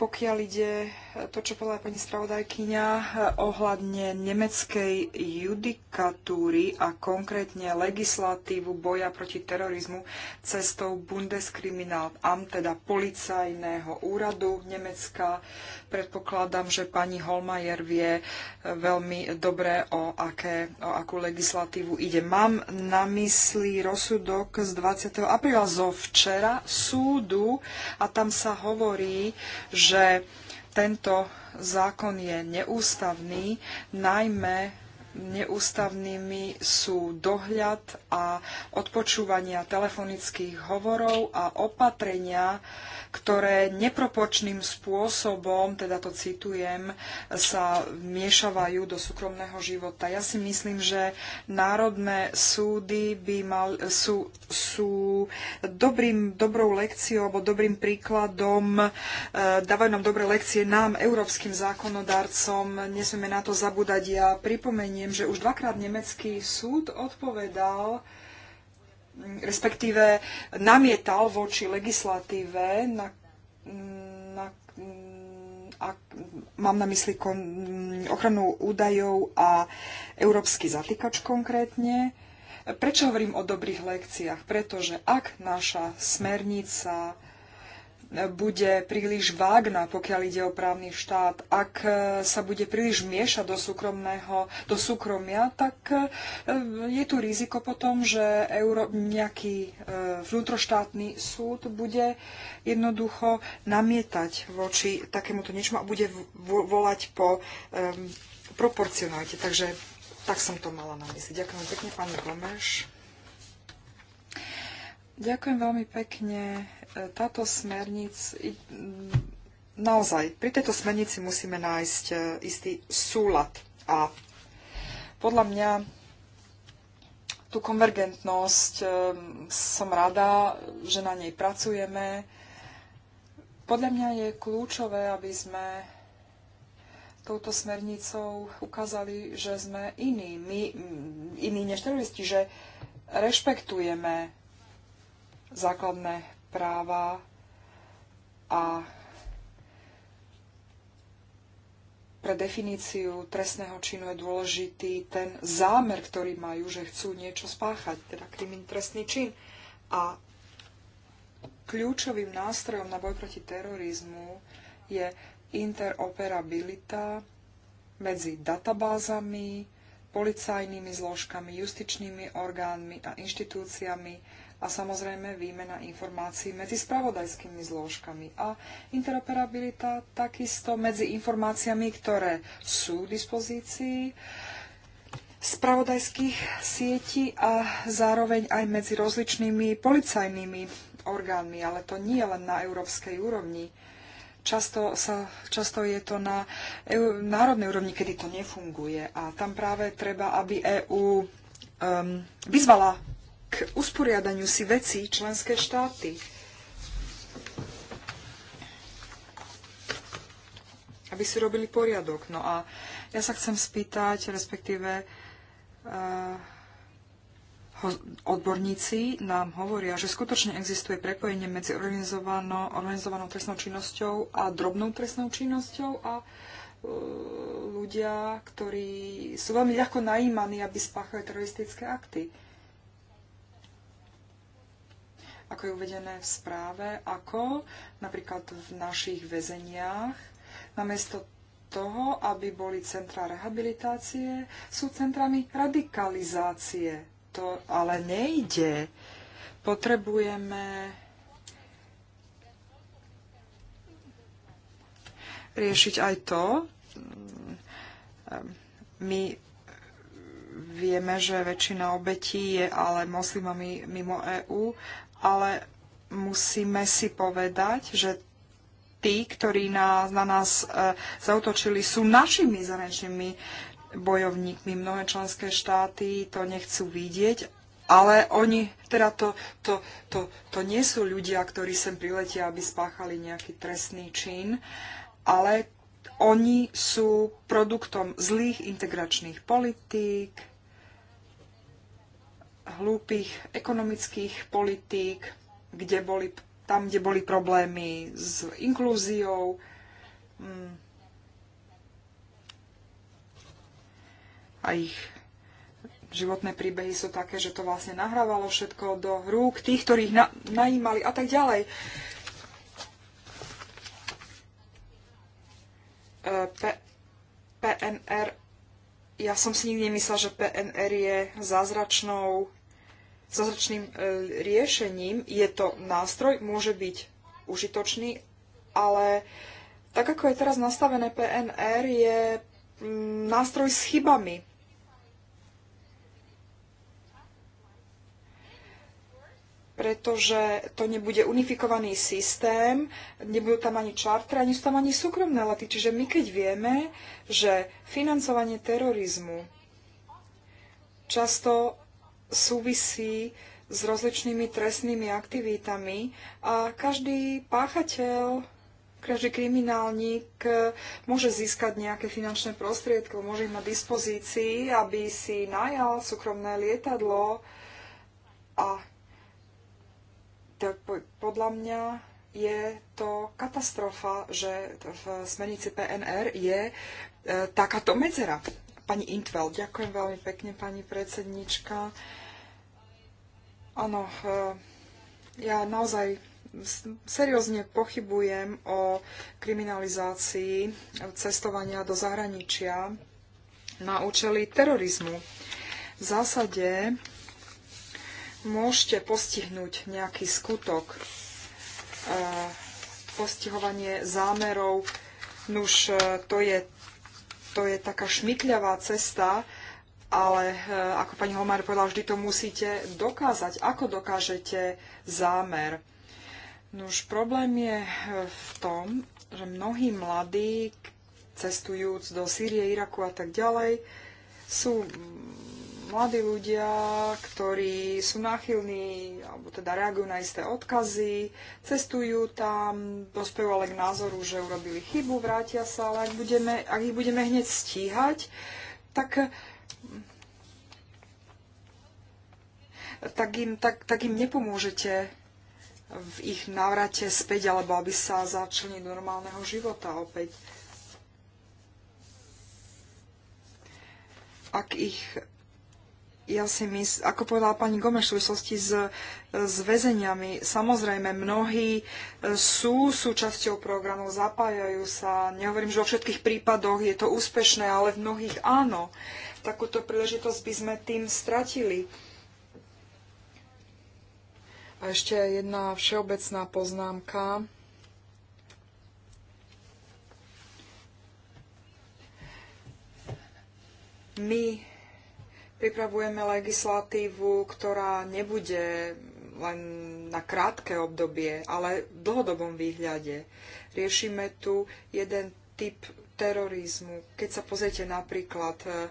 pokiaľ ide to, čo povedala pani spravodajkyňa eh, ohľadne nemeckej judikatúry a konkrétne legislatívu boja proti terorizmu cestou Bundeskriminalamt, teda policajného úradu Nemecka. Predpokladám, že pani Holmajer vie eh, veľmi dobre, o, aké, o akú legislatívu ide. Mám na mysli rozsudok z 20. apríla zo včera súdu a tam sa hovorí, že tento zákon je neústavný, najmä neústavnými sú dohľad a odpočúvania telefonických hovorov a opatrenia, ktoré nepropočným spôsobom, teda to citujem, sa miešavajú do súkromného života. Ja si myslím, že národné súdy by mal, sú, sú dobrým, dobrou lekciou alebo dobrým príkladom, e, dávajú nám dobré lekcie nám, európskym zákonodárcom, nesmieme na to zabúdať. Ja pripomeniem, pripomeniem, že už dvakrát nemecký súd odpovedal, mm, respektíve namietal voči legislatíve, na, na, mm, a mám na mysli kon, mm, ochranu údajov a európsky zatýkač konkrétne. Prečo hovorím o dobrých lekciách? Pretože ak naša smernica bude príliš vágna, pokiaľ ide o právny štát. Ak e, sa bude príliš miešať do, súkromného, do súkromia, tak e, je tu riziko potom, že euro, nejaký e, vnútroštátny súd bude jednoducho namietať voči takémuto niečomu a bude volať po um, proporcionalite. Takže tak som to mala na mysli. Ďakujem pekne, pani Gomeš. Ďakujem veľmi pekne táto smernic naozaj, pri tejto smernici musíme nájsť e, istý súlad a podľa mňa tú konvergentnosť e, som rada, že na nej pracujeme. Podľa mňa je kľúčové, aby sme touto smernicou ukázali, že sme iní, my, iní než teroristi, že rešpektujeme základné práva a pre definíciu trestného činu je dôležitý ten zámer, ktorý majú, že chcú niečo spáchať, teda krimin trestný čin. A kľúčovým nástrojom na boj proti terorizmu je interoperabilita medzi databázami, policajnými zložkami, justičnými orgánmi a inštitúciami, a samozrejme výmena informácií medzi spravodajskými zložkami a interoperabilita takisto medzi informáciami, ktoré sú v dispozícii spravodajských sietí a zároveň aj medzi rozličnými policajnými orgánmi, ale to nie len na európskej úrovni. Často, sa, často je to na EU, národnej úrovni, kedy to nefunguje a tam práve treba, aby EÚ um, vyzvala k usporiadaniu si vecí členské štáty. Aby si robili poriadok. No a ja sa chcem spýtať, respektíve uh, odborníci nám hovoria, že skutočne existuje prepojenie medzi organizovanou, organizovanou trestnou činnosťou a drobnou trestnou činnosťou a eh, ľudia, ktorí sú veľmi ľahko najímaní, aby spáchali teroristické akty. ako je uvedené v správe, ako napríklad v našich väzeniach, namiesto toho, aby boli centra rehabilitácie, sú centrami radikalizácie. To ale nejde. Potrebujeme riešiť aj to. Mm, mm, my vieme, že väčšina obetí je ale moslimami mimo EÚ ale musíme si povedať, že tí, ktorí na, na nás e, zautočili, sú našimi zahraničnými bojovníkmi. Mnohé členské štáty to nechcú vidieť, ale oni, teda to, to, to, to nie sú ľudia, ktorí sem priletia, aby spáchali nejaký trestný čin, ale oni sú produktom zlých integračných politík, hlúpých ekonomických politík, kde boli, tam, kde boli problémy s inklúziou. Mm. A ich životné príbehy sú také, že to vlastne nahrávalo všetko do rúk tých, ktorých na, najímali a tak ďalej. E, P- PNR ja som si nikdy nemyslela, že PNR je zázračnou cezračným e, riešením. Je to nástroj, môže byť užitočný, ale tak ako je teraz nastavené PNR, je mm, nástroj s chybami. pretože to nebude unifikovaný systém, nebudú tam ani čartre, ani sú tam ani súkromné lety. Čiže my keď vieme, že financovanie terorizmu často súvisí s rozličnými trestnými aktivitami a každý páchateľ, každý kriminálnik môže získať nejaké finančné prostriedky, môže ich mať dispozícii, aby si najal súkromné lietadlo a tak podľa mňa je to katastrofa, že v smernici PNR je e, takáto medzera. Pani Intveld, ďakujem veľmi pekne, pani predsednička. Áno, e, ja naozaj seriózne pochybujem o kriminalizácii cestovania do zahraničia na účely terorizmu. V zásade môžete postihnúť nejaký skutok, e, postihovanie zámerov, nuž e, to je, to je taká šmykľavá cesta, ale e, ako pani Holmár povedala, vždy to musíte dokázať. Ako dokážete zámer? No už problém je e, v tom, že mnohí mladí, cestujúc do Sýrie, Iraku a tak ďalej, sú mladí ľudia, ktorí sú náchylní, alebo teda reagujú na isté odkazy, cestujú tam, dospejú ale k názoru, že urobili chybu, vrátia sa, ale ak, budeme, ak ich budeme hneď stíhať, tak tak im, tak, tak im nepomôžete v ich návrate späť, alebo aby sa začali do normálneho života opäť. Ak ich, ja si mysl, ako povedala pani Gomeš v súvislosti s, s väzeniami, samozrejme mnohí e, sú súčasťou programu, zapájajú sa, nehovorím, že vo všetkých prípadoch je to úspešné, ale v mnohých áno. Takúto príležitosť by sme tým stratili a ešte jedna všeobecná poznámka. My pripravujeme legislatívu, ktorá nebude len na krátke obdobie, ale v dlhodobom výhľade. Riešime tu jeden typ terorizmu. Keď sa pozriete napríklad eh,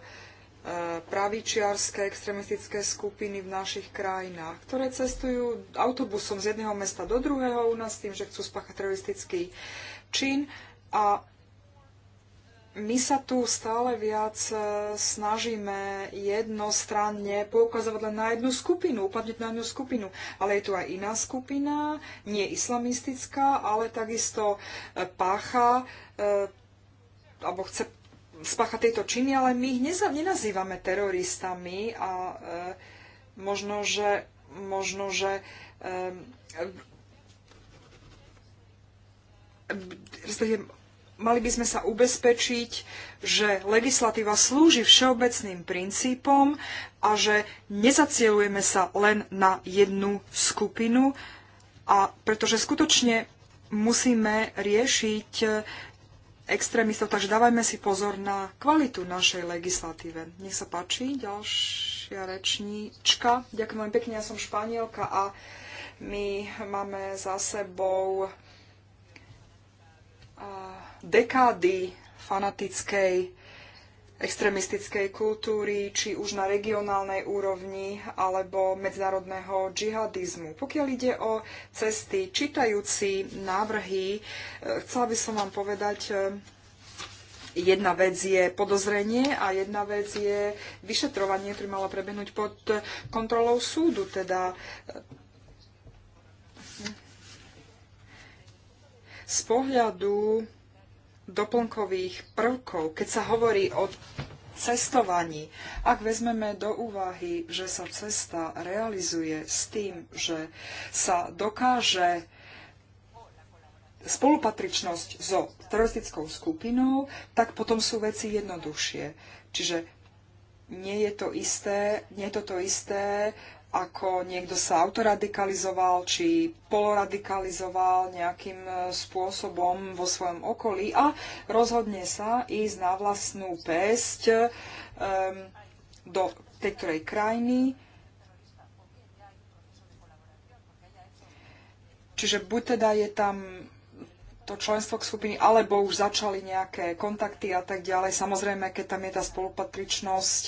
E, pravičiarské extremistické skupiny v našich krajinách, ktoré cestujú autobusom z jedného mesta do druhého u nás tým, že chcú spáchať teroristický čin. A my sa tu stále viac e, snažíme jednostranne poukazovať len na jednu skupinu, uplatniť na jednu skupinu. Ale je tu aj iná skupina, nie islamistická, ale takisto e, pácha, alebo chce spáchať tieto činy, ale my ich nenazývame teroristami a e, možno, že, možno, že e, e mali by sme sa ubezpečiť, že legislatíva slúži všeobecným princípom a že nezacielujeme sa len na jednu skupinu, a pretože skutočne musíme riešiť extrémistov, takže dávajme si pozor na kvalitu našej legislatíve. Nech sa páči, ďalšia rečníčka. Ďakujem veľmi pekne, ja som Španielka a my máme za sebou dekády fanatickej extrémistickej kultúry, či už na regionálnej úrovni alebo medzinárodného džihadizmu. Pokiaľ ide o cesty, čítajúci návrhy, e, chcela by som vám povedať, e, jedna vec je podozrenie a jedna vec je vyšetrovanie, ktoré malo prebehnúť pod kontrolou súdu. Teda e, z pohľadu doplnkových prvkov, keď sa hovorí o cestovaní, ak vezmeme do úvahy, že sa cesta realizuje s tým, že sa dokáže spolupatričnosť so teroristickou skupinou, tak potom sú veci jednoduchšie. Čiže nie je to isté, nie je to, to isté, ako niekto sa autoradikalizoval či poloradikalizoval nejakým e, spôsobom vo svojom okolí a rozhodne sa ísť na vlastnú pesť um, do tejtorej krajiny. Čiže buď teda je tam to členstvo k skupiny, alebo už začali nejaké kontakty a tak ďalej. Samozrejme, keď tam je tá spolupatričnosť,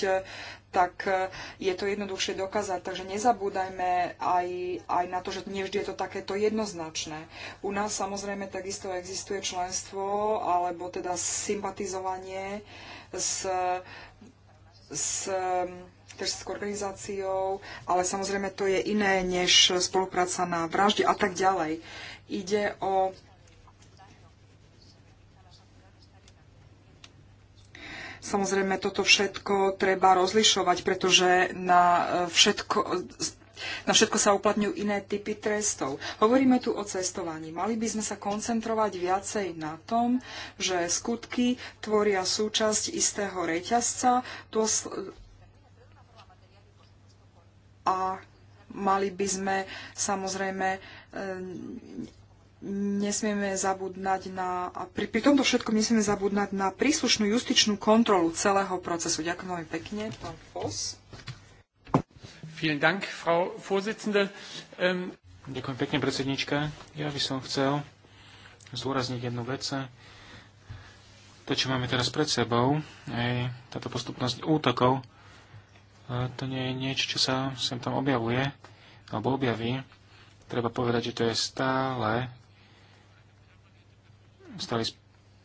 tak e, je to jednoduchšie dokázať. Takže nezabúdajme aj, aj na to, že nevždy je to takéto jednoznačné. U nás samozrejme takisto existuje členstvo alebo teda sympatizovanie s, s s organizáciou, ale samozrejme to je iné než spolupráca na vražde a tak ďalej. Ide o Samozrejme, toto všetko treba rozlišovať, pretože na e, všetko, na všetko sa uplatňujú iné typy trestov. Hovoríme tu o cestovaní. Mali by sme sa koncentrovať viacej na tom, že skutky tvoria súčasť istého reťazca a mali by sme samozrejme e, nesmieme zabudnať na, a pri, pri tomto všetkom nesmieme zabudnať na príslušnú justičnú kontrolu celého procesu. Ďakujem veľmi pekne, pán Foss. Vielen Dank, Frau Vorsitzende. Um... Ďakujem pekne, predsednička. Ja by som chcel zdôrazniť jednu vec. To, čo máme teraz pred sebou, aj táto postupnosť útokov, e, to nie je niečo, čo sa sem tam objavuje, alebo objaví. Treba povedať, že to je stále stali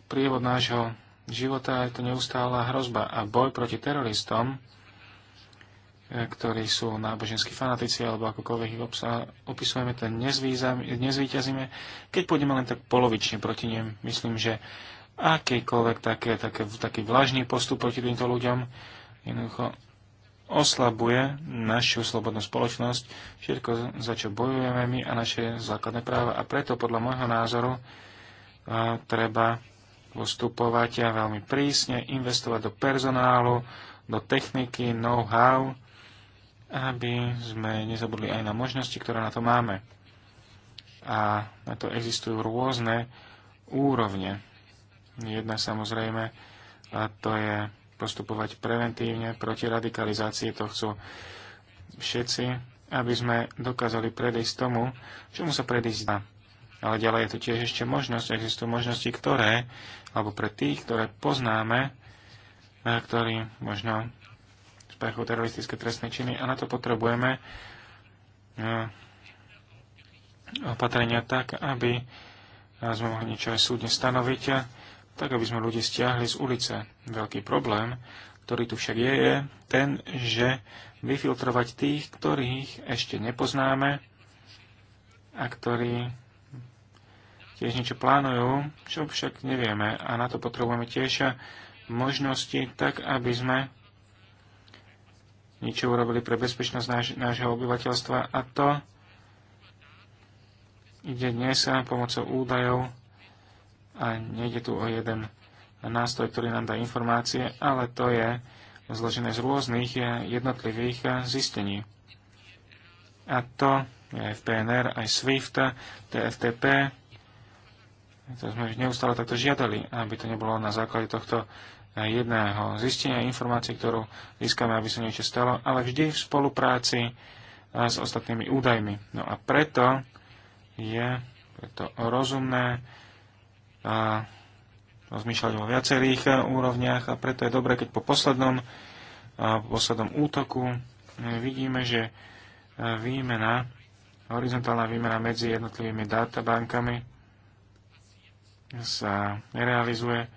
prievod nášho života, je to neustála hrozba a boj proti teroristom, e, ktorí sú náboženskí fanatici alebo akokoľvek ich opisujeme, to nezvýťazíme. Keď pôjdeme len tak polovične proti nim, myslím, že akýkoľvek také, také, taký vlažný postup proti týmto ľuďom jednoducho oslabuje našu slobodnú spoločnosť, všetko, za čo bojujeme my a naše základné práva. A preto, podľa môjho názoru, treba postupovať a veľmi prísne, investovať do personálu, do techniky, know-how, aby sme nezabudli aj na možnosti, ktoré na to máme. A na to existujú rôzne úrovne. Jedna samozrejme, a to je postupovať preventívne proti radikalizácii. To chcú všetci, aby sme dokázali predísť tomu, čomu sa predísť dá. Ale ďalej je tu tiež ešte možnosť, existujú možnosti, ktoré, alebo pre tých, ktoré poznáme, eh, ktorí možno spáchajú teroristické trestné činy a na to potrebujeme eh, opatrenia tak, aby eh, sme mohli niečo aj súdne stanoviť, tak aby sme ľudí stiahli z ulice. Veľký problém, ktorý tu však je, je ten, že vyfiltrovať tých, ktorých ešte nepoznáme a ktorí tiež niečo plánujú, čo však nevieme a na to potrebujeme tiež možnosti, tak aby sme niečo urobili pre bezpečnosť náš, nášho obyvateľstva a to ide dnes pomocou údajov a nejde tu o jeden nástroj, ktorý nám dá informácie, ale to je zložené z rôznych jednotlivých zistení. A to je v PNR, aj SWIFT, TFTP, to sme neustále takto žiadali, aby to nebolo na základe tohto jedného zistenia informácií, ktorú získame, aby sa niečo stalo, ale vždy v spolupráci s ostatnými údajmi. No a preto je preto rozumné a rozmýšľať o viacerých e, úrovniach a preto je dobré, keď po poslednom, po poslednom útoku e, vidíme, že e, výmena, horizontálna výmena medzi jednotlivými databankami sa nerealizuje, e,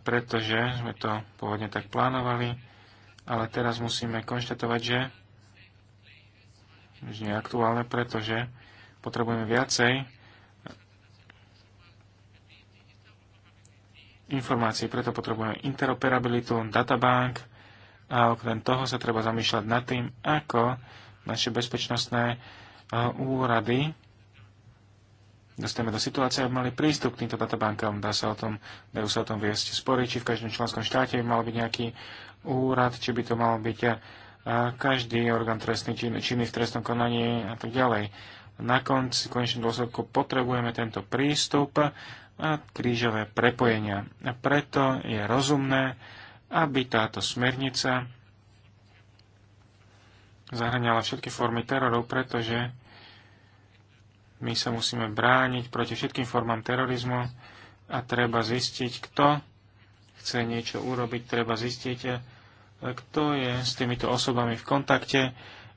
pretože sme to pôvodne tak plánovali, ale teraz musíme konštatovať, že nie je aktuálne, pretože potrebujeme viacej informácií, preto potrebujeme interoperabilitu, databank a okrem toho sa treba zamýšľať nad tým, ako naše bezpečnostné e, úrady dostaneme do situácie, aby mali prístup k týmto databankám. Dá sa o tom, dajú sa o tom viesť spory, či v každom členskom štáte by mal byť nejaký úrad, či by to mal byť a každý orgán trestný či činný v trestnom konaní a tak ďalej. Na konci, konečnom dôsledku potrebujeme tento prístup a krížové prepojenia. A preto je rozumné, aby táto smernica zahraniala všetky formy terorov, pretože my sa musíme brániť proti všetkým formám terorizmu a treba zistiť, kto chce niečo urobiť, treba zistiť, e, kto je s týmito osobami v kontakte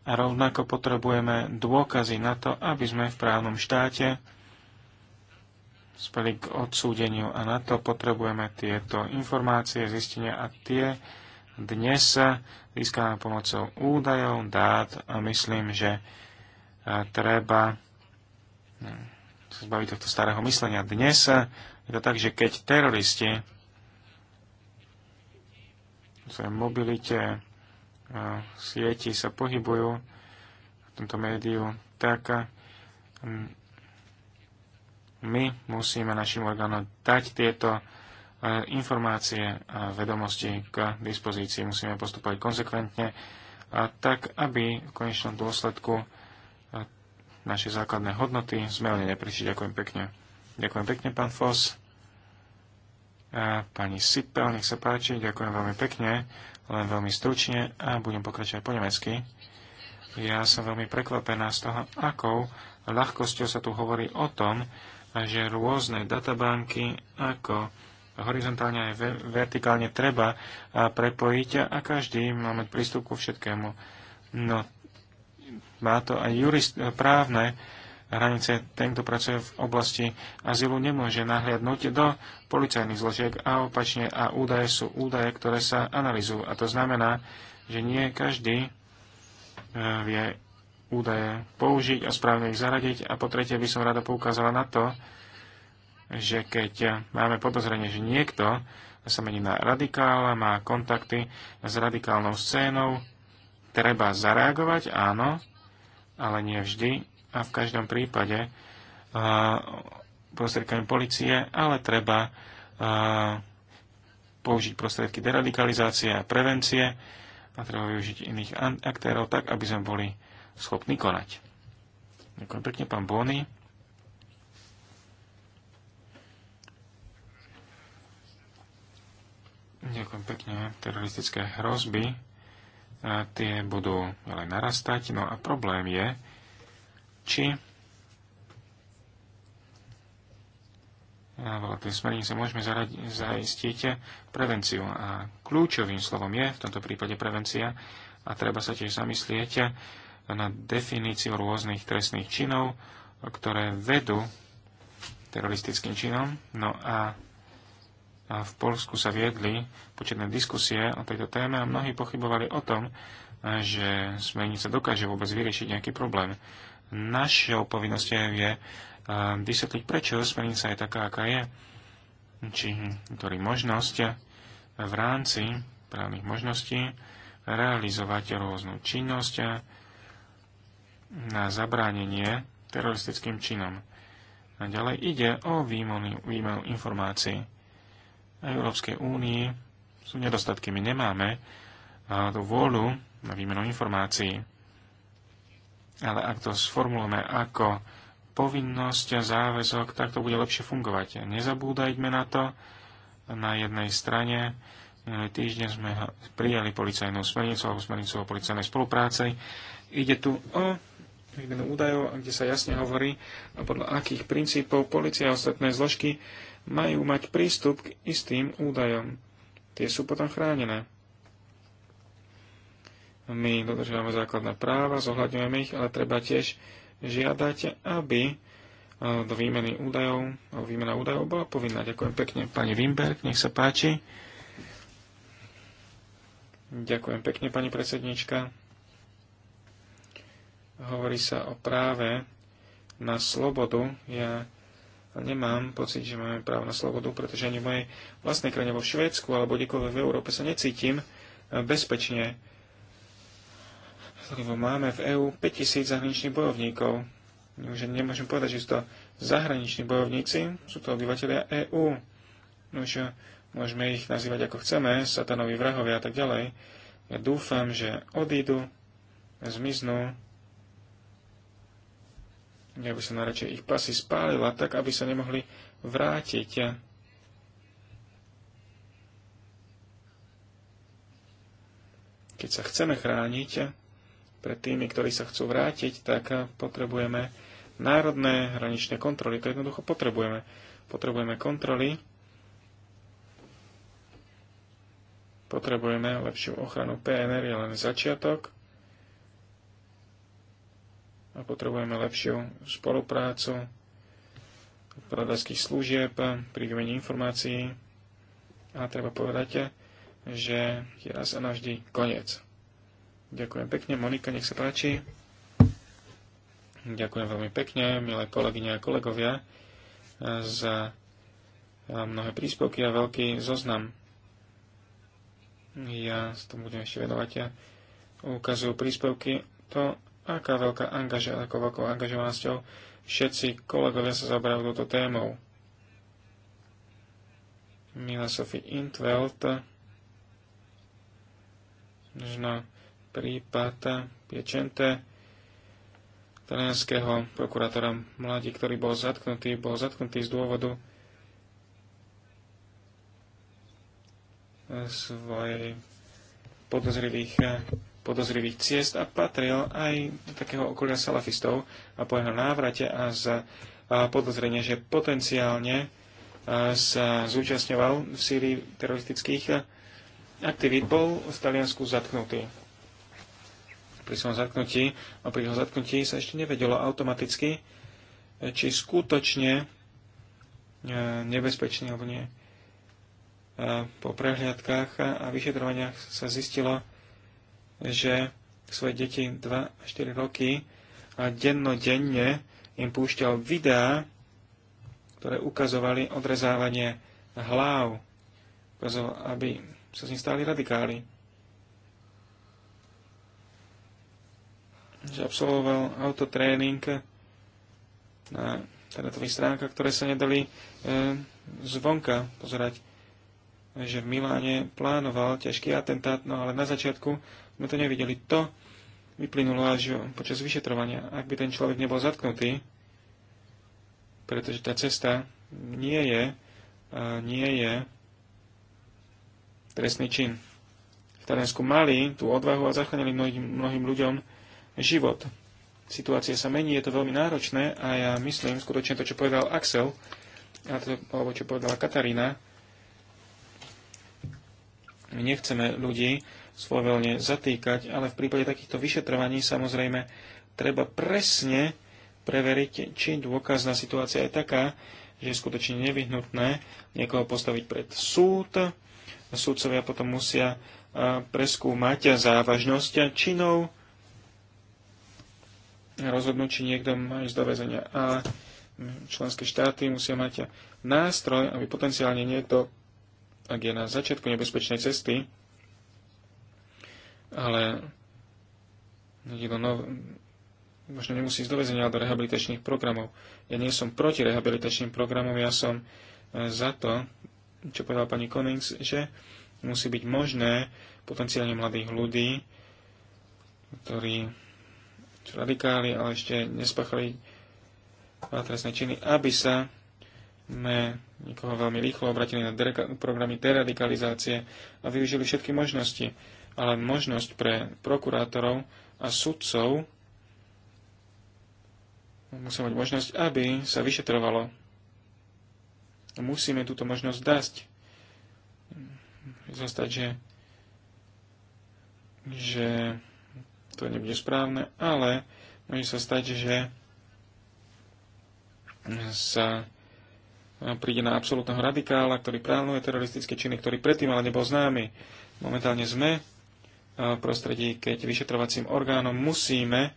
a rovnako potrebujeme dôkazy na to, aby sme v právnom štáte speli k odsúdeniu a na to potrebujeme tieto informácie, zistenia a tie dnes sa získame pomocou údajov, dát a myslím, že e, treba sa zbaviť tohto starého myslenia. Dnes je to tak, že keď teroristi v svojej mobilite a eh, sieti sa pohybujú v tomto médiu, tak eh, my musíme našim orgánom dať tieto eh, informácie a vedomosti k dispozícii. Musíme postupovať konsekventne, a tak aby v konečnom dôsledku naše základné hodnoty. Sme o neprišli. Ďakujem pekne. Ďakujem pekne, pán Foss. A pani Sipel, nech sa páči. Ďakujem veľmi pekne, len veľmi stručne a budem pokračovať po nemecky. Ja som veľmi prekvapená z toho, akou ľahkosťou sa tu hovorí o tom, že rôzne databanky ako horizontálne aj vertikálne treba prepojiť a každý má mať prístup ku všetkému. No má to aj jurist, e, právne hranice. Ten, kto pracuje v oblasti azylu, nemôže nahliadnúť do policajných zložiek a opačne. A údaje sú údaje, ktoré sa analizujú. A to znamená, že nie každý e, vie údaje použiť a správne ich zaradiť. A po tretie by som rada poukázala na to, že keď máme podozrenie, že niekto sa mení na radikála, má kontakty s radikálnou scénou, treba zareagovať, áno, ale nie vždy a v každom prípade prostriedkami policie, ale treba použiť prostriedky deradikalizácie a prevencie a treba využiť iných aktérov tak, aby sme boli schopní konať. Ďakujem pekne, pán Bóny. Ďakujem pekne. Teroristické hrozby a tie budú ale narastať. No a problém je, či veľa tým sa môžeme zaistiť prevenciu. A kľúčovým slovom je v tomto prípade prevencia a treba sa tiež zamyslieť na definíciu rôznych trestných činov, ktoré vedú teroristickým činom. No a a v Polsku sa viedli početné diskusie o tejto téme a mnohí pochybovali o tom, že smernica dokáže vôbec vyriešiť nejaký problém. Našou povinnosťou je eh, vysvetliť, prečo smernica je taká, aká je, či ktorý možnosť eh, v rámci právnych možností realizovať rôznu činnosť eh, na zabránenie teroristickým činom. A ďalej ide o výmenu informácií Európskej únii sú nedostatky. My nemáme tú vôľu na výmenu informácií. Ale ak to sformulujeme ako povinnosť a záväzok, tak to bude lepšie fungovať. Nezabúdajme na to. Na jednej strane minulý týždeň sme prijali policajnú smernicu alebo smernicu o policajnej spolupráce. Ide tu o výmenu údajov, kde sa jasne hovorí, podľa akých princípov policia a ostatné zložky majú mať prístup k istým údajom. Tie sú potom chránené. My dodržiavame základné práva, zohľadňujeme ich, ale treba tiež žiadať, aby e, do výmeny údajov, výmena údajov bola povinná. Ďakujem pekne. Pani Wimberg, nech sa páči. Ďakujem pekne, pani predsednička. Hovorí sa o práve na slobodu. Ja nemám pocit, že máme právo na slobodu, pretože ani v mojej vlastnej krajine vo Švédsku alebo kdekoľvek v Európe sa necítim eh, bezpečne. Lebo máme v EÚ 5000 zahraničných bojovníkov. Že nemôžem povedať, že sú to zahraniční bojovníci, sú to obyvateľia EÚ. Už môžeme ich nazývať ako chceme, satanovi vrahovia a tak ďalej. Ja dúfam, že odídu, zmiznú ja by som ich pasy spálila, tak aby sa nemohli vrátiť. Keď sa chceme chrániť pred tými, ktorí sa chcú vrátiť, tak potrebujeme národné hraničné kontroly. To jednoducho potrebujeme. Potrebujeme kontroly, potrebujeme lepšiu ochranu PNR, je len začiatok potrebujeme lepšiu spoluprácu poradarských služieb pri informácií a treba povedať, že je raz a navždy koniec. Ďakujem pekne. Monika, nech sa páči. Ďakujem veľmi pekne, milé kolegyne a kolegovia, za mnohé príspevky a veľký zoznam. Ja sa tomu budem ešte venovať. Ja ukazujú príspevky to, aká veľká angaža, ako veľkou angažovanosťou všetci kolegovia sa zabrali túto témou. Mila Sophie Intveld, možno prípad Piečente, talianského prokurátora mladí, ktorý bol zatknutý, bol zatknutý z dôvodu svojej podozrivých podozrivých ciest a patril aj do takého okolia salafistov a po jeho návrate a za podozrenie, že potenciálne sa zúčastňoval v Sýrii teroristických aktivít, bol v Taliansku zatknutý. Pri svojom zatknutí a pri jeho zatknutí sa ešte nevedelo automaticky, či skutočne nebezpečný alebo nie. Po prehliadkách a vyšetrovaniach sa zistilo, že svoje deti 2 až 4 roky a dennodenne im púšťal videá, ktoré ukazovali odrezávanie hlav, aby sa z nich stali radikáli. Že absolvoval autotréning na internetových stránkach, ktoré sa nedali e, zvonka pozerať že v Miláne plánoval ťažký atentát, no ale na začiatku sme to nevideli. To vyplynulo až počas vyšetrovania. Ak by ten človek nebol zatknutý, pretože tá cesta nie je, nie je trestný čin. V Taliansku mali tú odvahu a zachránili mnohým, mnohým ľuďom život. Situácia sa mení, je to veľmi náročné a ja myslím skutočne to, čo povedal Axel, alebo čo povedala Katarína, my nechceme ľudí svojvoľne zatýkať, ale v prípade takýchto vyšetrovaní samozrejme treba presne preveriť, či dôkazná situácia je taká, že je skutočne nevyhnutné niekoho postaviť pred súd. Súdcovia potom musia preskúmať závažnosť činov, rozhodnúť, či niekto má ísť do väzenia. Ale členské štáty musia mať nástroj, aby potenciálne niekto ak je na začiatku nebezpečnej cesty, ale niekto nov, možno nemusí ísť do väzenia, ale do rehabilitačných programov. Ja nie som proti rehabilitačným programom, ja som e, za to, čo povedala pani Konings, že musí byť možné potenciálne mladých ľudí, ktorí sú radikáli, ale ešte nespáchali trestné činy, aby sa sme nikoho veľmi rýchlo obratili na programy deradikalizácie a využili všetky možnosti. Ale možnosť pre prokurátorov a sudcov musí mať možnosť, aby sa vyšetrovalo. Musíme túto možnosť dať. Zostať, že, že to nebude správne, ale môže sa stať, že sa príde na absolútneho radikála, ktorý plánuje teroristické činy, ktorý predtým ale nebol známy. Momentálne sme v prostredí, keď vyšetrovacím orgánom musíme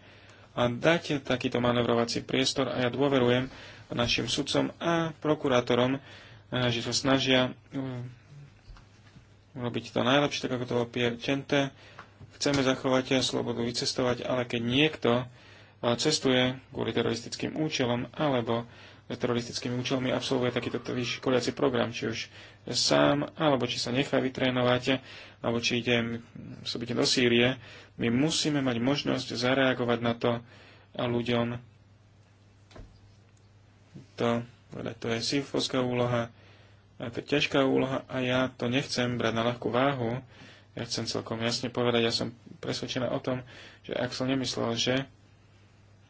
dať takýto manevrovací priestor a ja dôverujem našim sudcom a prokurátorom, že sa snažia e, robiť to najlepšie, tak ako to bolo Chceme zachovať a slobodu vycestovať, ale keď niekto e, cestuje kvôli teroristickým účelom alebo teroristickými účelmi absolvuje takýto vyškoliaci program, či už sám, alebo či sa nechá vytrénovať, alebo či ide súbite do Sýrie. My musíme mať možnosť zareagovať na to a ľuďom. To, to je sifovská úloha, a to je ťažká úloha a ja to nechcem brať na ľahkú váhu. Ja chcem celkom jasne povedať, ja som presvedčená o tom, že ak som nemyslel, že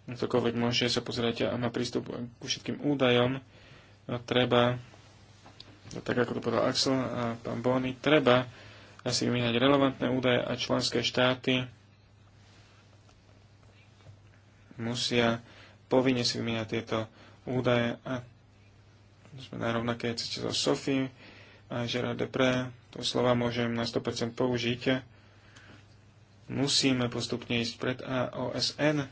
ktokoľvek môže sa pozerať a má prístup ku všetkým údajom, treba, tak ako to povedal Axel a pán Bony, treba si vymieňať relevantné údaje a členské štáty musia povinne si vymieňať tieto údaje a sme na rovnakej ceste so Sofie a Gerard Depre, to slova môžem na 100% použiť. Musíme postupne ísť pred a OSN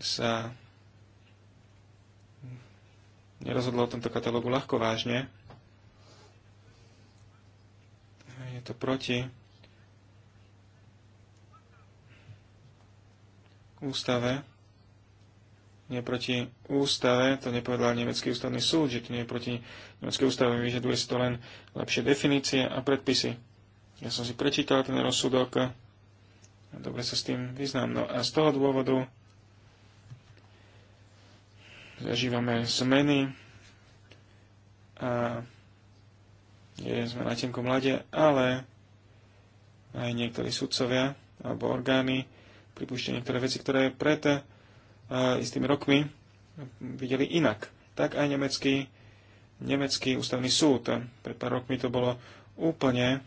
sa nerozhodlo o tomto katalógu ľahko vážne. Je to proti ústave. Nie proti ústave, to nepovedal nemecký ústavný súd, že to nie je proti nemeckej ústave, vyžaduje si to len lepšie definície a predpisy. Ja som si prečítal ten rozsudok a dobre sa s tým vyznám. No a z toho dôvodu zažívame zmeny a je, sme na tenkom mlade, ale aj niektorí sudcovia alebo orgány pripúšťajú niektoré veci, ktoré pred uh, istými rokmi videli inak. Tak aj nemecký, nemecký ústavný súd. Pred pár rokmi to bolo úplne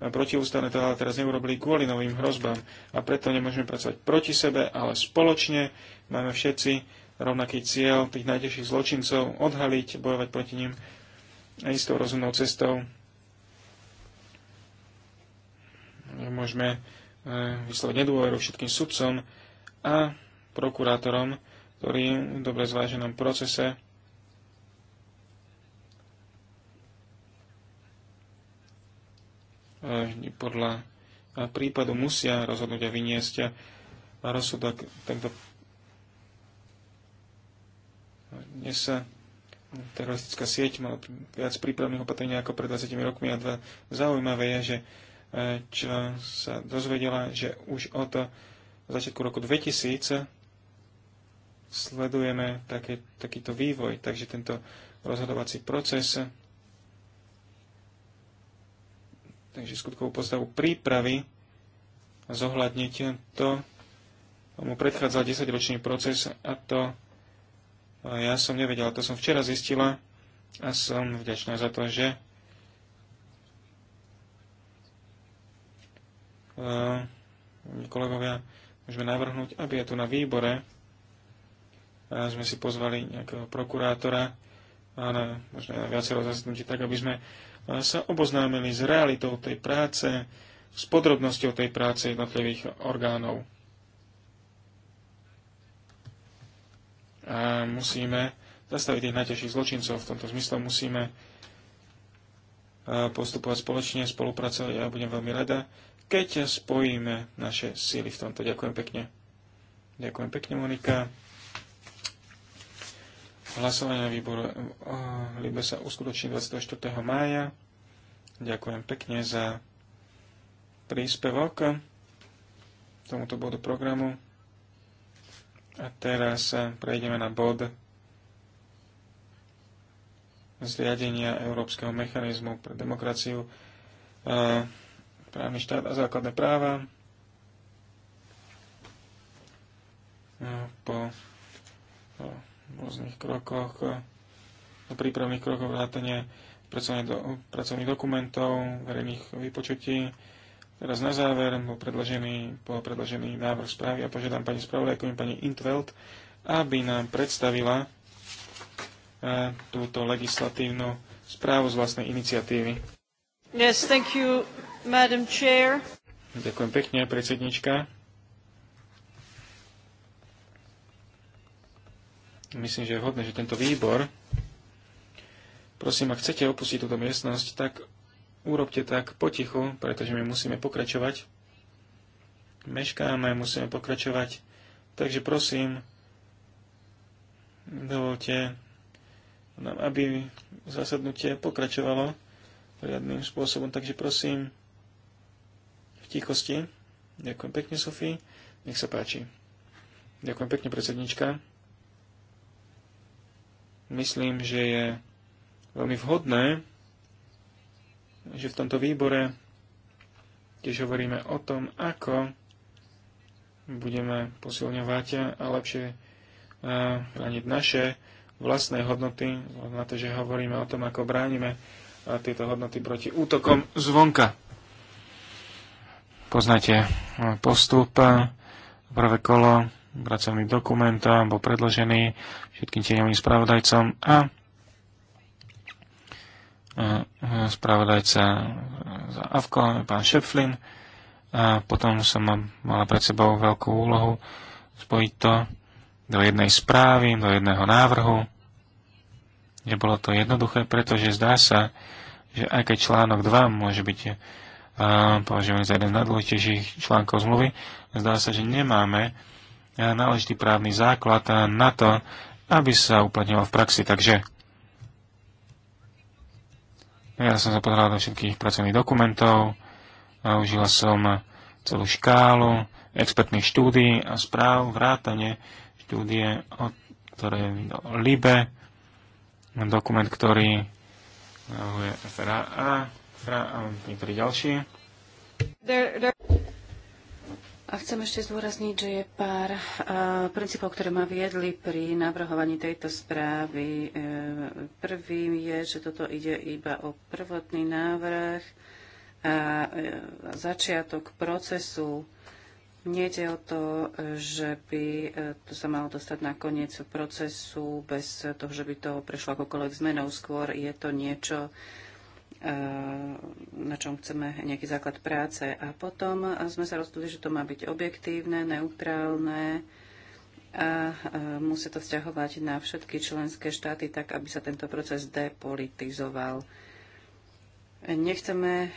protiústavné, to ale teraz neurobili kvôli novým hrozbám a preto nemôžeme pracovať proti sebe, ale spoločne máme všetci rovnaký cieľ tých najtežších zločincov, odhaliť, bojovať proti ním a istou rozumnou cestou. Môžeme e, vysloviť nedôveru všetkým sudcom a prokurátorom, ktorí v dobre zváženom procese e, podľa prípadu musia rozhodnúť a vyniesť rozsudok. tento. Dnes sa teroristická sieť mala viac prípravných opatrení ako pred 20 rokmi a dva zaujímavé je, že eh, čo sa dozvedela, že už od začiatku roku 2000 sledujeme také, takýto vývoj, takže tento rozhodovací proces takže skutkovú postavu prípravy zohľadniť to, mu predchádzal 10-ročný proces a to ja som nevedela, to som včera zistila a som vďačná za to, že eh, kolegovia môžeme navrhnúť, aby je tu na výbore a sme si pozvali nejakého prokurátora a na, možno na viacero zasadnutí, tak aby sme eh, sa oboznámili s realitou tej práce, s podrobnosťou tej práce jednotlivých orgánov. a musíme zastaviť tých najťažších zločincov. V tomto zmysle musíme postupovať spoločne, spolupracovať a ja budem veľmi rada, keď spojíme naše síly v tomto. Ďakujem pekne. Ďakujem pekne, Monika. Hlasovanie výboru Libe sa uskutoční 24. mája. Ďakujem pekne za príspevok tomuto bodu programu. A teraz eh, prejdeme na bod zriadenia Európskeho mechanizmu pre demokraciu, eh, právny štát a základné práva. No, po rôznych krokoch, po prípravných krokoch vrátane pracovných, pracovných dokumentov, verejných vypočutí, Teraz na záver bol predložený, bol predložený návrh správy a požiadam pani spravodajku, pani Intveld, aby nám predstavila e, túto legislatívnu správu z vlastnej iniciatívy. Yes, thank you, Madam Chair. Ďakujem pekne, predsednička. Myslím, že je vhodné, že tento výbor Prosím, ak chcete opustiť túto miestnosť, tak urobte tak potichu, pretože my musíme pokračovať. Meškáme, musíme pokračovať. Takže prosím, dovolte nám, aby zasadnutie pokračovalo riadným spôsobom. Takže prosím, v tichosti. Ďakujem pekne, Sofie. Nech sa páči. Ďakujem pekne, predsednička. Myslím, že je veľmi vhodné, že v tomto výbore tiež hovoríme o tom, ako budeme posilňovať a lepšie eh, chrániť naše vlastné hodnoty, na to, že hovoríme o tom, ako bránime eh, tieto hodnoty proti útokom zvonka. Poznáte eh, postup, prvé kolo, pracovný dokument bol predložený všetkým tieňovým spravodajcom a Eh, spravodajca za AVKO, pán Šeflin A potom som mala pred sebou veľkú úlohu spojiť to do jednej správy, do jedného návrhu. Nebolo to jednoduché, pretože zdá sa, že aj keď článok 2 môže byť eh, považovaný za jeden z najdôležitejších článkov zmluvy, zdá sa, že nemáme eh, náležitý právny základ na to, aby sa uplatňoval v praxi. Takže ja som sa pozeral do všetkých pracovných dokumentov, a užila som celú škálu expertných štúdí a správ, vrátane štúdie, o ktoré vydal LIBE, dokument, ktorý navrhuje FRA, FRA a niektorí ďalší. A chcem ešte zdôrazniť, že je pár princípov, ktoré ma viedli pri navrhovaní tejto správy. E, prvým je, že toto ide iba o prvotný návrh a e, začiatok procesu. Nejde o to, že by e, to sa malo dostať na koniec procesu bez toho, že by to prešlo akokoľvek zmenou. Skôr je to niečo, E, na čom chceme nejaký základ práce. A potom sme sa rozhodli, že to má byť objektívne, neutrálne a e, musí to vzťahovať na všetky členské štáty tak, aby sa tento proces depolitizoval. Nechceme e,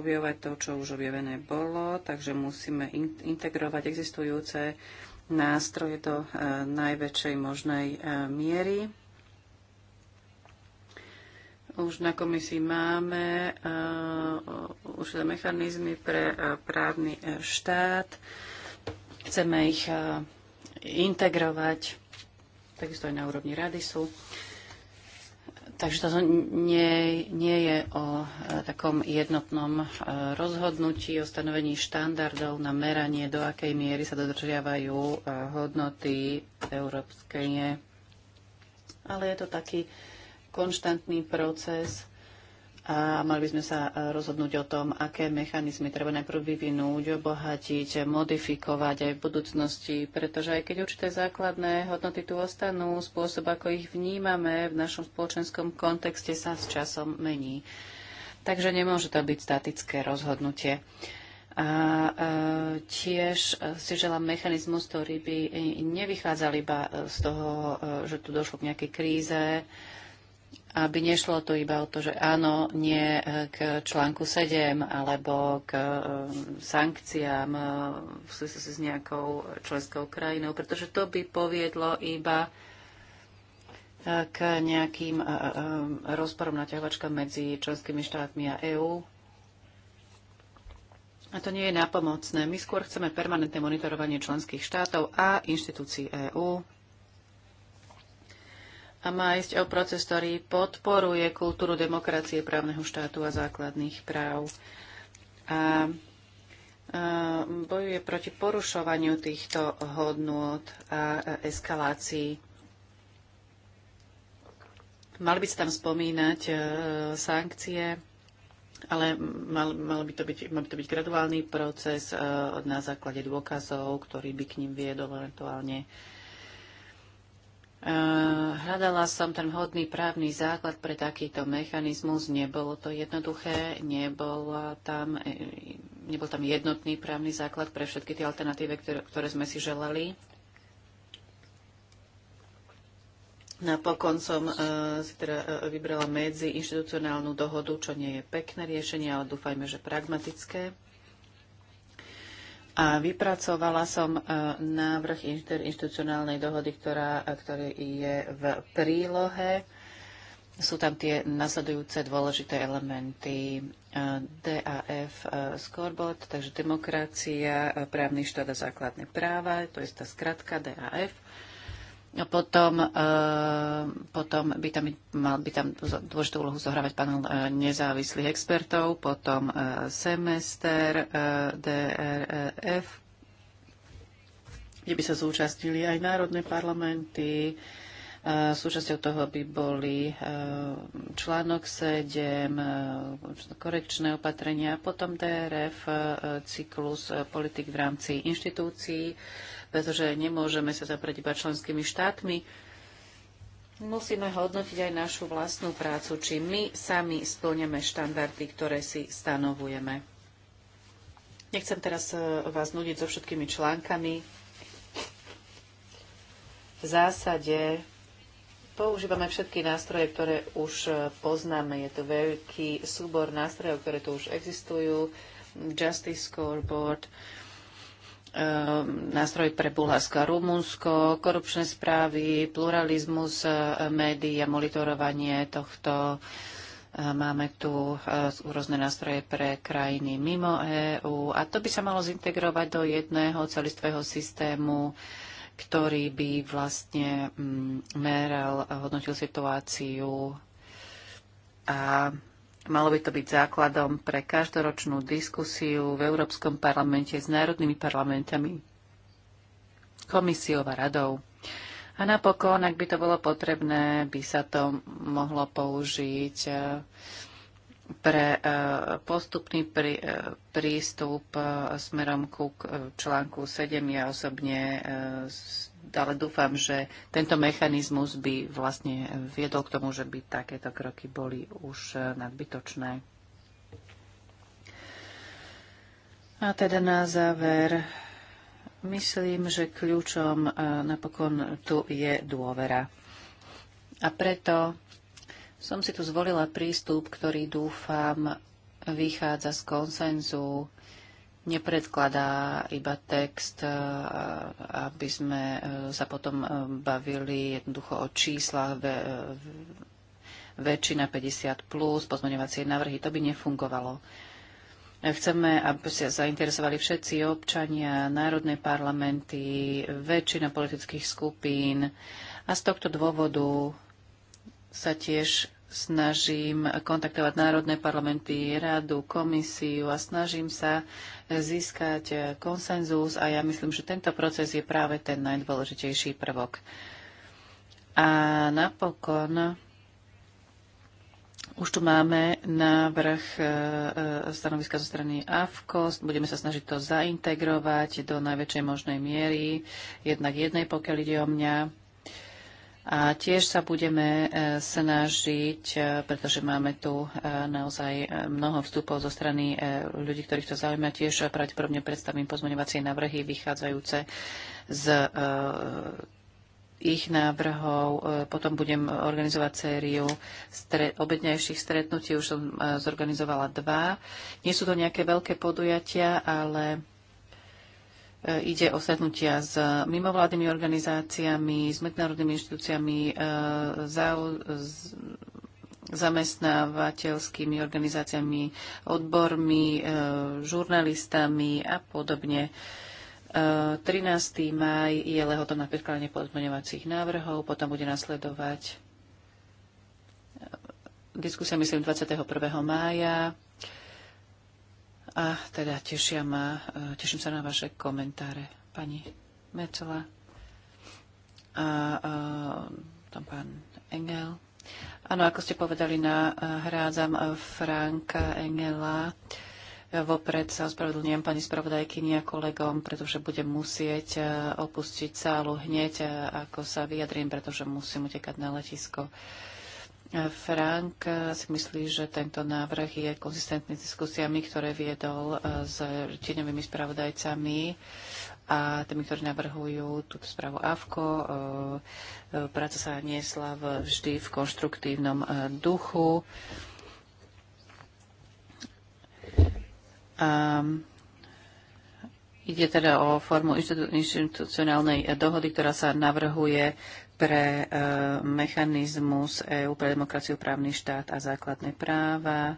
objavovať to, čo už objavené bolo, takže musíme integrovať existujúce nástroje do najväčšej možnej miery. Už na komisii máme uh, už mechanizmy pre uh, právny eh, štát. Chceme ich uh, integrovať, takisto aj na úrovni rady sú. Takže to nie, nie je o takom jednotnom rozhodnutí, o stanovení štandardov na meranie, do akej miery sa dodržiavajú hodnoty európskej, ale je to taký konštantný proces a mali by sme sa e, rozhodnúť o tom, aké mechanizmy treba najprv vyvinúť, obohatiť, modifikovať aj v budúcnosti, pretože aj keď určité základné hodnoty tu ostanú, spôsob, ako ich vnímame v našom spoločenskom kontexte sa s časom mení. Takže nemôže to byť statické rozhodnutie. A e, tiež si želám mechanizmus, ktorý by nevychádzal iba z toho, e, že tu došlo k nejakej kríze, aby nešlo tu iba o to, že áno, nie e, k článku 7 alebo k e, sankciám e, v súvislosti s nejakou členskou krajinou, pretože to by poviedlo iba k nejakým rozporom naťahovačka medzi členskými štátmi a EÚ. A to nie je napomocné. My skôr chceme permanentné monitorovanie členských štátov a inštitúcií EÚ a má ísť o proces, ktorý podporuje kultúru demokracie, právneho štátu a základných práv. A bojuje proti porušovaniu týchto hodnôt a eskalácií. Mali by sa tam spomínať e, sankcie, ale mal, mal by to byť, mal by to byť graduálny proces e, na základe dôkazov, ktorý by k ním viedol eventuálne E, hľadala som ten vhodný právny základ pre takýto mechanizmus. Nebolo to jednoduché, nebol tam, e, nebol tam jednotný právny základ pre všetky tie alternatívy, ktoré, ktoré sme si želali. Napokon som e, si teda vybrala medzi inštitucionálnu dohodu, čo nie je pekné riešenie, ale dúfajme, že pragmatické a vypracovala som e, návrh interinstitucionálnej dohody, ktorá, e, ktorý je v prílohe. Sú tam tie nasledujúce dôležité elementy. E, DAF scoreboard, takže demokracia, právny štát a základné práva, to je tá skratka DAF. A potom, e, potom by tam, mal by tam dôležitú úlohu zohrávať panel eh, nezávislých expertov, potom eh, e, semester e, DRF, kde by sa zúčastnili aj národné parlamenty. E, súčasťou toho by boli e, článok 7, e, korekčné opatrenia, potom DRF, e, cyklus politik v rámci inštitúcií, pretože nemôžeme sa zaprať iba členskými štátmi. Musíme hodnotiť aj našu vlastnú prácu, či my sami splňame štandardy, ktoré si stanovujeme. Nechcem teraz e, vás nudiť so všetkými článkami. V zásade používame všetky nástroje, ktoré už e, poznáme. Je to veľký súbor nástrojov, ktoré tu už existujú. Justice Scoreboard, Ehm, nástroj pre Bulharsko a Rumunsko, korupčné správy, pluralizmus e, médií a monitorovanie tohto. E, máme tu e, rôzne nástroje pre krajiny mimo EÚ a to by sa malo zintegrovať do jedného celistvého systému, ktorý by vlastne mm, meral, hodnotil situáciu a Malo by to byť základom pre každoročnú diskusiu v Európskom parlamente s národnými parlamentami, komisiou a radou. A napokon, ak by to bolo potrebné, by sa to mohlo použiť eh, pre eh, postupný eh, prístup smerom ku článku 7. Ja osobne s ale dúfam, že tento mechanizmus by vlastne viedol k tomu, že by takéto kroky boli už e, nadbytočné. A teda na záver, myslím, že kľúčom e, napokon tu je dôvera. A preto som si tu zvolila prístup, ktorý dúfam vychádza z konsenzu nepredkladá iba text, e, aby sme e, sa potom e, bavili jednoducho o číslach väčšina 50 plus, pozmeňovacie návrhy, to by nefungovalo. Chceme, aby sa zainteresovali všetci občania, národné parlamenty, väčšina politických skupín a z tohto dôvodu sa tiež snažím kontaktovať národné parlamenty, radu, komisiu a snažím sa získať konsenzus a ja myslím, že tento proces je práve ten najdôležitejší prvok. A napokon už tu máme návrh e, e, stanoviska zo strany AFKOS. Budeme sa snažiť to zaintegrovať do najväčšej možnej miery. Jednak jednej, pokiaľ ide o mňa. A tiež sa budeme e, snažiť, e, pretože máme tu e, naozaj mnoho vstupov zo strany ľudí, ktorých to zaujíma, tiež pravdepodobne predstavím pozmeňovacie návrhy vychádzajúce z ich návrhov. Potom budem organizovať sériu stre- obednejších stretnutí. Už som zorganizovala dva. Nie sú to nejaké veľké podujatia, ale E, ide o stretnutia s mimovládnymi organizáciami, s medzinárodnými inštitúciami, e, zamestnávateľskými organizáciami, odbormi, e, žurnalistami a podobne. 13. maj je lehoto na predkladanie pozmeňovacích návrhov, potom bude nasledovať diskusia, myslím, 21. mája a teda tešia ma, e, teším sa na vaše komentáre, pani Mecela a, a e, tam pán Engel. Áno, ako ste povedali, nahrádzam e, Franka Engela. Vopred sa ospravedlňujem pani spravodajkyni a kolegom, pretože budem musieť opustiť sálu hneď, ako sa vyjadrím, pretože musím utekať na letisko. Uh, Frank eh, si myslí, že tento návrh je konzistentný s diskusiami, ktoré viedol eh, s tieňovými spravodajcami a tými, ktorí navrhujú túto správu AVKO. Eh, práca sa niesla vždy v konštruktívnom duchu. A ehm, Ide teda o formu inštitucionálnej dohody, ktorá sa navrhuje pre e, mechanizmus EÚ pre demokraciu, právny štát a základné práva.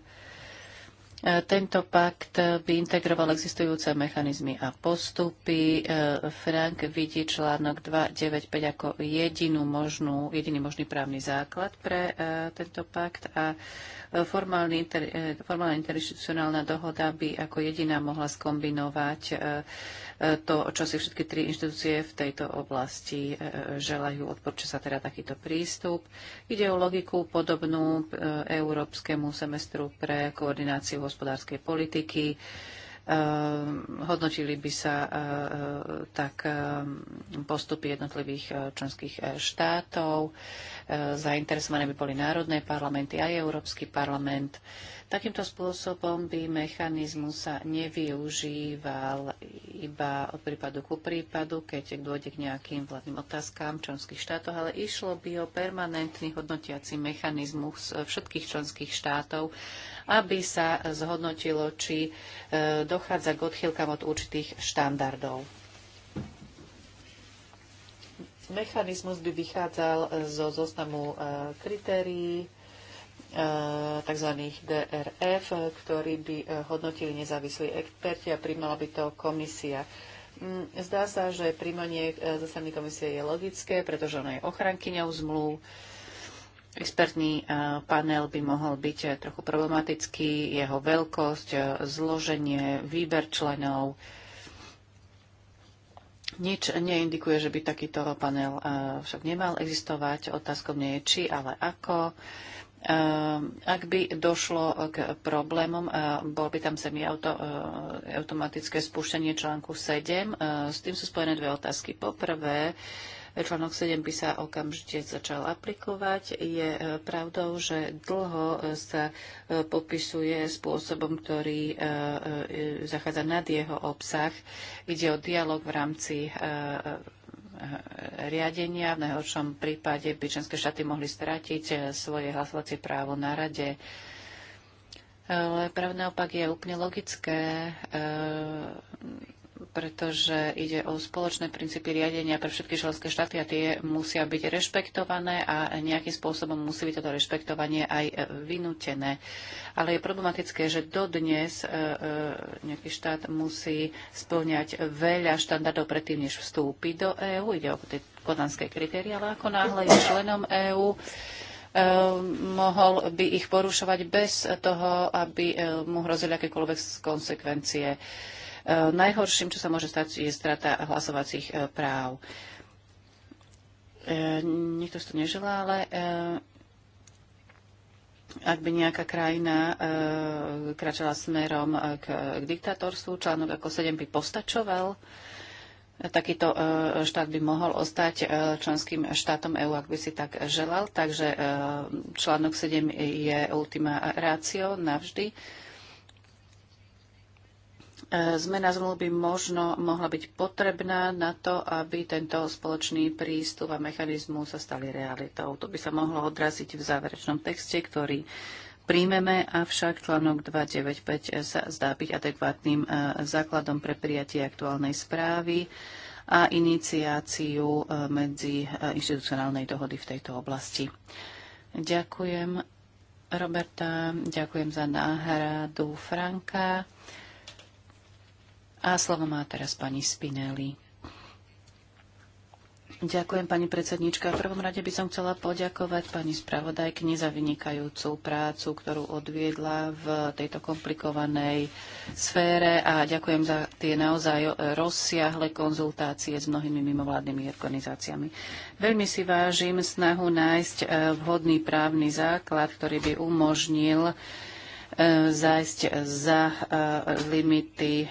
E, tento pakt by integroval existujúce mechanizmy a postupy. E, Frank vidí článok 295 ako jedinú možnú, jediný možný právny základ pre tento pakt a Formálny, eh, formálna interinstitucionálna dohoda by ako jediná mohla skombinovať eh, eh, to, čo si všetky tri inštitúcie v tejto oblasti želajú. Odporúča sa teda takýto prístup. Ide o logiku podobnú európskemu semestru pre koordináciu hospodárskej politiky Ehm, hodnotili by sa e, e, tak ehm, postupy jednotlivých e, členských štátov, zainteresované by boli národné parlamenty aj Európsky parlament. Takýmto spôsobom by mechanizmus sa nevyužíval iba od prípadu ku prípadu, keď dôjde k nejakým vládnym otázkám v členských štátoch, ale išlo by o permanentný hodnotiaci mechanizmus všetkých členských štátov aby sa zhodnotilo, či e, dochádza k odchýlkam od určitých štandardov. Mechanizmus by vychádzal zo zoznamu e, kritérií, e, tzv. DRF, ktorý by hodnotili nezávislí experti a primala by to komisia. Mm, zdá sa, že príjmanie zasadnej komisie je logické, pretože ona je ochrankyňou zmluv Expertný e, panel by mohol byť e, trochu problematický, jeho veľkosť, e, zloženie, výber členov. Nič neindikuje, že by takýto panel však nemal existovať. Otázkou nie je či, ale ako. Ak by došlo k problémom, bol by tam sem auto automatické spúšťanie článku 7. S tým sú spojené dve otázky. Poprvé, Článok 7 by sa okamžite začal aplikovať. Je e, pravdou, že dlho e, sa e, popisuje spôsobom, ktorý zachádza nad jeho obsah. Ide o dialog v rámci riadenia. V najhoršom prípade by členské štáty mohli stratiť svoje hlasovacie právo na rade. Ale práve naopak je úplne logické pretože ide o spoločné princípy riadenia pre všetky členské štáty a tie musia byť rešpektované a nejakým spôsobom musí byť toto rešpektovanie aj vynútené. Ale je problematické, že dodnes e, e, nejaký štát musí splňať veľa štandardov predtým, než vstúpi do EÚ. Ide o tie kodanské kritéria, ale ako náhle je členom EÚ, e, mohol by ich porušovať bez toho, aby mu hrozili akékoľvek konsekvencie. Eh, najhorším, čo sa môže stať, je strata hlasovacích eh, práv. Eh, Nikto si to neželá, ale ak by nejaká krajina kračala smerom k, k diktatorstvu, článok ako 7 by postačoval. Takýto štát by mohol ostať členským štátom EÚ, ak by si tak želal. Takže článok 7 je ultima ratio navždy. Zmena zmluvy možno mohla byť potrebná na to, aby tento spoločný prístup a mechanizmus sa stali realitou. To by sa mohlo odraziť v záverečnom texte, ktorý príjmeme, avšak článok 295 sa zdá byť adekvátnym e, základom pre prijatie aktuálnej správy a iniciáciu e, medzi e, inštitucionálnej dohody v tejto oblasti. Ďakujem Roberta, ďakujem za náhradu Franka. A slovo má teraz pani Spinelli. Ďakujem, pani predsednička. V prvom rade by som chcela poďakovať pani spravodajkni za vynikajúcu prácu, ktorú odviedla v tejto komplikovanej sfére a ďakujem za tie naozaj rozsiahle konzultácie s mnohými mimovládnymi organizáciami. Veľmi si vážim snahu nájsť eh, vhodný právny základ, ktorý by umožnil E, Zajsť za e, limity e,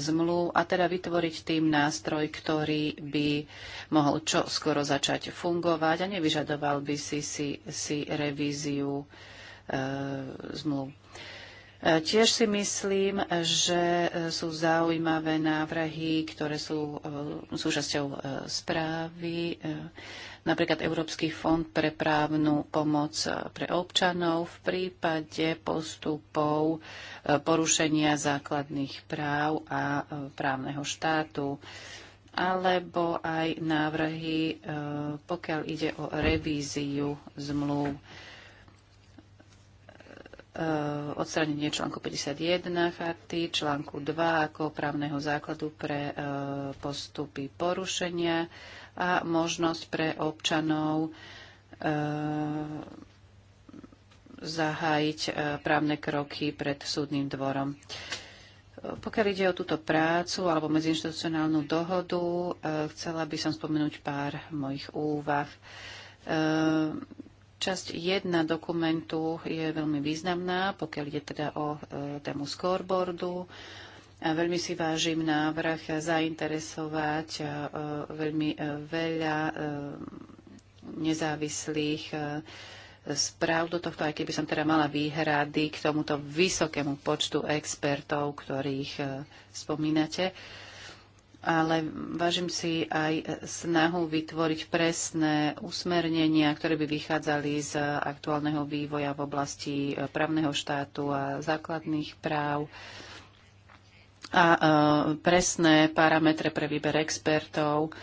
zmluv a teda vytvoriť tým nástroj, ktorý by mohol čo skoro začať fungovať a nevyžadoval by si, si, si revíziu zmluv. Tiež si myslím, že e, sú zaujímavé návrhy, ktoré sú e, súčasťou e, správy, napríklad Európsky fond pre právnu pomoc pre občanov v prípade postupov porušenia základných práv a právneho štátu alebo aj návrhy, pokiaľ ide o revíziu zmluv. Eh, odstranenie článku 51 charty, článku 2 ako právneho základu pre eh, postupy porušenia a možnosť pre občanov eh, zahájiť právne kroky pred súdnym dvorom. Pokiaľ ide o túto prácu alebo medziinstitucionálnu dohodu, chcela by som spomenúť pár mojich úvah Časť 1 dokumentu je veľmi významná, pokiaľ ide teda o e, tému scoreboardu. A veľmi si vážim návrh zainteresovať e, veľmi e, veľa nezávislých správ do tohto, aj keby som teda mala výhrady k tomuto vysokému počtu expertov, ktorých spomínate ale vážim si aj snahu vytvoriť presné usmernenia, ktoré by vychádzali z aktuálneho vývoja v oblasti právneho štátu a základných práv a e, presné parametre pre výber expertov,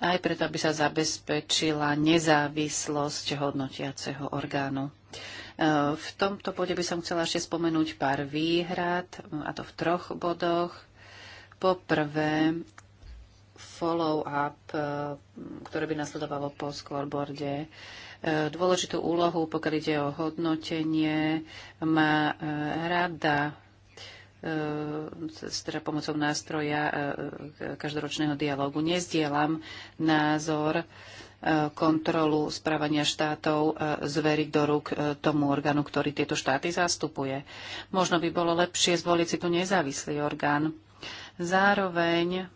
aj preto, aby sa zabezpečila nezávislosť hodnotiaceho orgánu. E, v tomto bode by som chcela ešte spomenúť pár výhrad, a to v troch bodoch. Poprvé, follow-up, e, ktoré by nasledovalo po scoreboarde. E, dôležitú úlohu, pokiaľ ide o hodnotenie, má e, rada teda pomocou nástroja každoročného dialógu. Nezdielam názor kontrolu správania štátov zveriť do rúk tomu orgánu, ktorý tieto štáty zastupuje. Možno by bolo lepšie zvoliť si tu nezávislý orgán Zároveň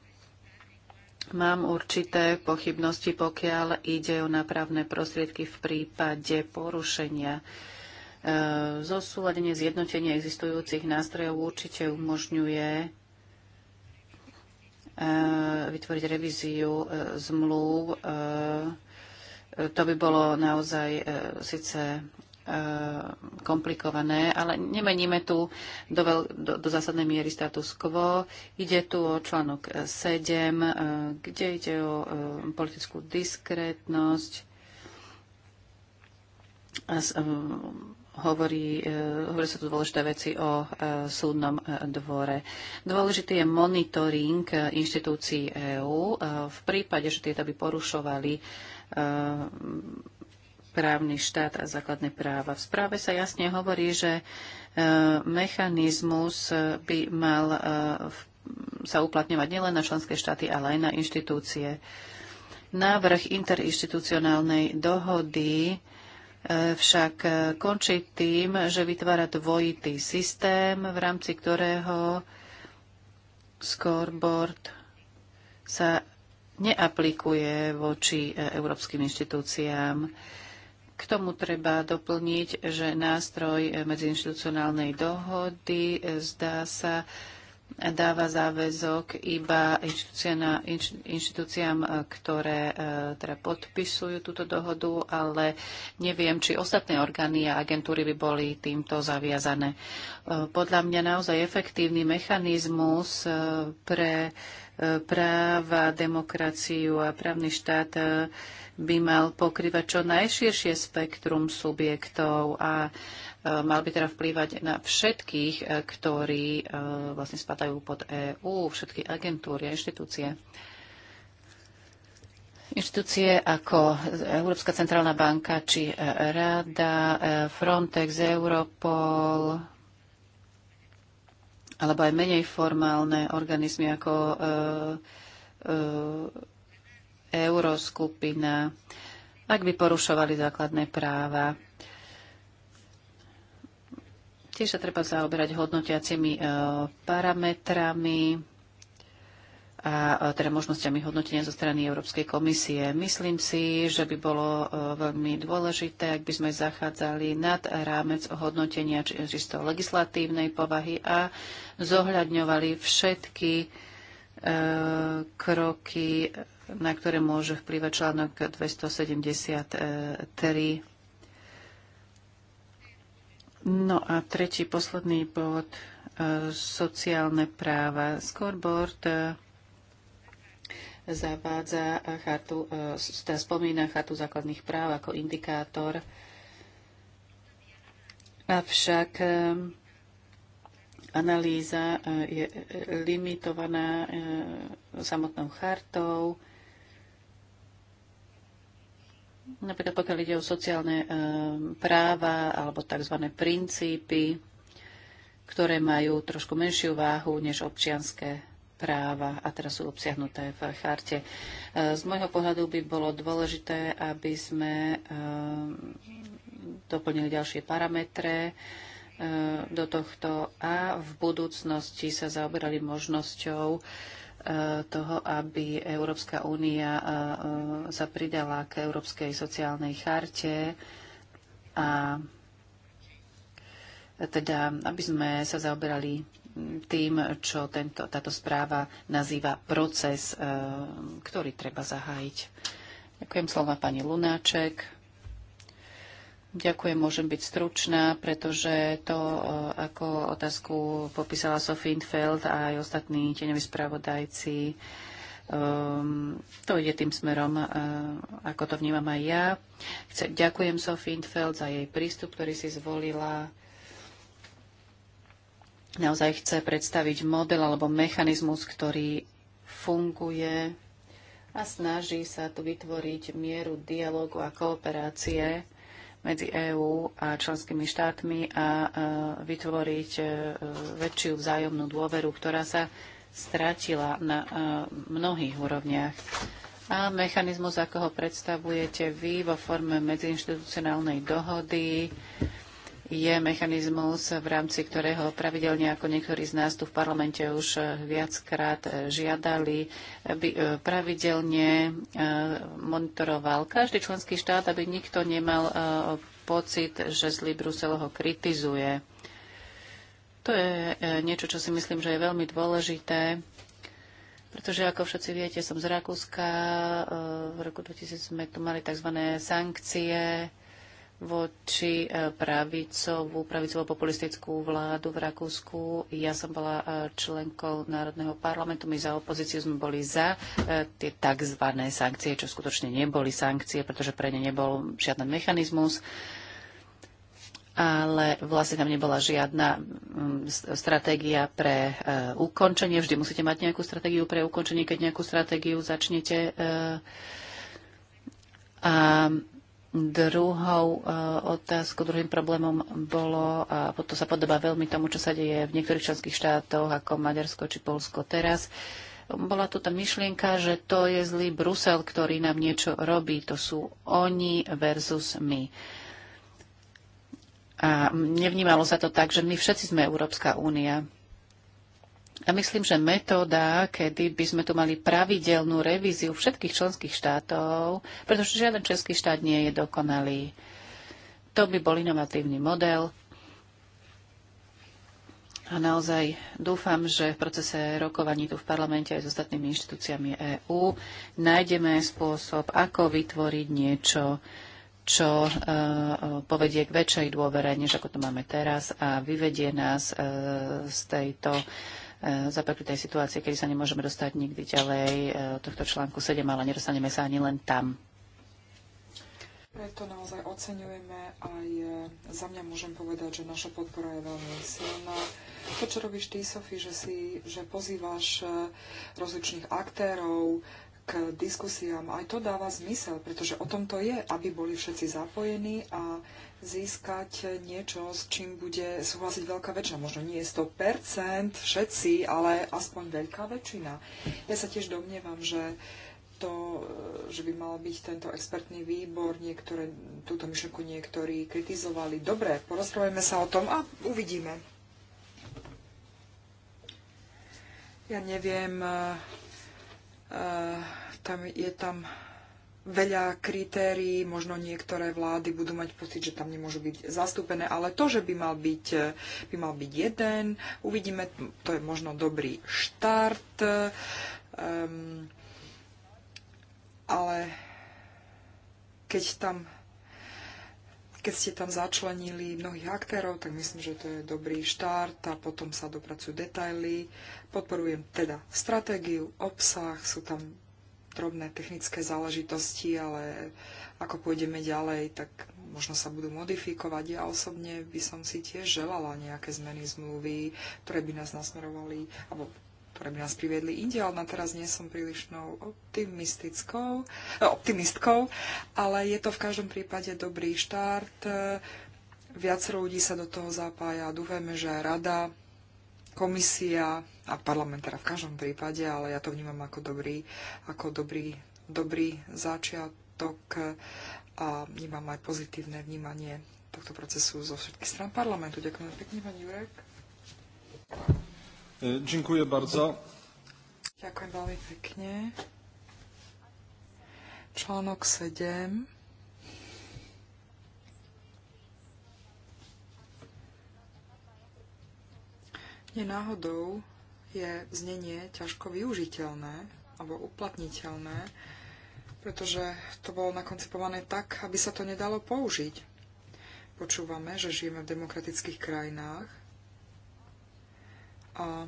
Mám určité pochybnosti, pokiaľ ide o napravné prostriedky v prípade porušenia. E, zosúladenie, zjednotenie existujúcich nástrojov určite umožňuje e, vytvoriť revíziu e, zmluv. To by bolo naozaj síce Eh, komplikované, ale nemeníme tu do, veľ, do, do zásadnej miery status quo. Ide tu o článok 7, eh, eh, kde ide o politickú diskrétnosť. A, hovorí, hovorí sa tu dôležité veci o súdnom dvore. Dôležitý je monitoring inštitúcií EÚ v prípade, že tieto by porušovali právny štát a základné práva. V správe sa jasne hovorí, že e, mechanizmus e, by mal e, sa uplatňovať nielen na členské štáty, ale aj na inštitúcie. Návrh interinstitucionálnej dohody však končí tým, že vytvára dvojitý systém, v rámci ktorého scoreboard sa neaplikuje voči európskym inštitúciám. K tomu treba doplniť, že nástroj medziinstitucionálnej dohody eh, zdá sa dáva záväzok iba inštitúciám, eh, ktoré eh, teda podpisujú túto dohodu, ale neviem, či ostatné orgány a agentúry by boli týmto zaviazané. Podľa mňa naozaj efektívny mechanizmus pre práva, demokraciu a právny štát by mal pokrývať čo najširšie spektrum subjektov a e, mal by teda vplývať na všetkých, e, ktorí e, vlastne spadajú pod EÚ, všetky agentúry a inštitúcie. Inštitúcie ako Európska centrálna banka či Rada, Frontex, Europol, alebo aj menej formálne organizmy ako euroskupina, ak by porušovali základné práva. Tiež sa treba zaoberať hodnotiacimi e, parametrami a e, teda možnosťami hodnotenia zo strany Európskej komisie. Myslím si, že by bolo e, veľmi dôležité, ak by sme zachádzali nad rámec hodnotenia čisto legislatívnej povahy a zohľadňovali všetky kroky na ktoré môže vplývať článok 273. No a tretí, posledný bod, e, sociálne práva. Scoreboard e, zavádza chartu, e, teda spomína chartu základných práv ako indikátor. Avšak analýza je limitovaná samotnou chartou Napríklad pokiaľ ide o sociálne eh, práva alebo tzv. princípy, ktoré majú trošku menšiu váhu než občianské práva a teraz sú obsiahnuté v charte. Eh, z môjho pohľadu by bolo dôležité, aby sme eh, doplnili ďalšie parametre do tohto a v budúcnosti sa zaoberali možnosťou Eh, toho, aby Európska únia eh, sa pridala k Európskej sociálnej charte a teda, aby sme sa zaoberali tým, čo tento, táto správa nazýva proces, eh, ktorý treba zahájiť. Ďakujem slova pani Lunáček. Ďakujem, môžem byť stručná, pretože to, e, ako otázku popísala Sofie Infeld a aj ostatní tieňoví spravodajci, um, to ide tým smerom, uh, ako to vnímam aj ja. Chce, ďakujem Sofie Infeld za jej prístup, ktorý si zvolila. Naozaj chce predstaviť model alebo mechanizmus, ktorý funguje a snaží sa tu vytvoriť mieru dialogu a kooperácie medzi EÚ a členskými štátmi a vytvoriť e, väčšiu vzájomnú dôveru, ktorá sa stratila na e, mnohých úrovniach. A mechanizmus, ako ho predstavujete vy vo forme medziinstitucionálnej dohody, je mechanizmus, v rámci ktorého pravidelne, ako niektorí z nás tu v parlamente už eh, viackrát eh, žiadali, aby eh, pravidelne monitoroval každý členský štát, aby nikto nemal pocit, že zlý Brusel ho kritizuje. To je niečo, čo si myslím, že je veľmi dôležité pretože ako všetci viete, som z Rakúska. V roku 2000 sme tu mali tzv. sankcie voči e, pravicovú, pravicovo-populistickú vládu v Rakúsku. Ja som bola e, členkou Národného parlamentu, my za opozíciu sme boli za e, tie tzv. sankcie, čo skutočne neboli sankcie, pretože pre ne nebol žiadny mechanizmus ale vlastne tam nebola žiadna stratégia pre e, ukončenie. Vždy musíte mať nejakú stratégiu pre ukončenie, keď nejakú stratégiu začnete. E, a Druhou e, otázkou, druhým problémom bolo, a to sa podobá veľmi tomu, čo sa deje v niektorých členských štátoch, ako Maďarsko či Polsko teraz, bola tu tá myšlienka, že to je zlý Brusel, ktorý nám niečo robí. To sú oni versus my. A nevnímalo sa to tak, že my všetci sme Európska únia. Ja myslím, že metóda, kedy by sme tu mali pravidelnú revíziu všetkých členských štátov, pretože žiaden český štát nie je dokonalý. To by bol inovatívny model. A naozaj dúfam, že v procese rokovaní tu v parlamente aj s ostatnými inštitúciami EÚ nájdeme spôsob, ako vytvoriť niečo, čo e, povedie k väčšej dôvere, než ako to máme teraz a vyvedie nás e, z tejto E, zapeknutej tej situácie, kedy sa nemôžeme dostať nikdy ďalej e, od tohto článku 7, ale nedostaneme sa ani len tam. Preto naozaj oceňujeme aj e, za mňa môžem povedať, že naša podpora je veľmi silná. To, čo robíš ty, Sofie, že, si, že pozývaš rozličných aktérov, k diskusiám. Aj to dáva zmysel, pretože o tom to je, aby boli všetci zapojení a získať niečo, s čím bude súhlasiť veľká väčšina. Možno nie je 100%, všetci, ale aspoň veľká väčšina. Ja sa tiež domnievam, že to, že by mal byť tento expertný výbor, niektoré, túto myšlenku niektorí kritizovali. Dobre, porozprávame sa o tom a uvidíme. Ja neviem, uh, tam, je tam veľa kritérií, možno niektoré vlády budú mať pocit, že tam nemôžu byť zastúpené, ale to, že by mal byť, by mal byť jeden, uvidíme, to je možno dobrý štart, um, ale keď tam keď ste tam začlenili mnohých aktérov, tak myslím, že to je dobrý štart a potom sa dopracujú detaily. Podporujem teda stratégiu, obsah, sú tam drobné technické záležitosti, ale ako pôjdeme ďalej, tak možno sa budú modifikovať. Ja osobne by som si tiež želala nejaké zmeny zmluvy, ktoré by nás nasmerovali, alebo ktoré by nás priviedli inde, ale na teraz nie som prílišnou optimistickou, eh, optimistkou, ale je to v každom prípade dobrý štart. Viacero ľudí sa do toho zapája. Dúfajme, že aj rada, komisia, a parlament teda v každom prípade, ale ja to vnímam ako dobrý, ako dobrý, dobrý začiatok a vnímam aj pozitívne vnímanie tohto procesu zo všetkých strán parlamentu. Ďakujem pekne, pani Jurek. Ďakujem e, bardzo. Ďakujem veľmi pekne. Článok 7. Je náhodou, je znenie ťažko využiteľné alebo uplatniteľné, pretože to bolo nakoncipované tak, aby sa to nedalo použiť. Počúvame, že žijeme v demokratických krajinách a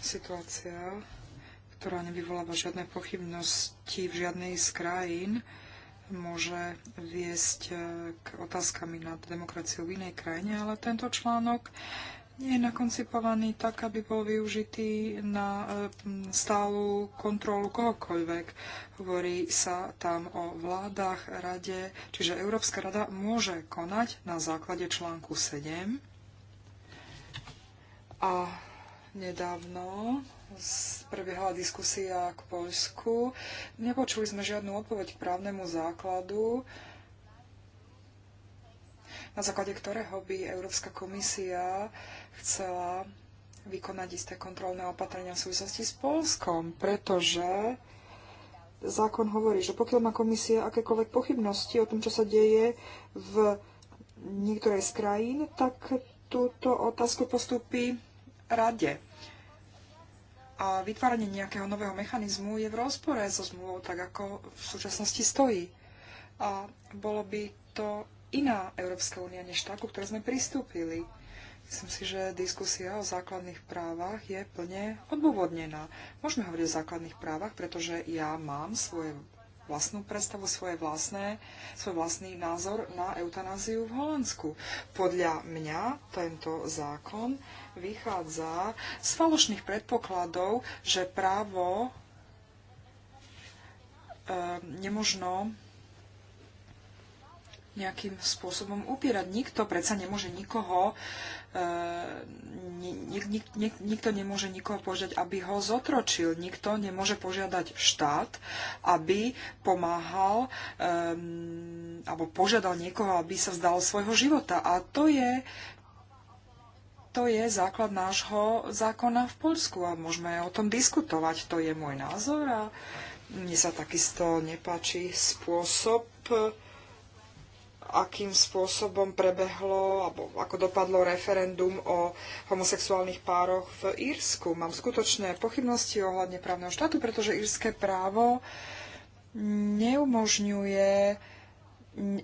situácia, ktorá nevyvoláva žiadne pochybnosti v žiadnej z krajín, môže viesť e, k otázkami nad demokraciou v inej krajine, ale tento článok nie je nakoncipovaný tak, aby bol využitý na e, stálu kontrolu kohokoľvek. Hovorí sa tam o vládach, rade, čiže Európska rada môže konať na základe článku 7. A nedávno prebiehala diskusia k Poľsku. Nepočuli sme žiadnu odpoveď k právnemu základu, na základe ktorého by Európska komisia chcela vykonať isté kontrolné opatrenia v súvislosti s Polskom, pretože zákon hovorí, že pokiaľ má komisia akékoľvek pochybnosti o tom, čo sa deje v niektorej z krajín, tak túto otázku postupí rade a vytváranie nejakého nového mechanizmu je v rozpore so zmluvou, tak ako v súčasnosti stojí. A bolo by to iná Európska únia než tá, ku ktorej sme pristúpili. Myslím si, že diskusia o základných právach je plne odôvodnená. Môžeme hovoriť o základných právach, pretože ja mám svoje vlastnú predstavu, svoje vlastné, svoj vlastný názor na eutanáziu v Holandsku. Podľa mňa tento zákon vychádza z falošných predpokladov, že právo e, nemožno nejakým spôsobom upierať. Nikto predsa nemôže nikoho, nik, eh, nik, nik, nikto nemôže nikoho požiadať, aby ho zotročil. Nikto nemôže požiadať štát, aby pomáhal e, alebo požiadal niekoho, aby sa vzdal svojho života. A to je to je základ nášho zákona v Poľsku a môžeme o tom diskutovať. To je môj názor a mne sa takisto nepáči spôsob, akým spôsobom prebehlo, alebo ako dopadlo referendum o homosexuálnych pároch v Írsku. Mám skutočné pochybnosti ohľadne právneho štátu, pretože írske právo neumožňuje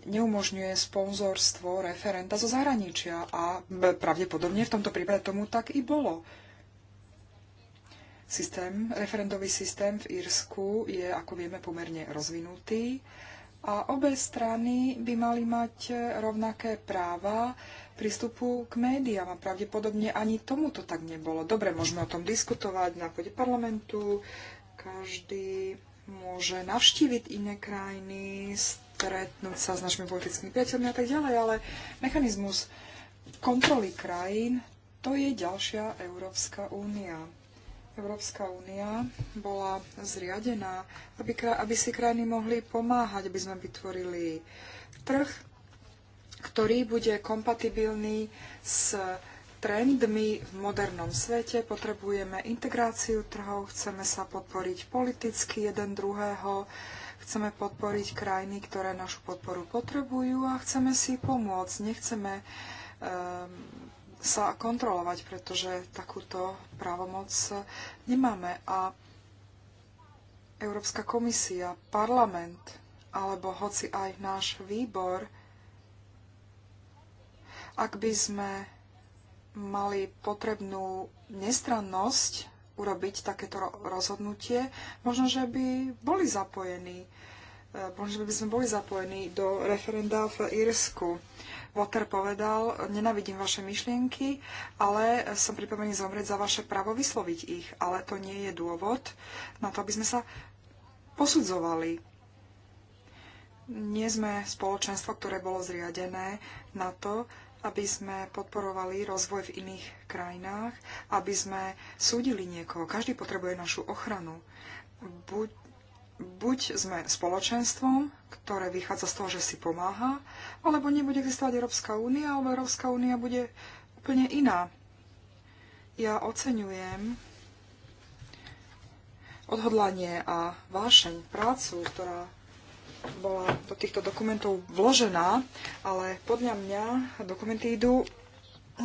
neumožňuje sponzorstvo referenta zo zahraničia a pravdepodobne v tomto prípade tomu tak i bolo. Systém, referendový systém v Írsku je, ako vieme, pomerne rozvinutý a obe strany by mali mať rovnaké práva prístupu k médiám a pravdepodobne ani tomuto tak nebolo. Dobre, môžeme o tom diskutovať na pôde parlamentu, každý môže navštíviť iné krajiny, stretnúť sa s našimi politickými priateľmi a tak ďalej, ale mechanizmus kontroly krajín, to je ďalšia Európska únia. Európska únia bola zriadená, aby, aby si krajiny mohli pomáhať, aby sme vytvorili trh, ktorý bude kompatibilný s trendmi v modernom svete. Potrebujeme integráciu trhov, chceme sa podporiť politicky jeden druhého, chceme podporiť krajiny, ktoré našu podporu potrebujú a chceme si pomôcť. Nechceme um, sa kontrolovať, pretože takúto právomoc nemáme. A Európska komisia, parlament alebo hoci aj náš výbor, ak by sme mali potrebnú nestrannosť urobiť takéto rozhodnutie, možno, že by boli zapojení, e, možno, že by sme boli zapojení do referenda v Írsku. Potter povedal, nenavidím vaše myšlienky, ale som pripomený zomrieť za vaše právo vysloviť ich. Ale to nie je dôvod na to, aby sme sa posudzovali. Nie sme spoločenstvo, ktoré bolo zriadené na to, aby sme podporovali rozvoj v iných krajinách, aby sme súdili niekoho. Každý potrebuje našu ochranu. Buď, buď sme spoločenstvom, ktoré vychádza z toho, že si pomáha, alebo nebude existovať Európska únia, alebo Európska únia bude úplne iná. Ja oceňujem odhodlanie a vášeň, prácu, ktorá bola do týchto dokumentov vložená, ale podľa mňa dokumenty idú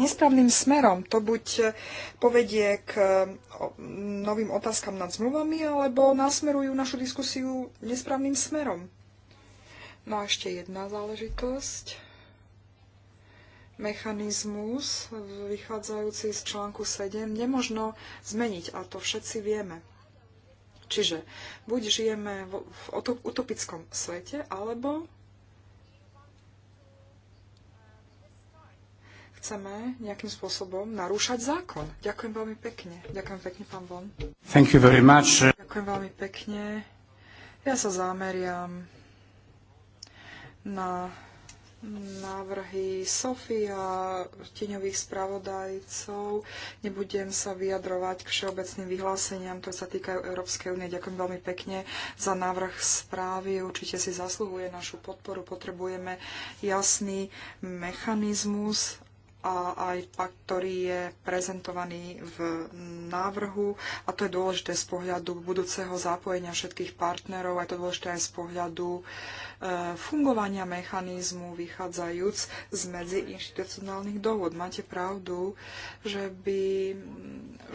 nesprávnym smerom. To buď eh, povedie k eh, novým otázkam nad zmluvami, alebo nasmerujú našu diskusiu nesprávnym smerom. No a ešte jedna záležitosť. Mechanizmus vychádzajúci z článku 7 nemožno zmeniť a to všetci vieme. Čiže buď žijeme v utopickom svete, alebo nechceme nejakým spôsobom narúšať zákon. Ďakujem veľmi pekne. Ďakujem pekne, pán Von. Thank you very much. Ďakujem veľmi pekne. Ja sa zameriam na návrhy Sofia, tieňových spravodajcov. Nebudem sa vyjadrovať k všeobecným vyhláseniam, ktoré sa týkajú Európskej únie. Ďakujem veľmi pekne za návrh správy. Určite si zasluhuje našu podporu. Potrebujeme jasný mechanizmus, a aj pakt, ktorý je prezentovaný v návrhu a to je dôležité z pohľadu budúceho zapojenia všetkých partnerov aj to dôležité aj z pohľadu e, fungovania mechanizmu vychádzajúc z inštitucionálnych dohod. Máte pravdu, že by,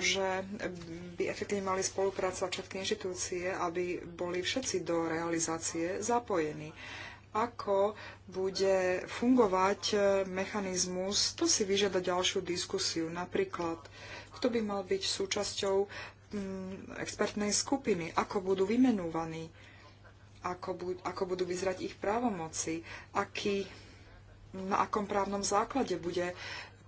že by efektívne mali spolupráca všetky inštitúcie, aby boli všetci do realizácie zapojení ako bude fungovať e, mechanizmus, to si vyžiada ďalšiu diskusiu. Napríklad, kto by mal byť súčasťou mm, expertnej skupiny, ako budú vymenúvaní, ako, bu- ako budú vyzerať ich právomoci, aký, na akom právnom základe bude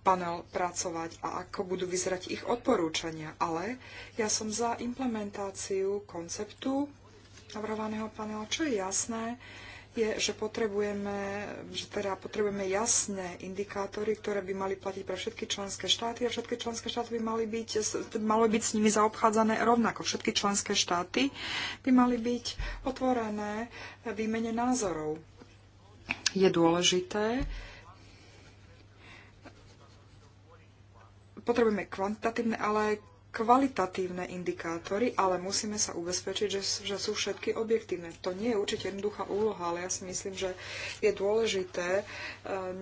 panel pracovať a ako budú vyzerať ich odporúčania. Ale ja som za implementáciu konceptu navrhovaného panela, čo je jasné, je, že potrebujeme, že teda potrebujeme jasné indikátory, ktoré by mali platiť pre všetky členské štáty a všetky členské štáty by mali byť, malo byť s nimi zaobchádzané rovnako. Všetky členské štáty by mali byť otvorené výmene názorov. Je dôležité, potrebujeme kvantitatívne, ale aj kvalitatívne indikátory, ale musíme sa ubezpečiť, že, že sú všetky objektívne. To nie je určite jednoduchá úloha, ale ja si myslím, že je dôležité e,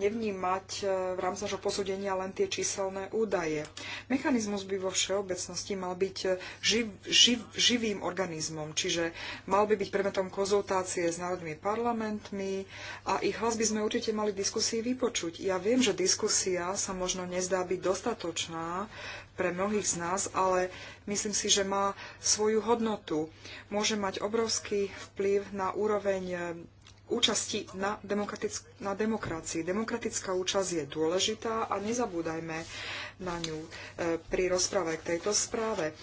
nevnímať e, v rámci našho posúdenia len tie číselné údaje. Mechanizmus by vo všeobecnosti mal byť e, živ, živ, živým organizmom, čiže mal by byť predmetom konzultácie s národnými parlamentmi a ich hlas by sme určite mali diskusii vypočuť. Ja viem, že diskusia sa možno nezdá byť dostatočná pre mnohých z nás, ale myslím si, že má svoju hodnotu. Môže mať obrovský vplyv na úroveň eh, účasti na, demokratick- na demokracii. Demokratická účasť je dôležitá a nezabúdajme na ňu eh, pri rozprave k tejto správe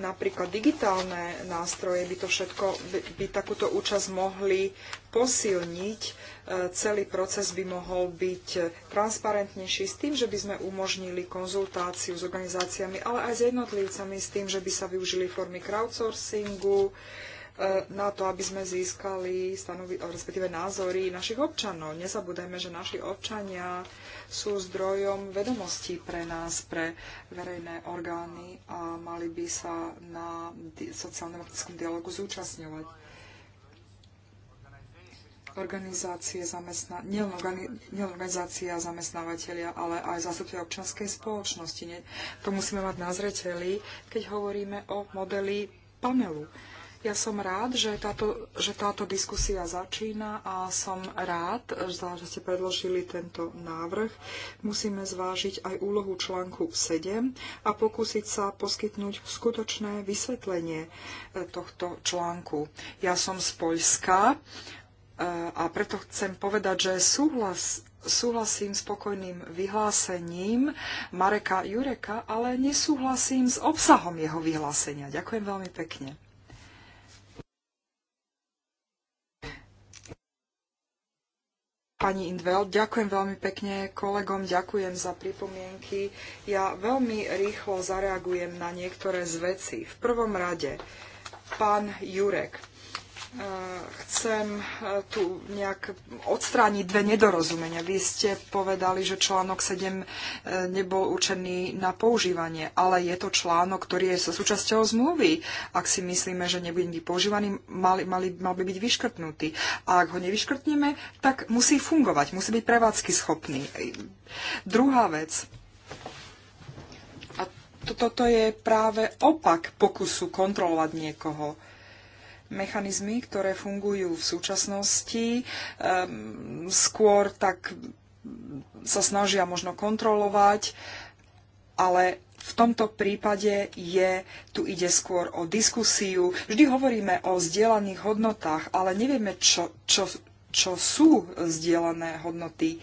napríklad digitálne nástroje by to všetko, by, by takúto účasť mohli posilniť. E, celý proces by mohol byť transparentnejší s tým, že by sme umožnili konzultáciu s organizáciami, ale aj s jednotlivcami, s tým, že by sa využili formy crowdsourcingu e, na to, aby sme získali stanovi, respektíve názory našich občanov. Nezabúdajme, že naši občania sú zdrojom vedomostí pre nás, pre verejné orgány a mali by sa na sociálno-demokratickom dialogu zúčastňovať. Organizácie zamestna- nielen organi... nie organizácia zamestnávateľia, ale aj zástupcovia občanskej spoločnosti. Nie? To musíme mať na zreteli, keď hovoríme o modeli panelu ja som rád, že táto, že táto diskusia začína a som rád, že ste predložili tento návrh. Musíme zvážiť aj úlohu článku 7 a pokúsiť sa poskytnúť skutočné vysvetlenie e, tohto článku. Ja som z Poľska e, a preto chcem povedať, že súhlas súhlasím s pokojným vyhlásením Mareka Jureka, ale nesúhlasím s obsahom jeho vyhlásenia. Ďakujem veľmi pekne. pani Indvel. Ďakujem veľmi pekne kolegom, ďakujem za pripomienky. Ja veľmi rýchlo zareagujem na niektoré z vecí. V prvom rade, pán Jurek, chcem eh, tu nejak odstrániť dve nedorozumenia. Vy ste povedali, že článok 7 eh, nebol určený na používanie, ale je to článok, ktorý je so súčasťou zmluvy. Ak si myslíme, že nebude nikdy používaný, mal, mal, mal by byť vyškrtnutý. A ak ho nevyškrtneme, tak musí fungovať, musí byť prevádzky schopný. Druhá vec, a to, toto je práve opak pokusu kontrolovať niekoho mechanizmy, ktoré fungujú v súčasnosti, ehm, skôr tak sa snažia možno kontrolovať, ale v tomto prípade je, tu ide skôr o diskusiu. Vždy hovoríme o zdieľaných hodnotách, ale nevieme, čo, čo, čo sú zdieľané hodnoty.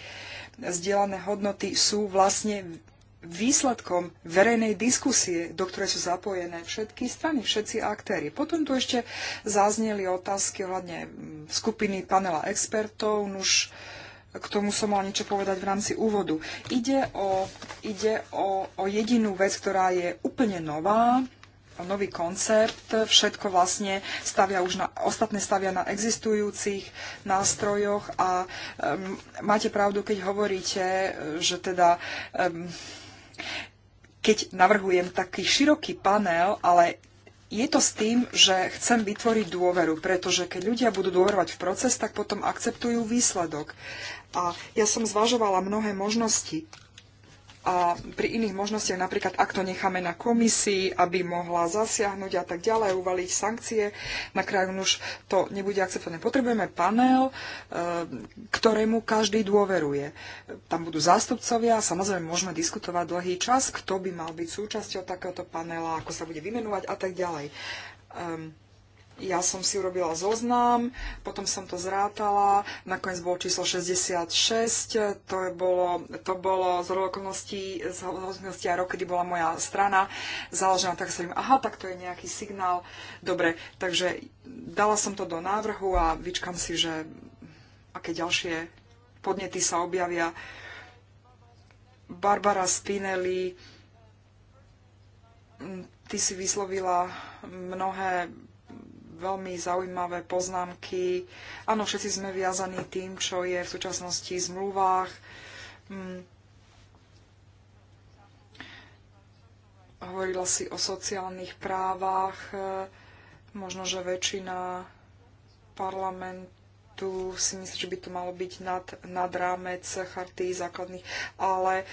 Zdieľané hodnoty sú vlastne výsledkom verejnej diskusie, do ktorej sú zapojené všetky strany, všetci aktéry. Potom tu ešte zazneli otázky ohľadne mm, skupiny panela expertov, nuž k tomu som mala niečo povedať v rámci úvodu. Ide o, ide o, o jedinú vec, ktorá je úplne nová, o nový koncept, všetko vlastne stavia už na, ostatné stavia na existujúcich nástrojoch a um, máte pravdu, keď hovoríte, že teda um, keď navrhujem taký široký panel, ale je to s tým, že chcem vytvoriť dôveru, pretože keď ľudia budú dôverovať v proces, tak potom akceptujú výsledok. A ja som zvažovala mnohé možnosti a pri iných možnostiach, napríklad ak to necháme na komisii, aby mohla zasiahnuť a tak ďalej, uvaliť sankcie na krajinu, už to nebude akceptované. Potrebujeme panel, e, ktorému každý dôveruje. Tam budú zástupcovia, samozrejme môžeme diskutovať dlhý čas, kto by mal byť súčasťou takéhoto panela, ako sa bude vymenovať a tak ďalej. Um, ja som si urobila zoznam, potom som to zrátala, nakoniec bolo číslo 66, to, je bolo, to bolo z okolností, z okolností a rok, kedy bola moja strana založená, tak som aha, tak to je nejaký signál, dobre, takže dala som to do návrhu a vyčkam si, že aké ďalšie podnety sa objavia. Barbara Spinelli, mm, ty si vyslovila mnohé veľmi zaujímavé poznámky. Áno, všetci sme viazaní tým, čo je v súčasnosti v zmluvách. Hm. Hovorila si o sociálnych právach. Možno, že väčšina parlamentu si myslí, že by to malo byť nad, nad rámec charty základných, ale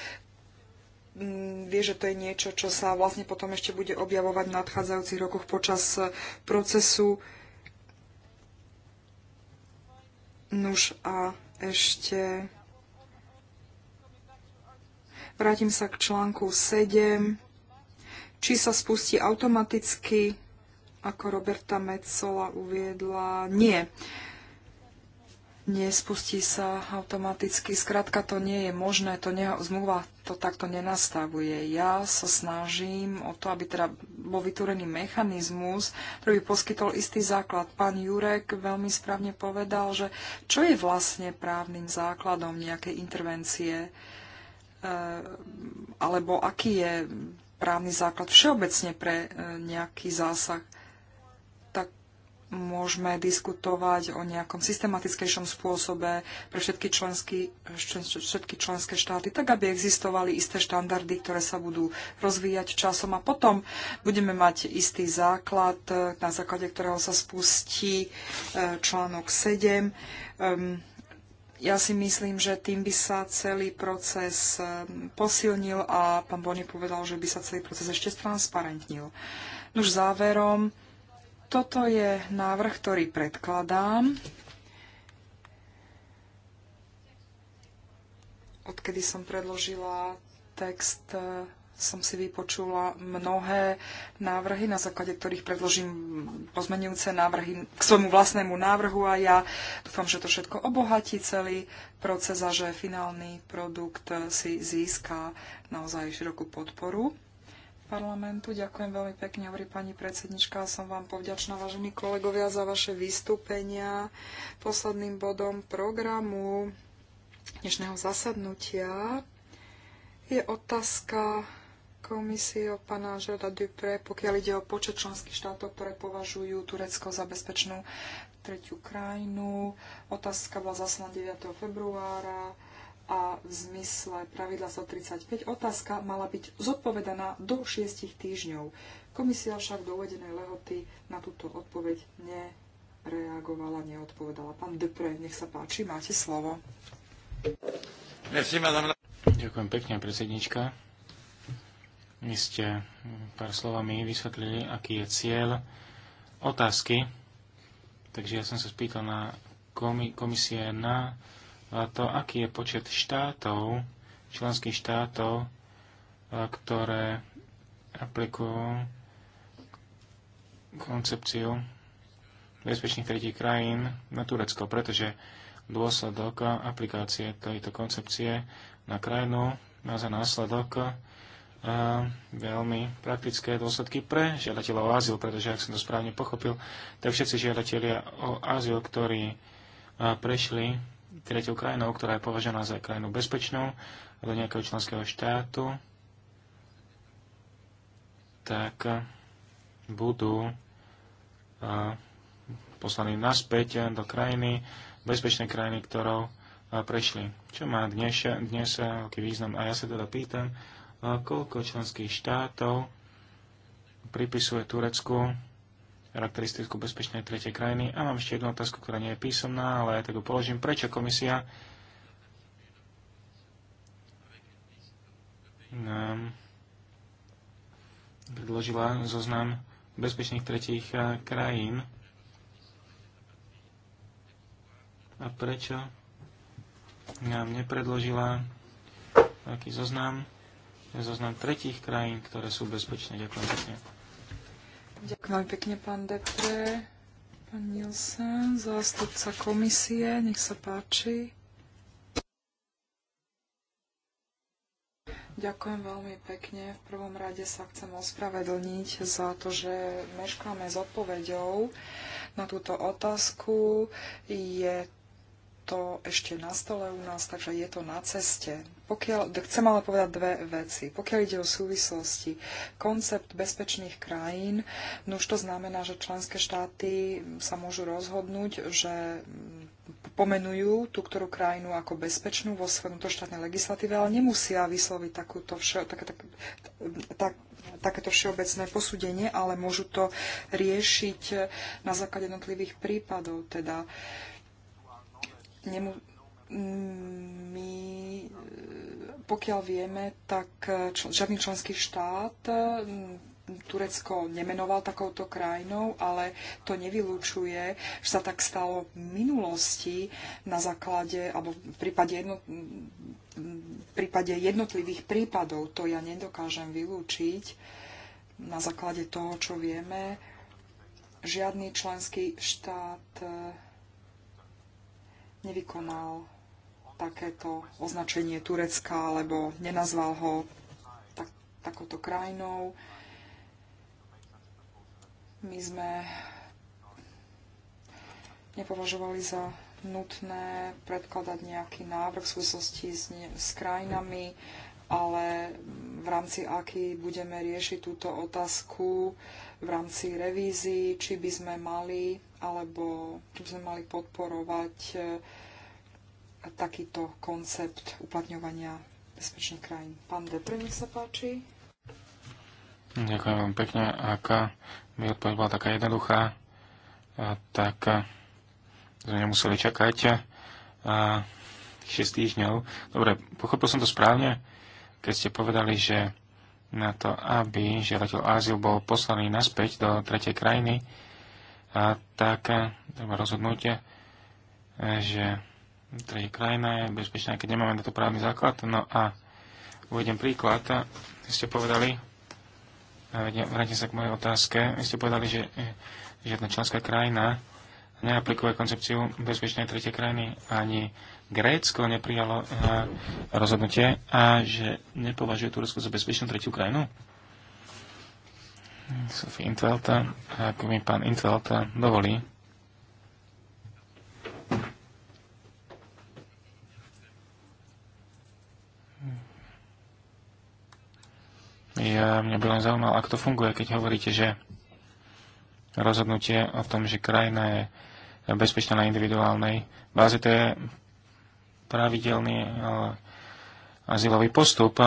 vie, že to je niečo, čo sa vlastne potom ešte bude objavovať v nadchádzajúcich rokoch počas e, procesu. Nuž a ešte vrátim sa k článku 7. Či sa spustí automaticky, ako Roberta Metzola uviedla? Nie. Uh, nespustí sa automaticky. Skrátka to nie je možné, to ne, zmluva to takto nenastavuje. Ja sa snažím o to, aby teda bol vytvorený mechanizmus, ktorý by poskytol istý základ. Pán Jurek veľmi správne povedal, že čo je vlastne právnym základom nejakej intervencie, e, alebo aký je právny základ všeobecne pre e, nejaký zásah môžeme diskutovať o nejakom systematickejšom spôsobe pre všetky, členský, všetky členské štáty, tak aby existovali isté štandardy, ktoré sa budú rozvíjať časom a potom budeme mať istý základ, na základe ktorého sa spustí e, článok 7. Ehm, ja si myslím, že tým by sa celý proces ehm, posilnil a pán Boni povedal, že by sa celý proces ešte transparentnil. Už záverom, toto je návrh, ktorý predkladám. Odkedy som predložila text, eh, som si vypočula mnohé návrhy, na základe ktorých predložím pozmenujúce návrhy k svojmu vlastnému návrhu a ja dúfam, že to všetko obohatí celý proces a že finálny produkt si získa naozaj širokú podporu parlamentu. Ďakujem veľmi pekne, hovorí pani predsednička. Som vám povďačná, vážení kolegovia, za vaše vystúpenia. Posledným bodom programu dnešného zasadnutia je otázka komisie od pána Žerda Dupre, pokiaľ ide o počet členských štátov, ktoré považujú Turecko za bezpečnú tretiu krajinu. Otázka bola zaslaná 9. februára a v zmysle pravidla 135 otázka mala byť zodpovedaná do 6 týždňov. Komisia však do uvedenej lehoty na túto odpoveď nereagovala, neodpovedala. Pán Depre, nech sa páči, máte slovo. Ďakujem pekne, predsednička. Vy ste pár slovami vysvetlili, aký je cieľ otázky. Takže ja som sa spýtal na komisie na a to, aký je počet štátov, členských štátov, e, ktoré aplikujú koncepciu bezpečných tretich krajín na Turecko, pretože dôsledok aplikácie tejto koncepcie na krajinu má za následok e, veľmi praktické dôsledky pre žiadateľov o azyl, pretože ak som to správne pochopil, tak všetci žiadatelia o azyl, ktorí e, prešli tretou krajinou, ktorá je považená za krajinu bezpečnú do nejakého členského štátu, tak budú poslaní naspäť do krajiny, bezpečnej krajiny, ktorou prešli. Čo má dnes, dnes veľký význam. A ja sa teda pýtam, koľko členských štátov pripisuje Turecku charakteristiku bezpečnej tretej krajiny. A mám ešte jednu otázku, ktorá nie je písomná, ale ja tak ju položím. Prečo komisia nám predložila zoznam bezpečných tretich eh, krajín a prečo nám nepredložila taký zoznam, zoznam tretich krajín, ktoré sú bezpečné. Ďakujem pekne. Ďakujem veľmi pekne, pán Depre. Pán Nielsen, zástupca komisie, nech sa páči. Ďakujem veľmi pekne. V prvom rade sa chcem ospravedlniť za to, že meškáme s odpoveďou na túto otázku. Je to ešte na stole u nás, takže je to na ceste. Pokiaľ, chcem ale povedať dve veci. Pokiaľ ide o súvislosti, koncept bezpečných krajín, no už to znamená, že členské štáty mm, sa môžu rozhodnúť, že mm, pomenujú tú ktorú krajinu ako bezpečnú vo svojom vnútroštátnej legislatíve, ale nemusia vysloviť takúto vše, také, tak, tak, takéto všeobecné posúdenie, ale môžu to riešiť na základe jednotlivých prípadov. Teda nemu, my pokiaľ vieme, tak eh, čl- žiadny členský štát eh, Turecko nemenoval takouto krajinou, ale to nevylučuje, že sa tak stalo v minulosti na základe, alebo v prípade, jedno, v prípade jednotlivých prípadov. To ja nedokážem vylúčiť na základe toho, čo vieme. Žiadny členský štát eh, nevykonal takéto označenie Turecka, alebo nenazval ho tak, takouto krajinou. My sme nepovažovali za nutné predkladať nejaký návrh v súvislosti s, s krajinami, ale v rámci aký budeme riešiť túto otázku v rámci revízii, či by sme mali alebo či by sme mali podporovať takýto koncept uplatňovania bezpečných krajín. Pán Depre, nech sa páči. Ďakujem veľmi pekne. Aká by odpoveď bola taká jednoduchá, a tak sme eh, nemuseli čakať a eh, 6 týždňov. Dobre, pochopil som to správne, keď ste povedali, že na to, aby žiadateľ azyl bol poslaný naspäť do tretej krajiny, a tak eh, treba rozhodnúť, že ktorý krajina je bezpečná, keď nemáme na to právny základ. No a uvedem príklad. Ste povedali, vrátim sa k mojej otázke, ste povedali, že eh, žiadna členská krajina neaplikuje koncepciu bezpečnej tretej krajiny ani Grécko neprijalo eh, rozhodnutie a že nepovažuje Turecko za bezpečnú tretiu krajinu? Sophie Intelta, eh, ak mi pán Intelta dovolí, by len zaujímal, ako to funguje, keď hovoríte, že rozhodnutie o tom, že krajina je bezpečná na individuálnej báze, to je pravidelný azylový postup,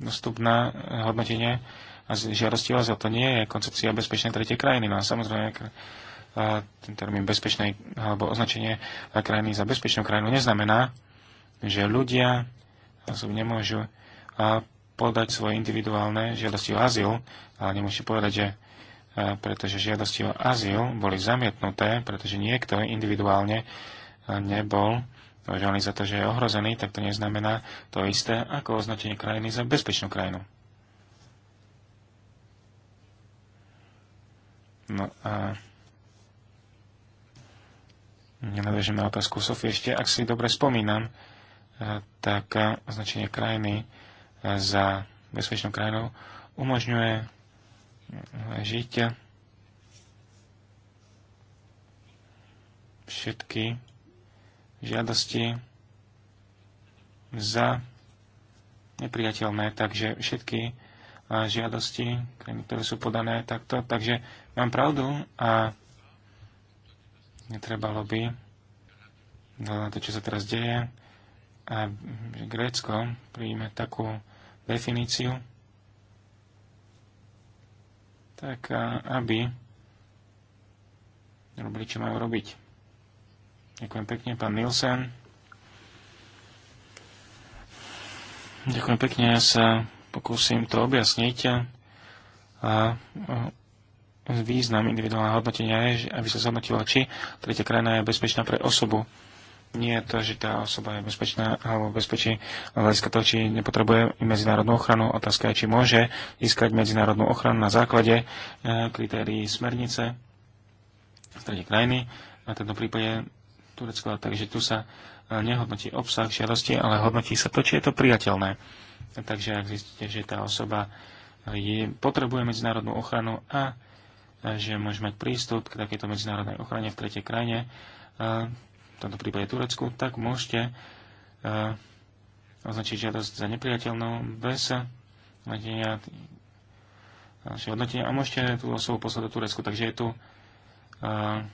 postup na hodnotenie a žiadosti o azyl. To nie je koncepcia bezpečnej tretej krajiny. No a samozrejme, ten termín bezpečnej alebo označenie krajiny za bezpečnú krajinu neznamená, že ľudia nemôžu podať svoje individuálne žiadosti o azyl, ale nemôžete povedať, že e, pretože žiadosti o azyl boli zamietnuté, pretože niekto individuálne e, nebol považovaný za to, že je ohrozený, tak to neznamená to isté ako označenie krajiny za bezpečnú krajinu. No a nenadržím na otázku Sofie ešte, ak si dobre spomínam, e, tak označenie krajiny za bezpečnou krajinou umožňuje žiť všetky žiadosti za nepriateľné, takže všetky žiadosti, ktoré sú podané takto. Takže mám pravdu a netrebalo by na to, čo sa teraz deje, a Grécko príjme takú definíciu, tak aby robili, čo majú robiť. Ďakujem pekne, pán Nielsen. Ďakujem pekne, ja sa pokúsim to objasniť. A, a význam individuálneho hodnotenia je, aby sa zhodnotilo, či tretia krajina je bezpečná pre osobu nie je to, že tá osoba je bezpečná alebo bezpečí hľadiska toho, či nepotrebuje medzinárodnú ochranu. Otázka je, či môže získať medzinárodnú ochranu na základe eh, kritérií smernice v strede krajiny. Na tento prípade Turecko, takže tu sa eh, nehodnotí obsah žiadosti, ale hodnotí sa to, či je to priateľné. Takže ak zistíte, že tá osoba eh, je, potrebuje medzinárodnú ochranu a že môže mať prístup k takéto medzinárodnej ochrane v tretej krajine, v tomto prípade Turecku, tak môžete uh, označiť žiadosť za nepriateľnú bez eh, hodnotenia, eh, hodnotenia a môžete tú osobu poslať do Turecku. Takže je tu uh,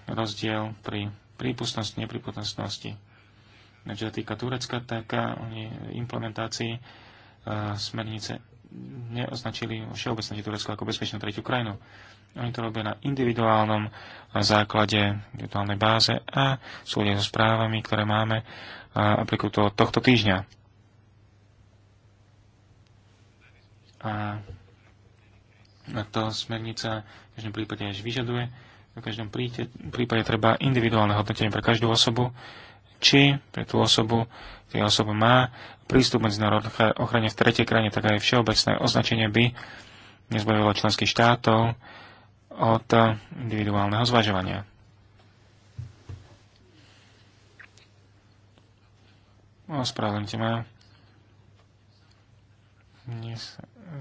rozdiel pri prípustnosti, neprípustnosti. Čo sa týka Turecka, tak implementácii uh, smernice neoznačili všeobecne Turecko ako bezpečnú tretiu krajinu. Oni to robia na individuálnom základe, individuálnej báze a súdia so správami, ktoré máme a aplikujú to tohto týždňa. A to smernica v každom prípade až vyžaduje. V každom prípade treba individuálne hodnotenie pre každú osobu, či pre tú osobu, ktorá osoba má prístup medzinárodnej ochrane v tretej krajine, tak aj všeobecné označenie by nezbavilo členských štátov od individuálneho zvažovania. Ospravedlňte ma. Dnes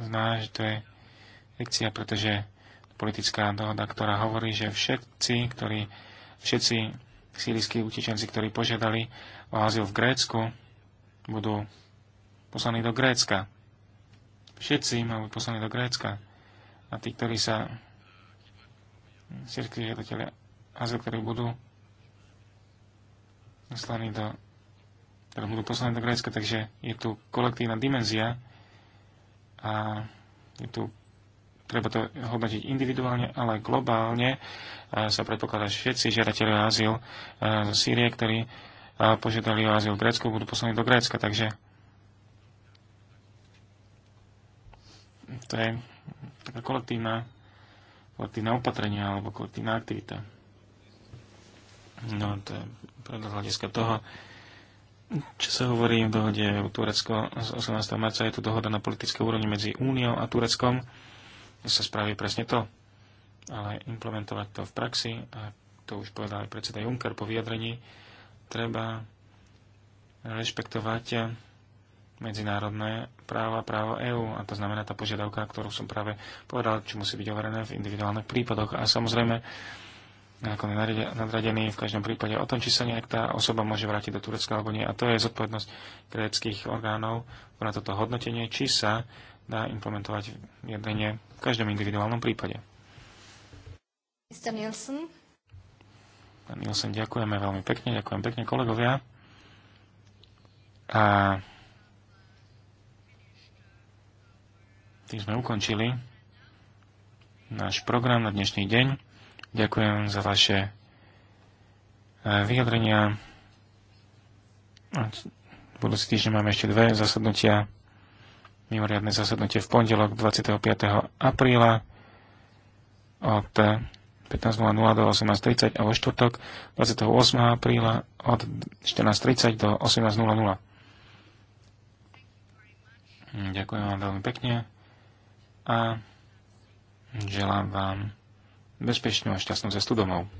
zná, že to je fikcia, pretože politická dohoda, ktorá hovorí, že všetci, ktorí, všetci sírijskí utečenci, ktorí požiadali o azyl v Grécku, budú poslaní do Grécka. Všetci majú poslaní do Grécka. A tí, ktorí sa sírskí žiadatelia azyl, ktorí budú poslaní do ktoré budú poslané do Grécka, takže je tu kolektívna dimenzia a je tu treba to hodnotiť individuálne, ale globálne e, sa predpokladá, že všetci žiadatelia o azyl e, zo Sýrie, ktorí e, požiadali o azyl v Grécku, budú poslaní do Grécka. Takže to je taká kolektívna, kolektívna opatrenia alebo kolektívna aktivita. No to je z hľadiska toho, čo sa hovorí v dohode Turecko z 18. marca, je tu dohoda na politické úrovni medzi Úniou a Tureckom sa spraví presne to. Ale implementovať to v praxi, a to už povedal aj predseda Juncker po vyjadrení, treba rešpektovať medzinárodné práva, právo EÚ. A to znamená tá požiadavka, ktorú som práve povedal, čo musí byť overené v individuálnych prípadoch. A samozrejme, ako nadradený v každom prípade o tom, či sa nejak tá osoba môže vrátiť do Turecka alebo nie. A to je zodpovednosť gréckých orgánov na toto hodnotenie, či sa dá implementovať jednenie v každom individuálnom prípade. Mr. Nielsen. Pán Nielsen, ďakujeme veľmi pekne, ďakujem pekne kolegovia. A tým sme ukončili náš program na dnešný deň. Ďakujem za vaše eh, vyjadrenia. V budúci týždeň máme ešte dve zasadnutia mimoriadne zasadnutie v pondelok 25. apríla od 15.00 do 18.30 a vo štvrtok 28. apríla od 14.30 do 18.00. Ďakujem vám veľmi pekne a želám vám bezpečnú a šťastnú cestu domov.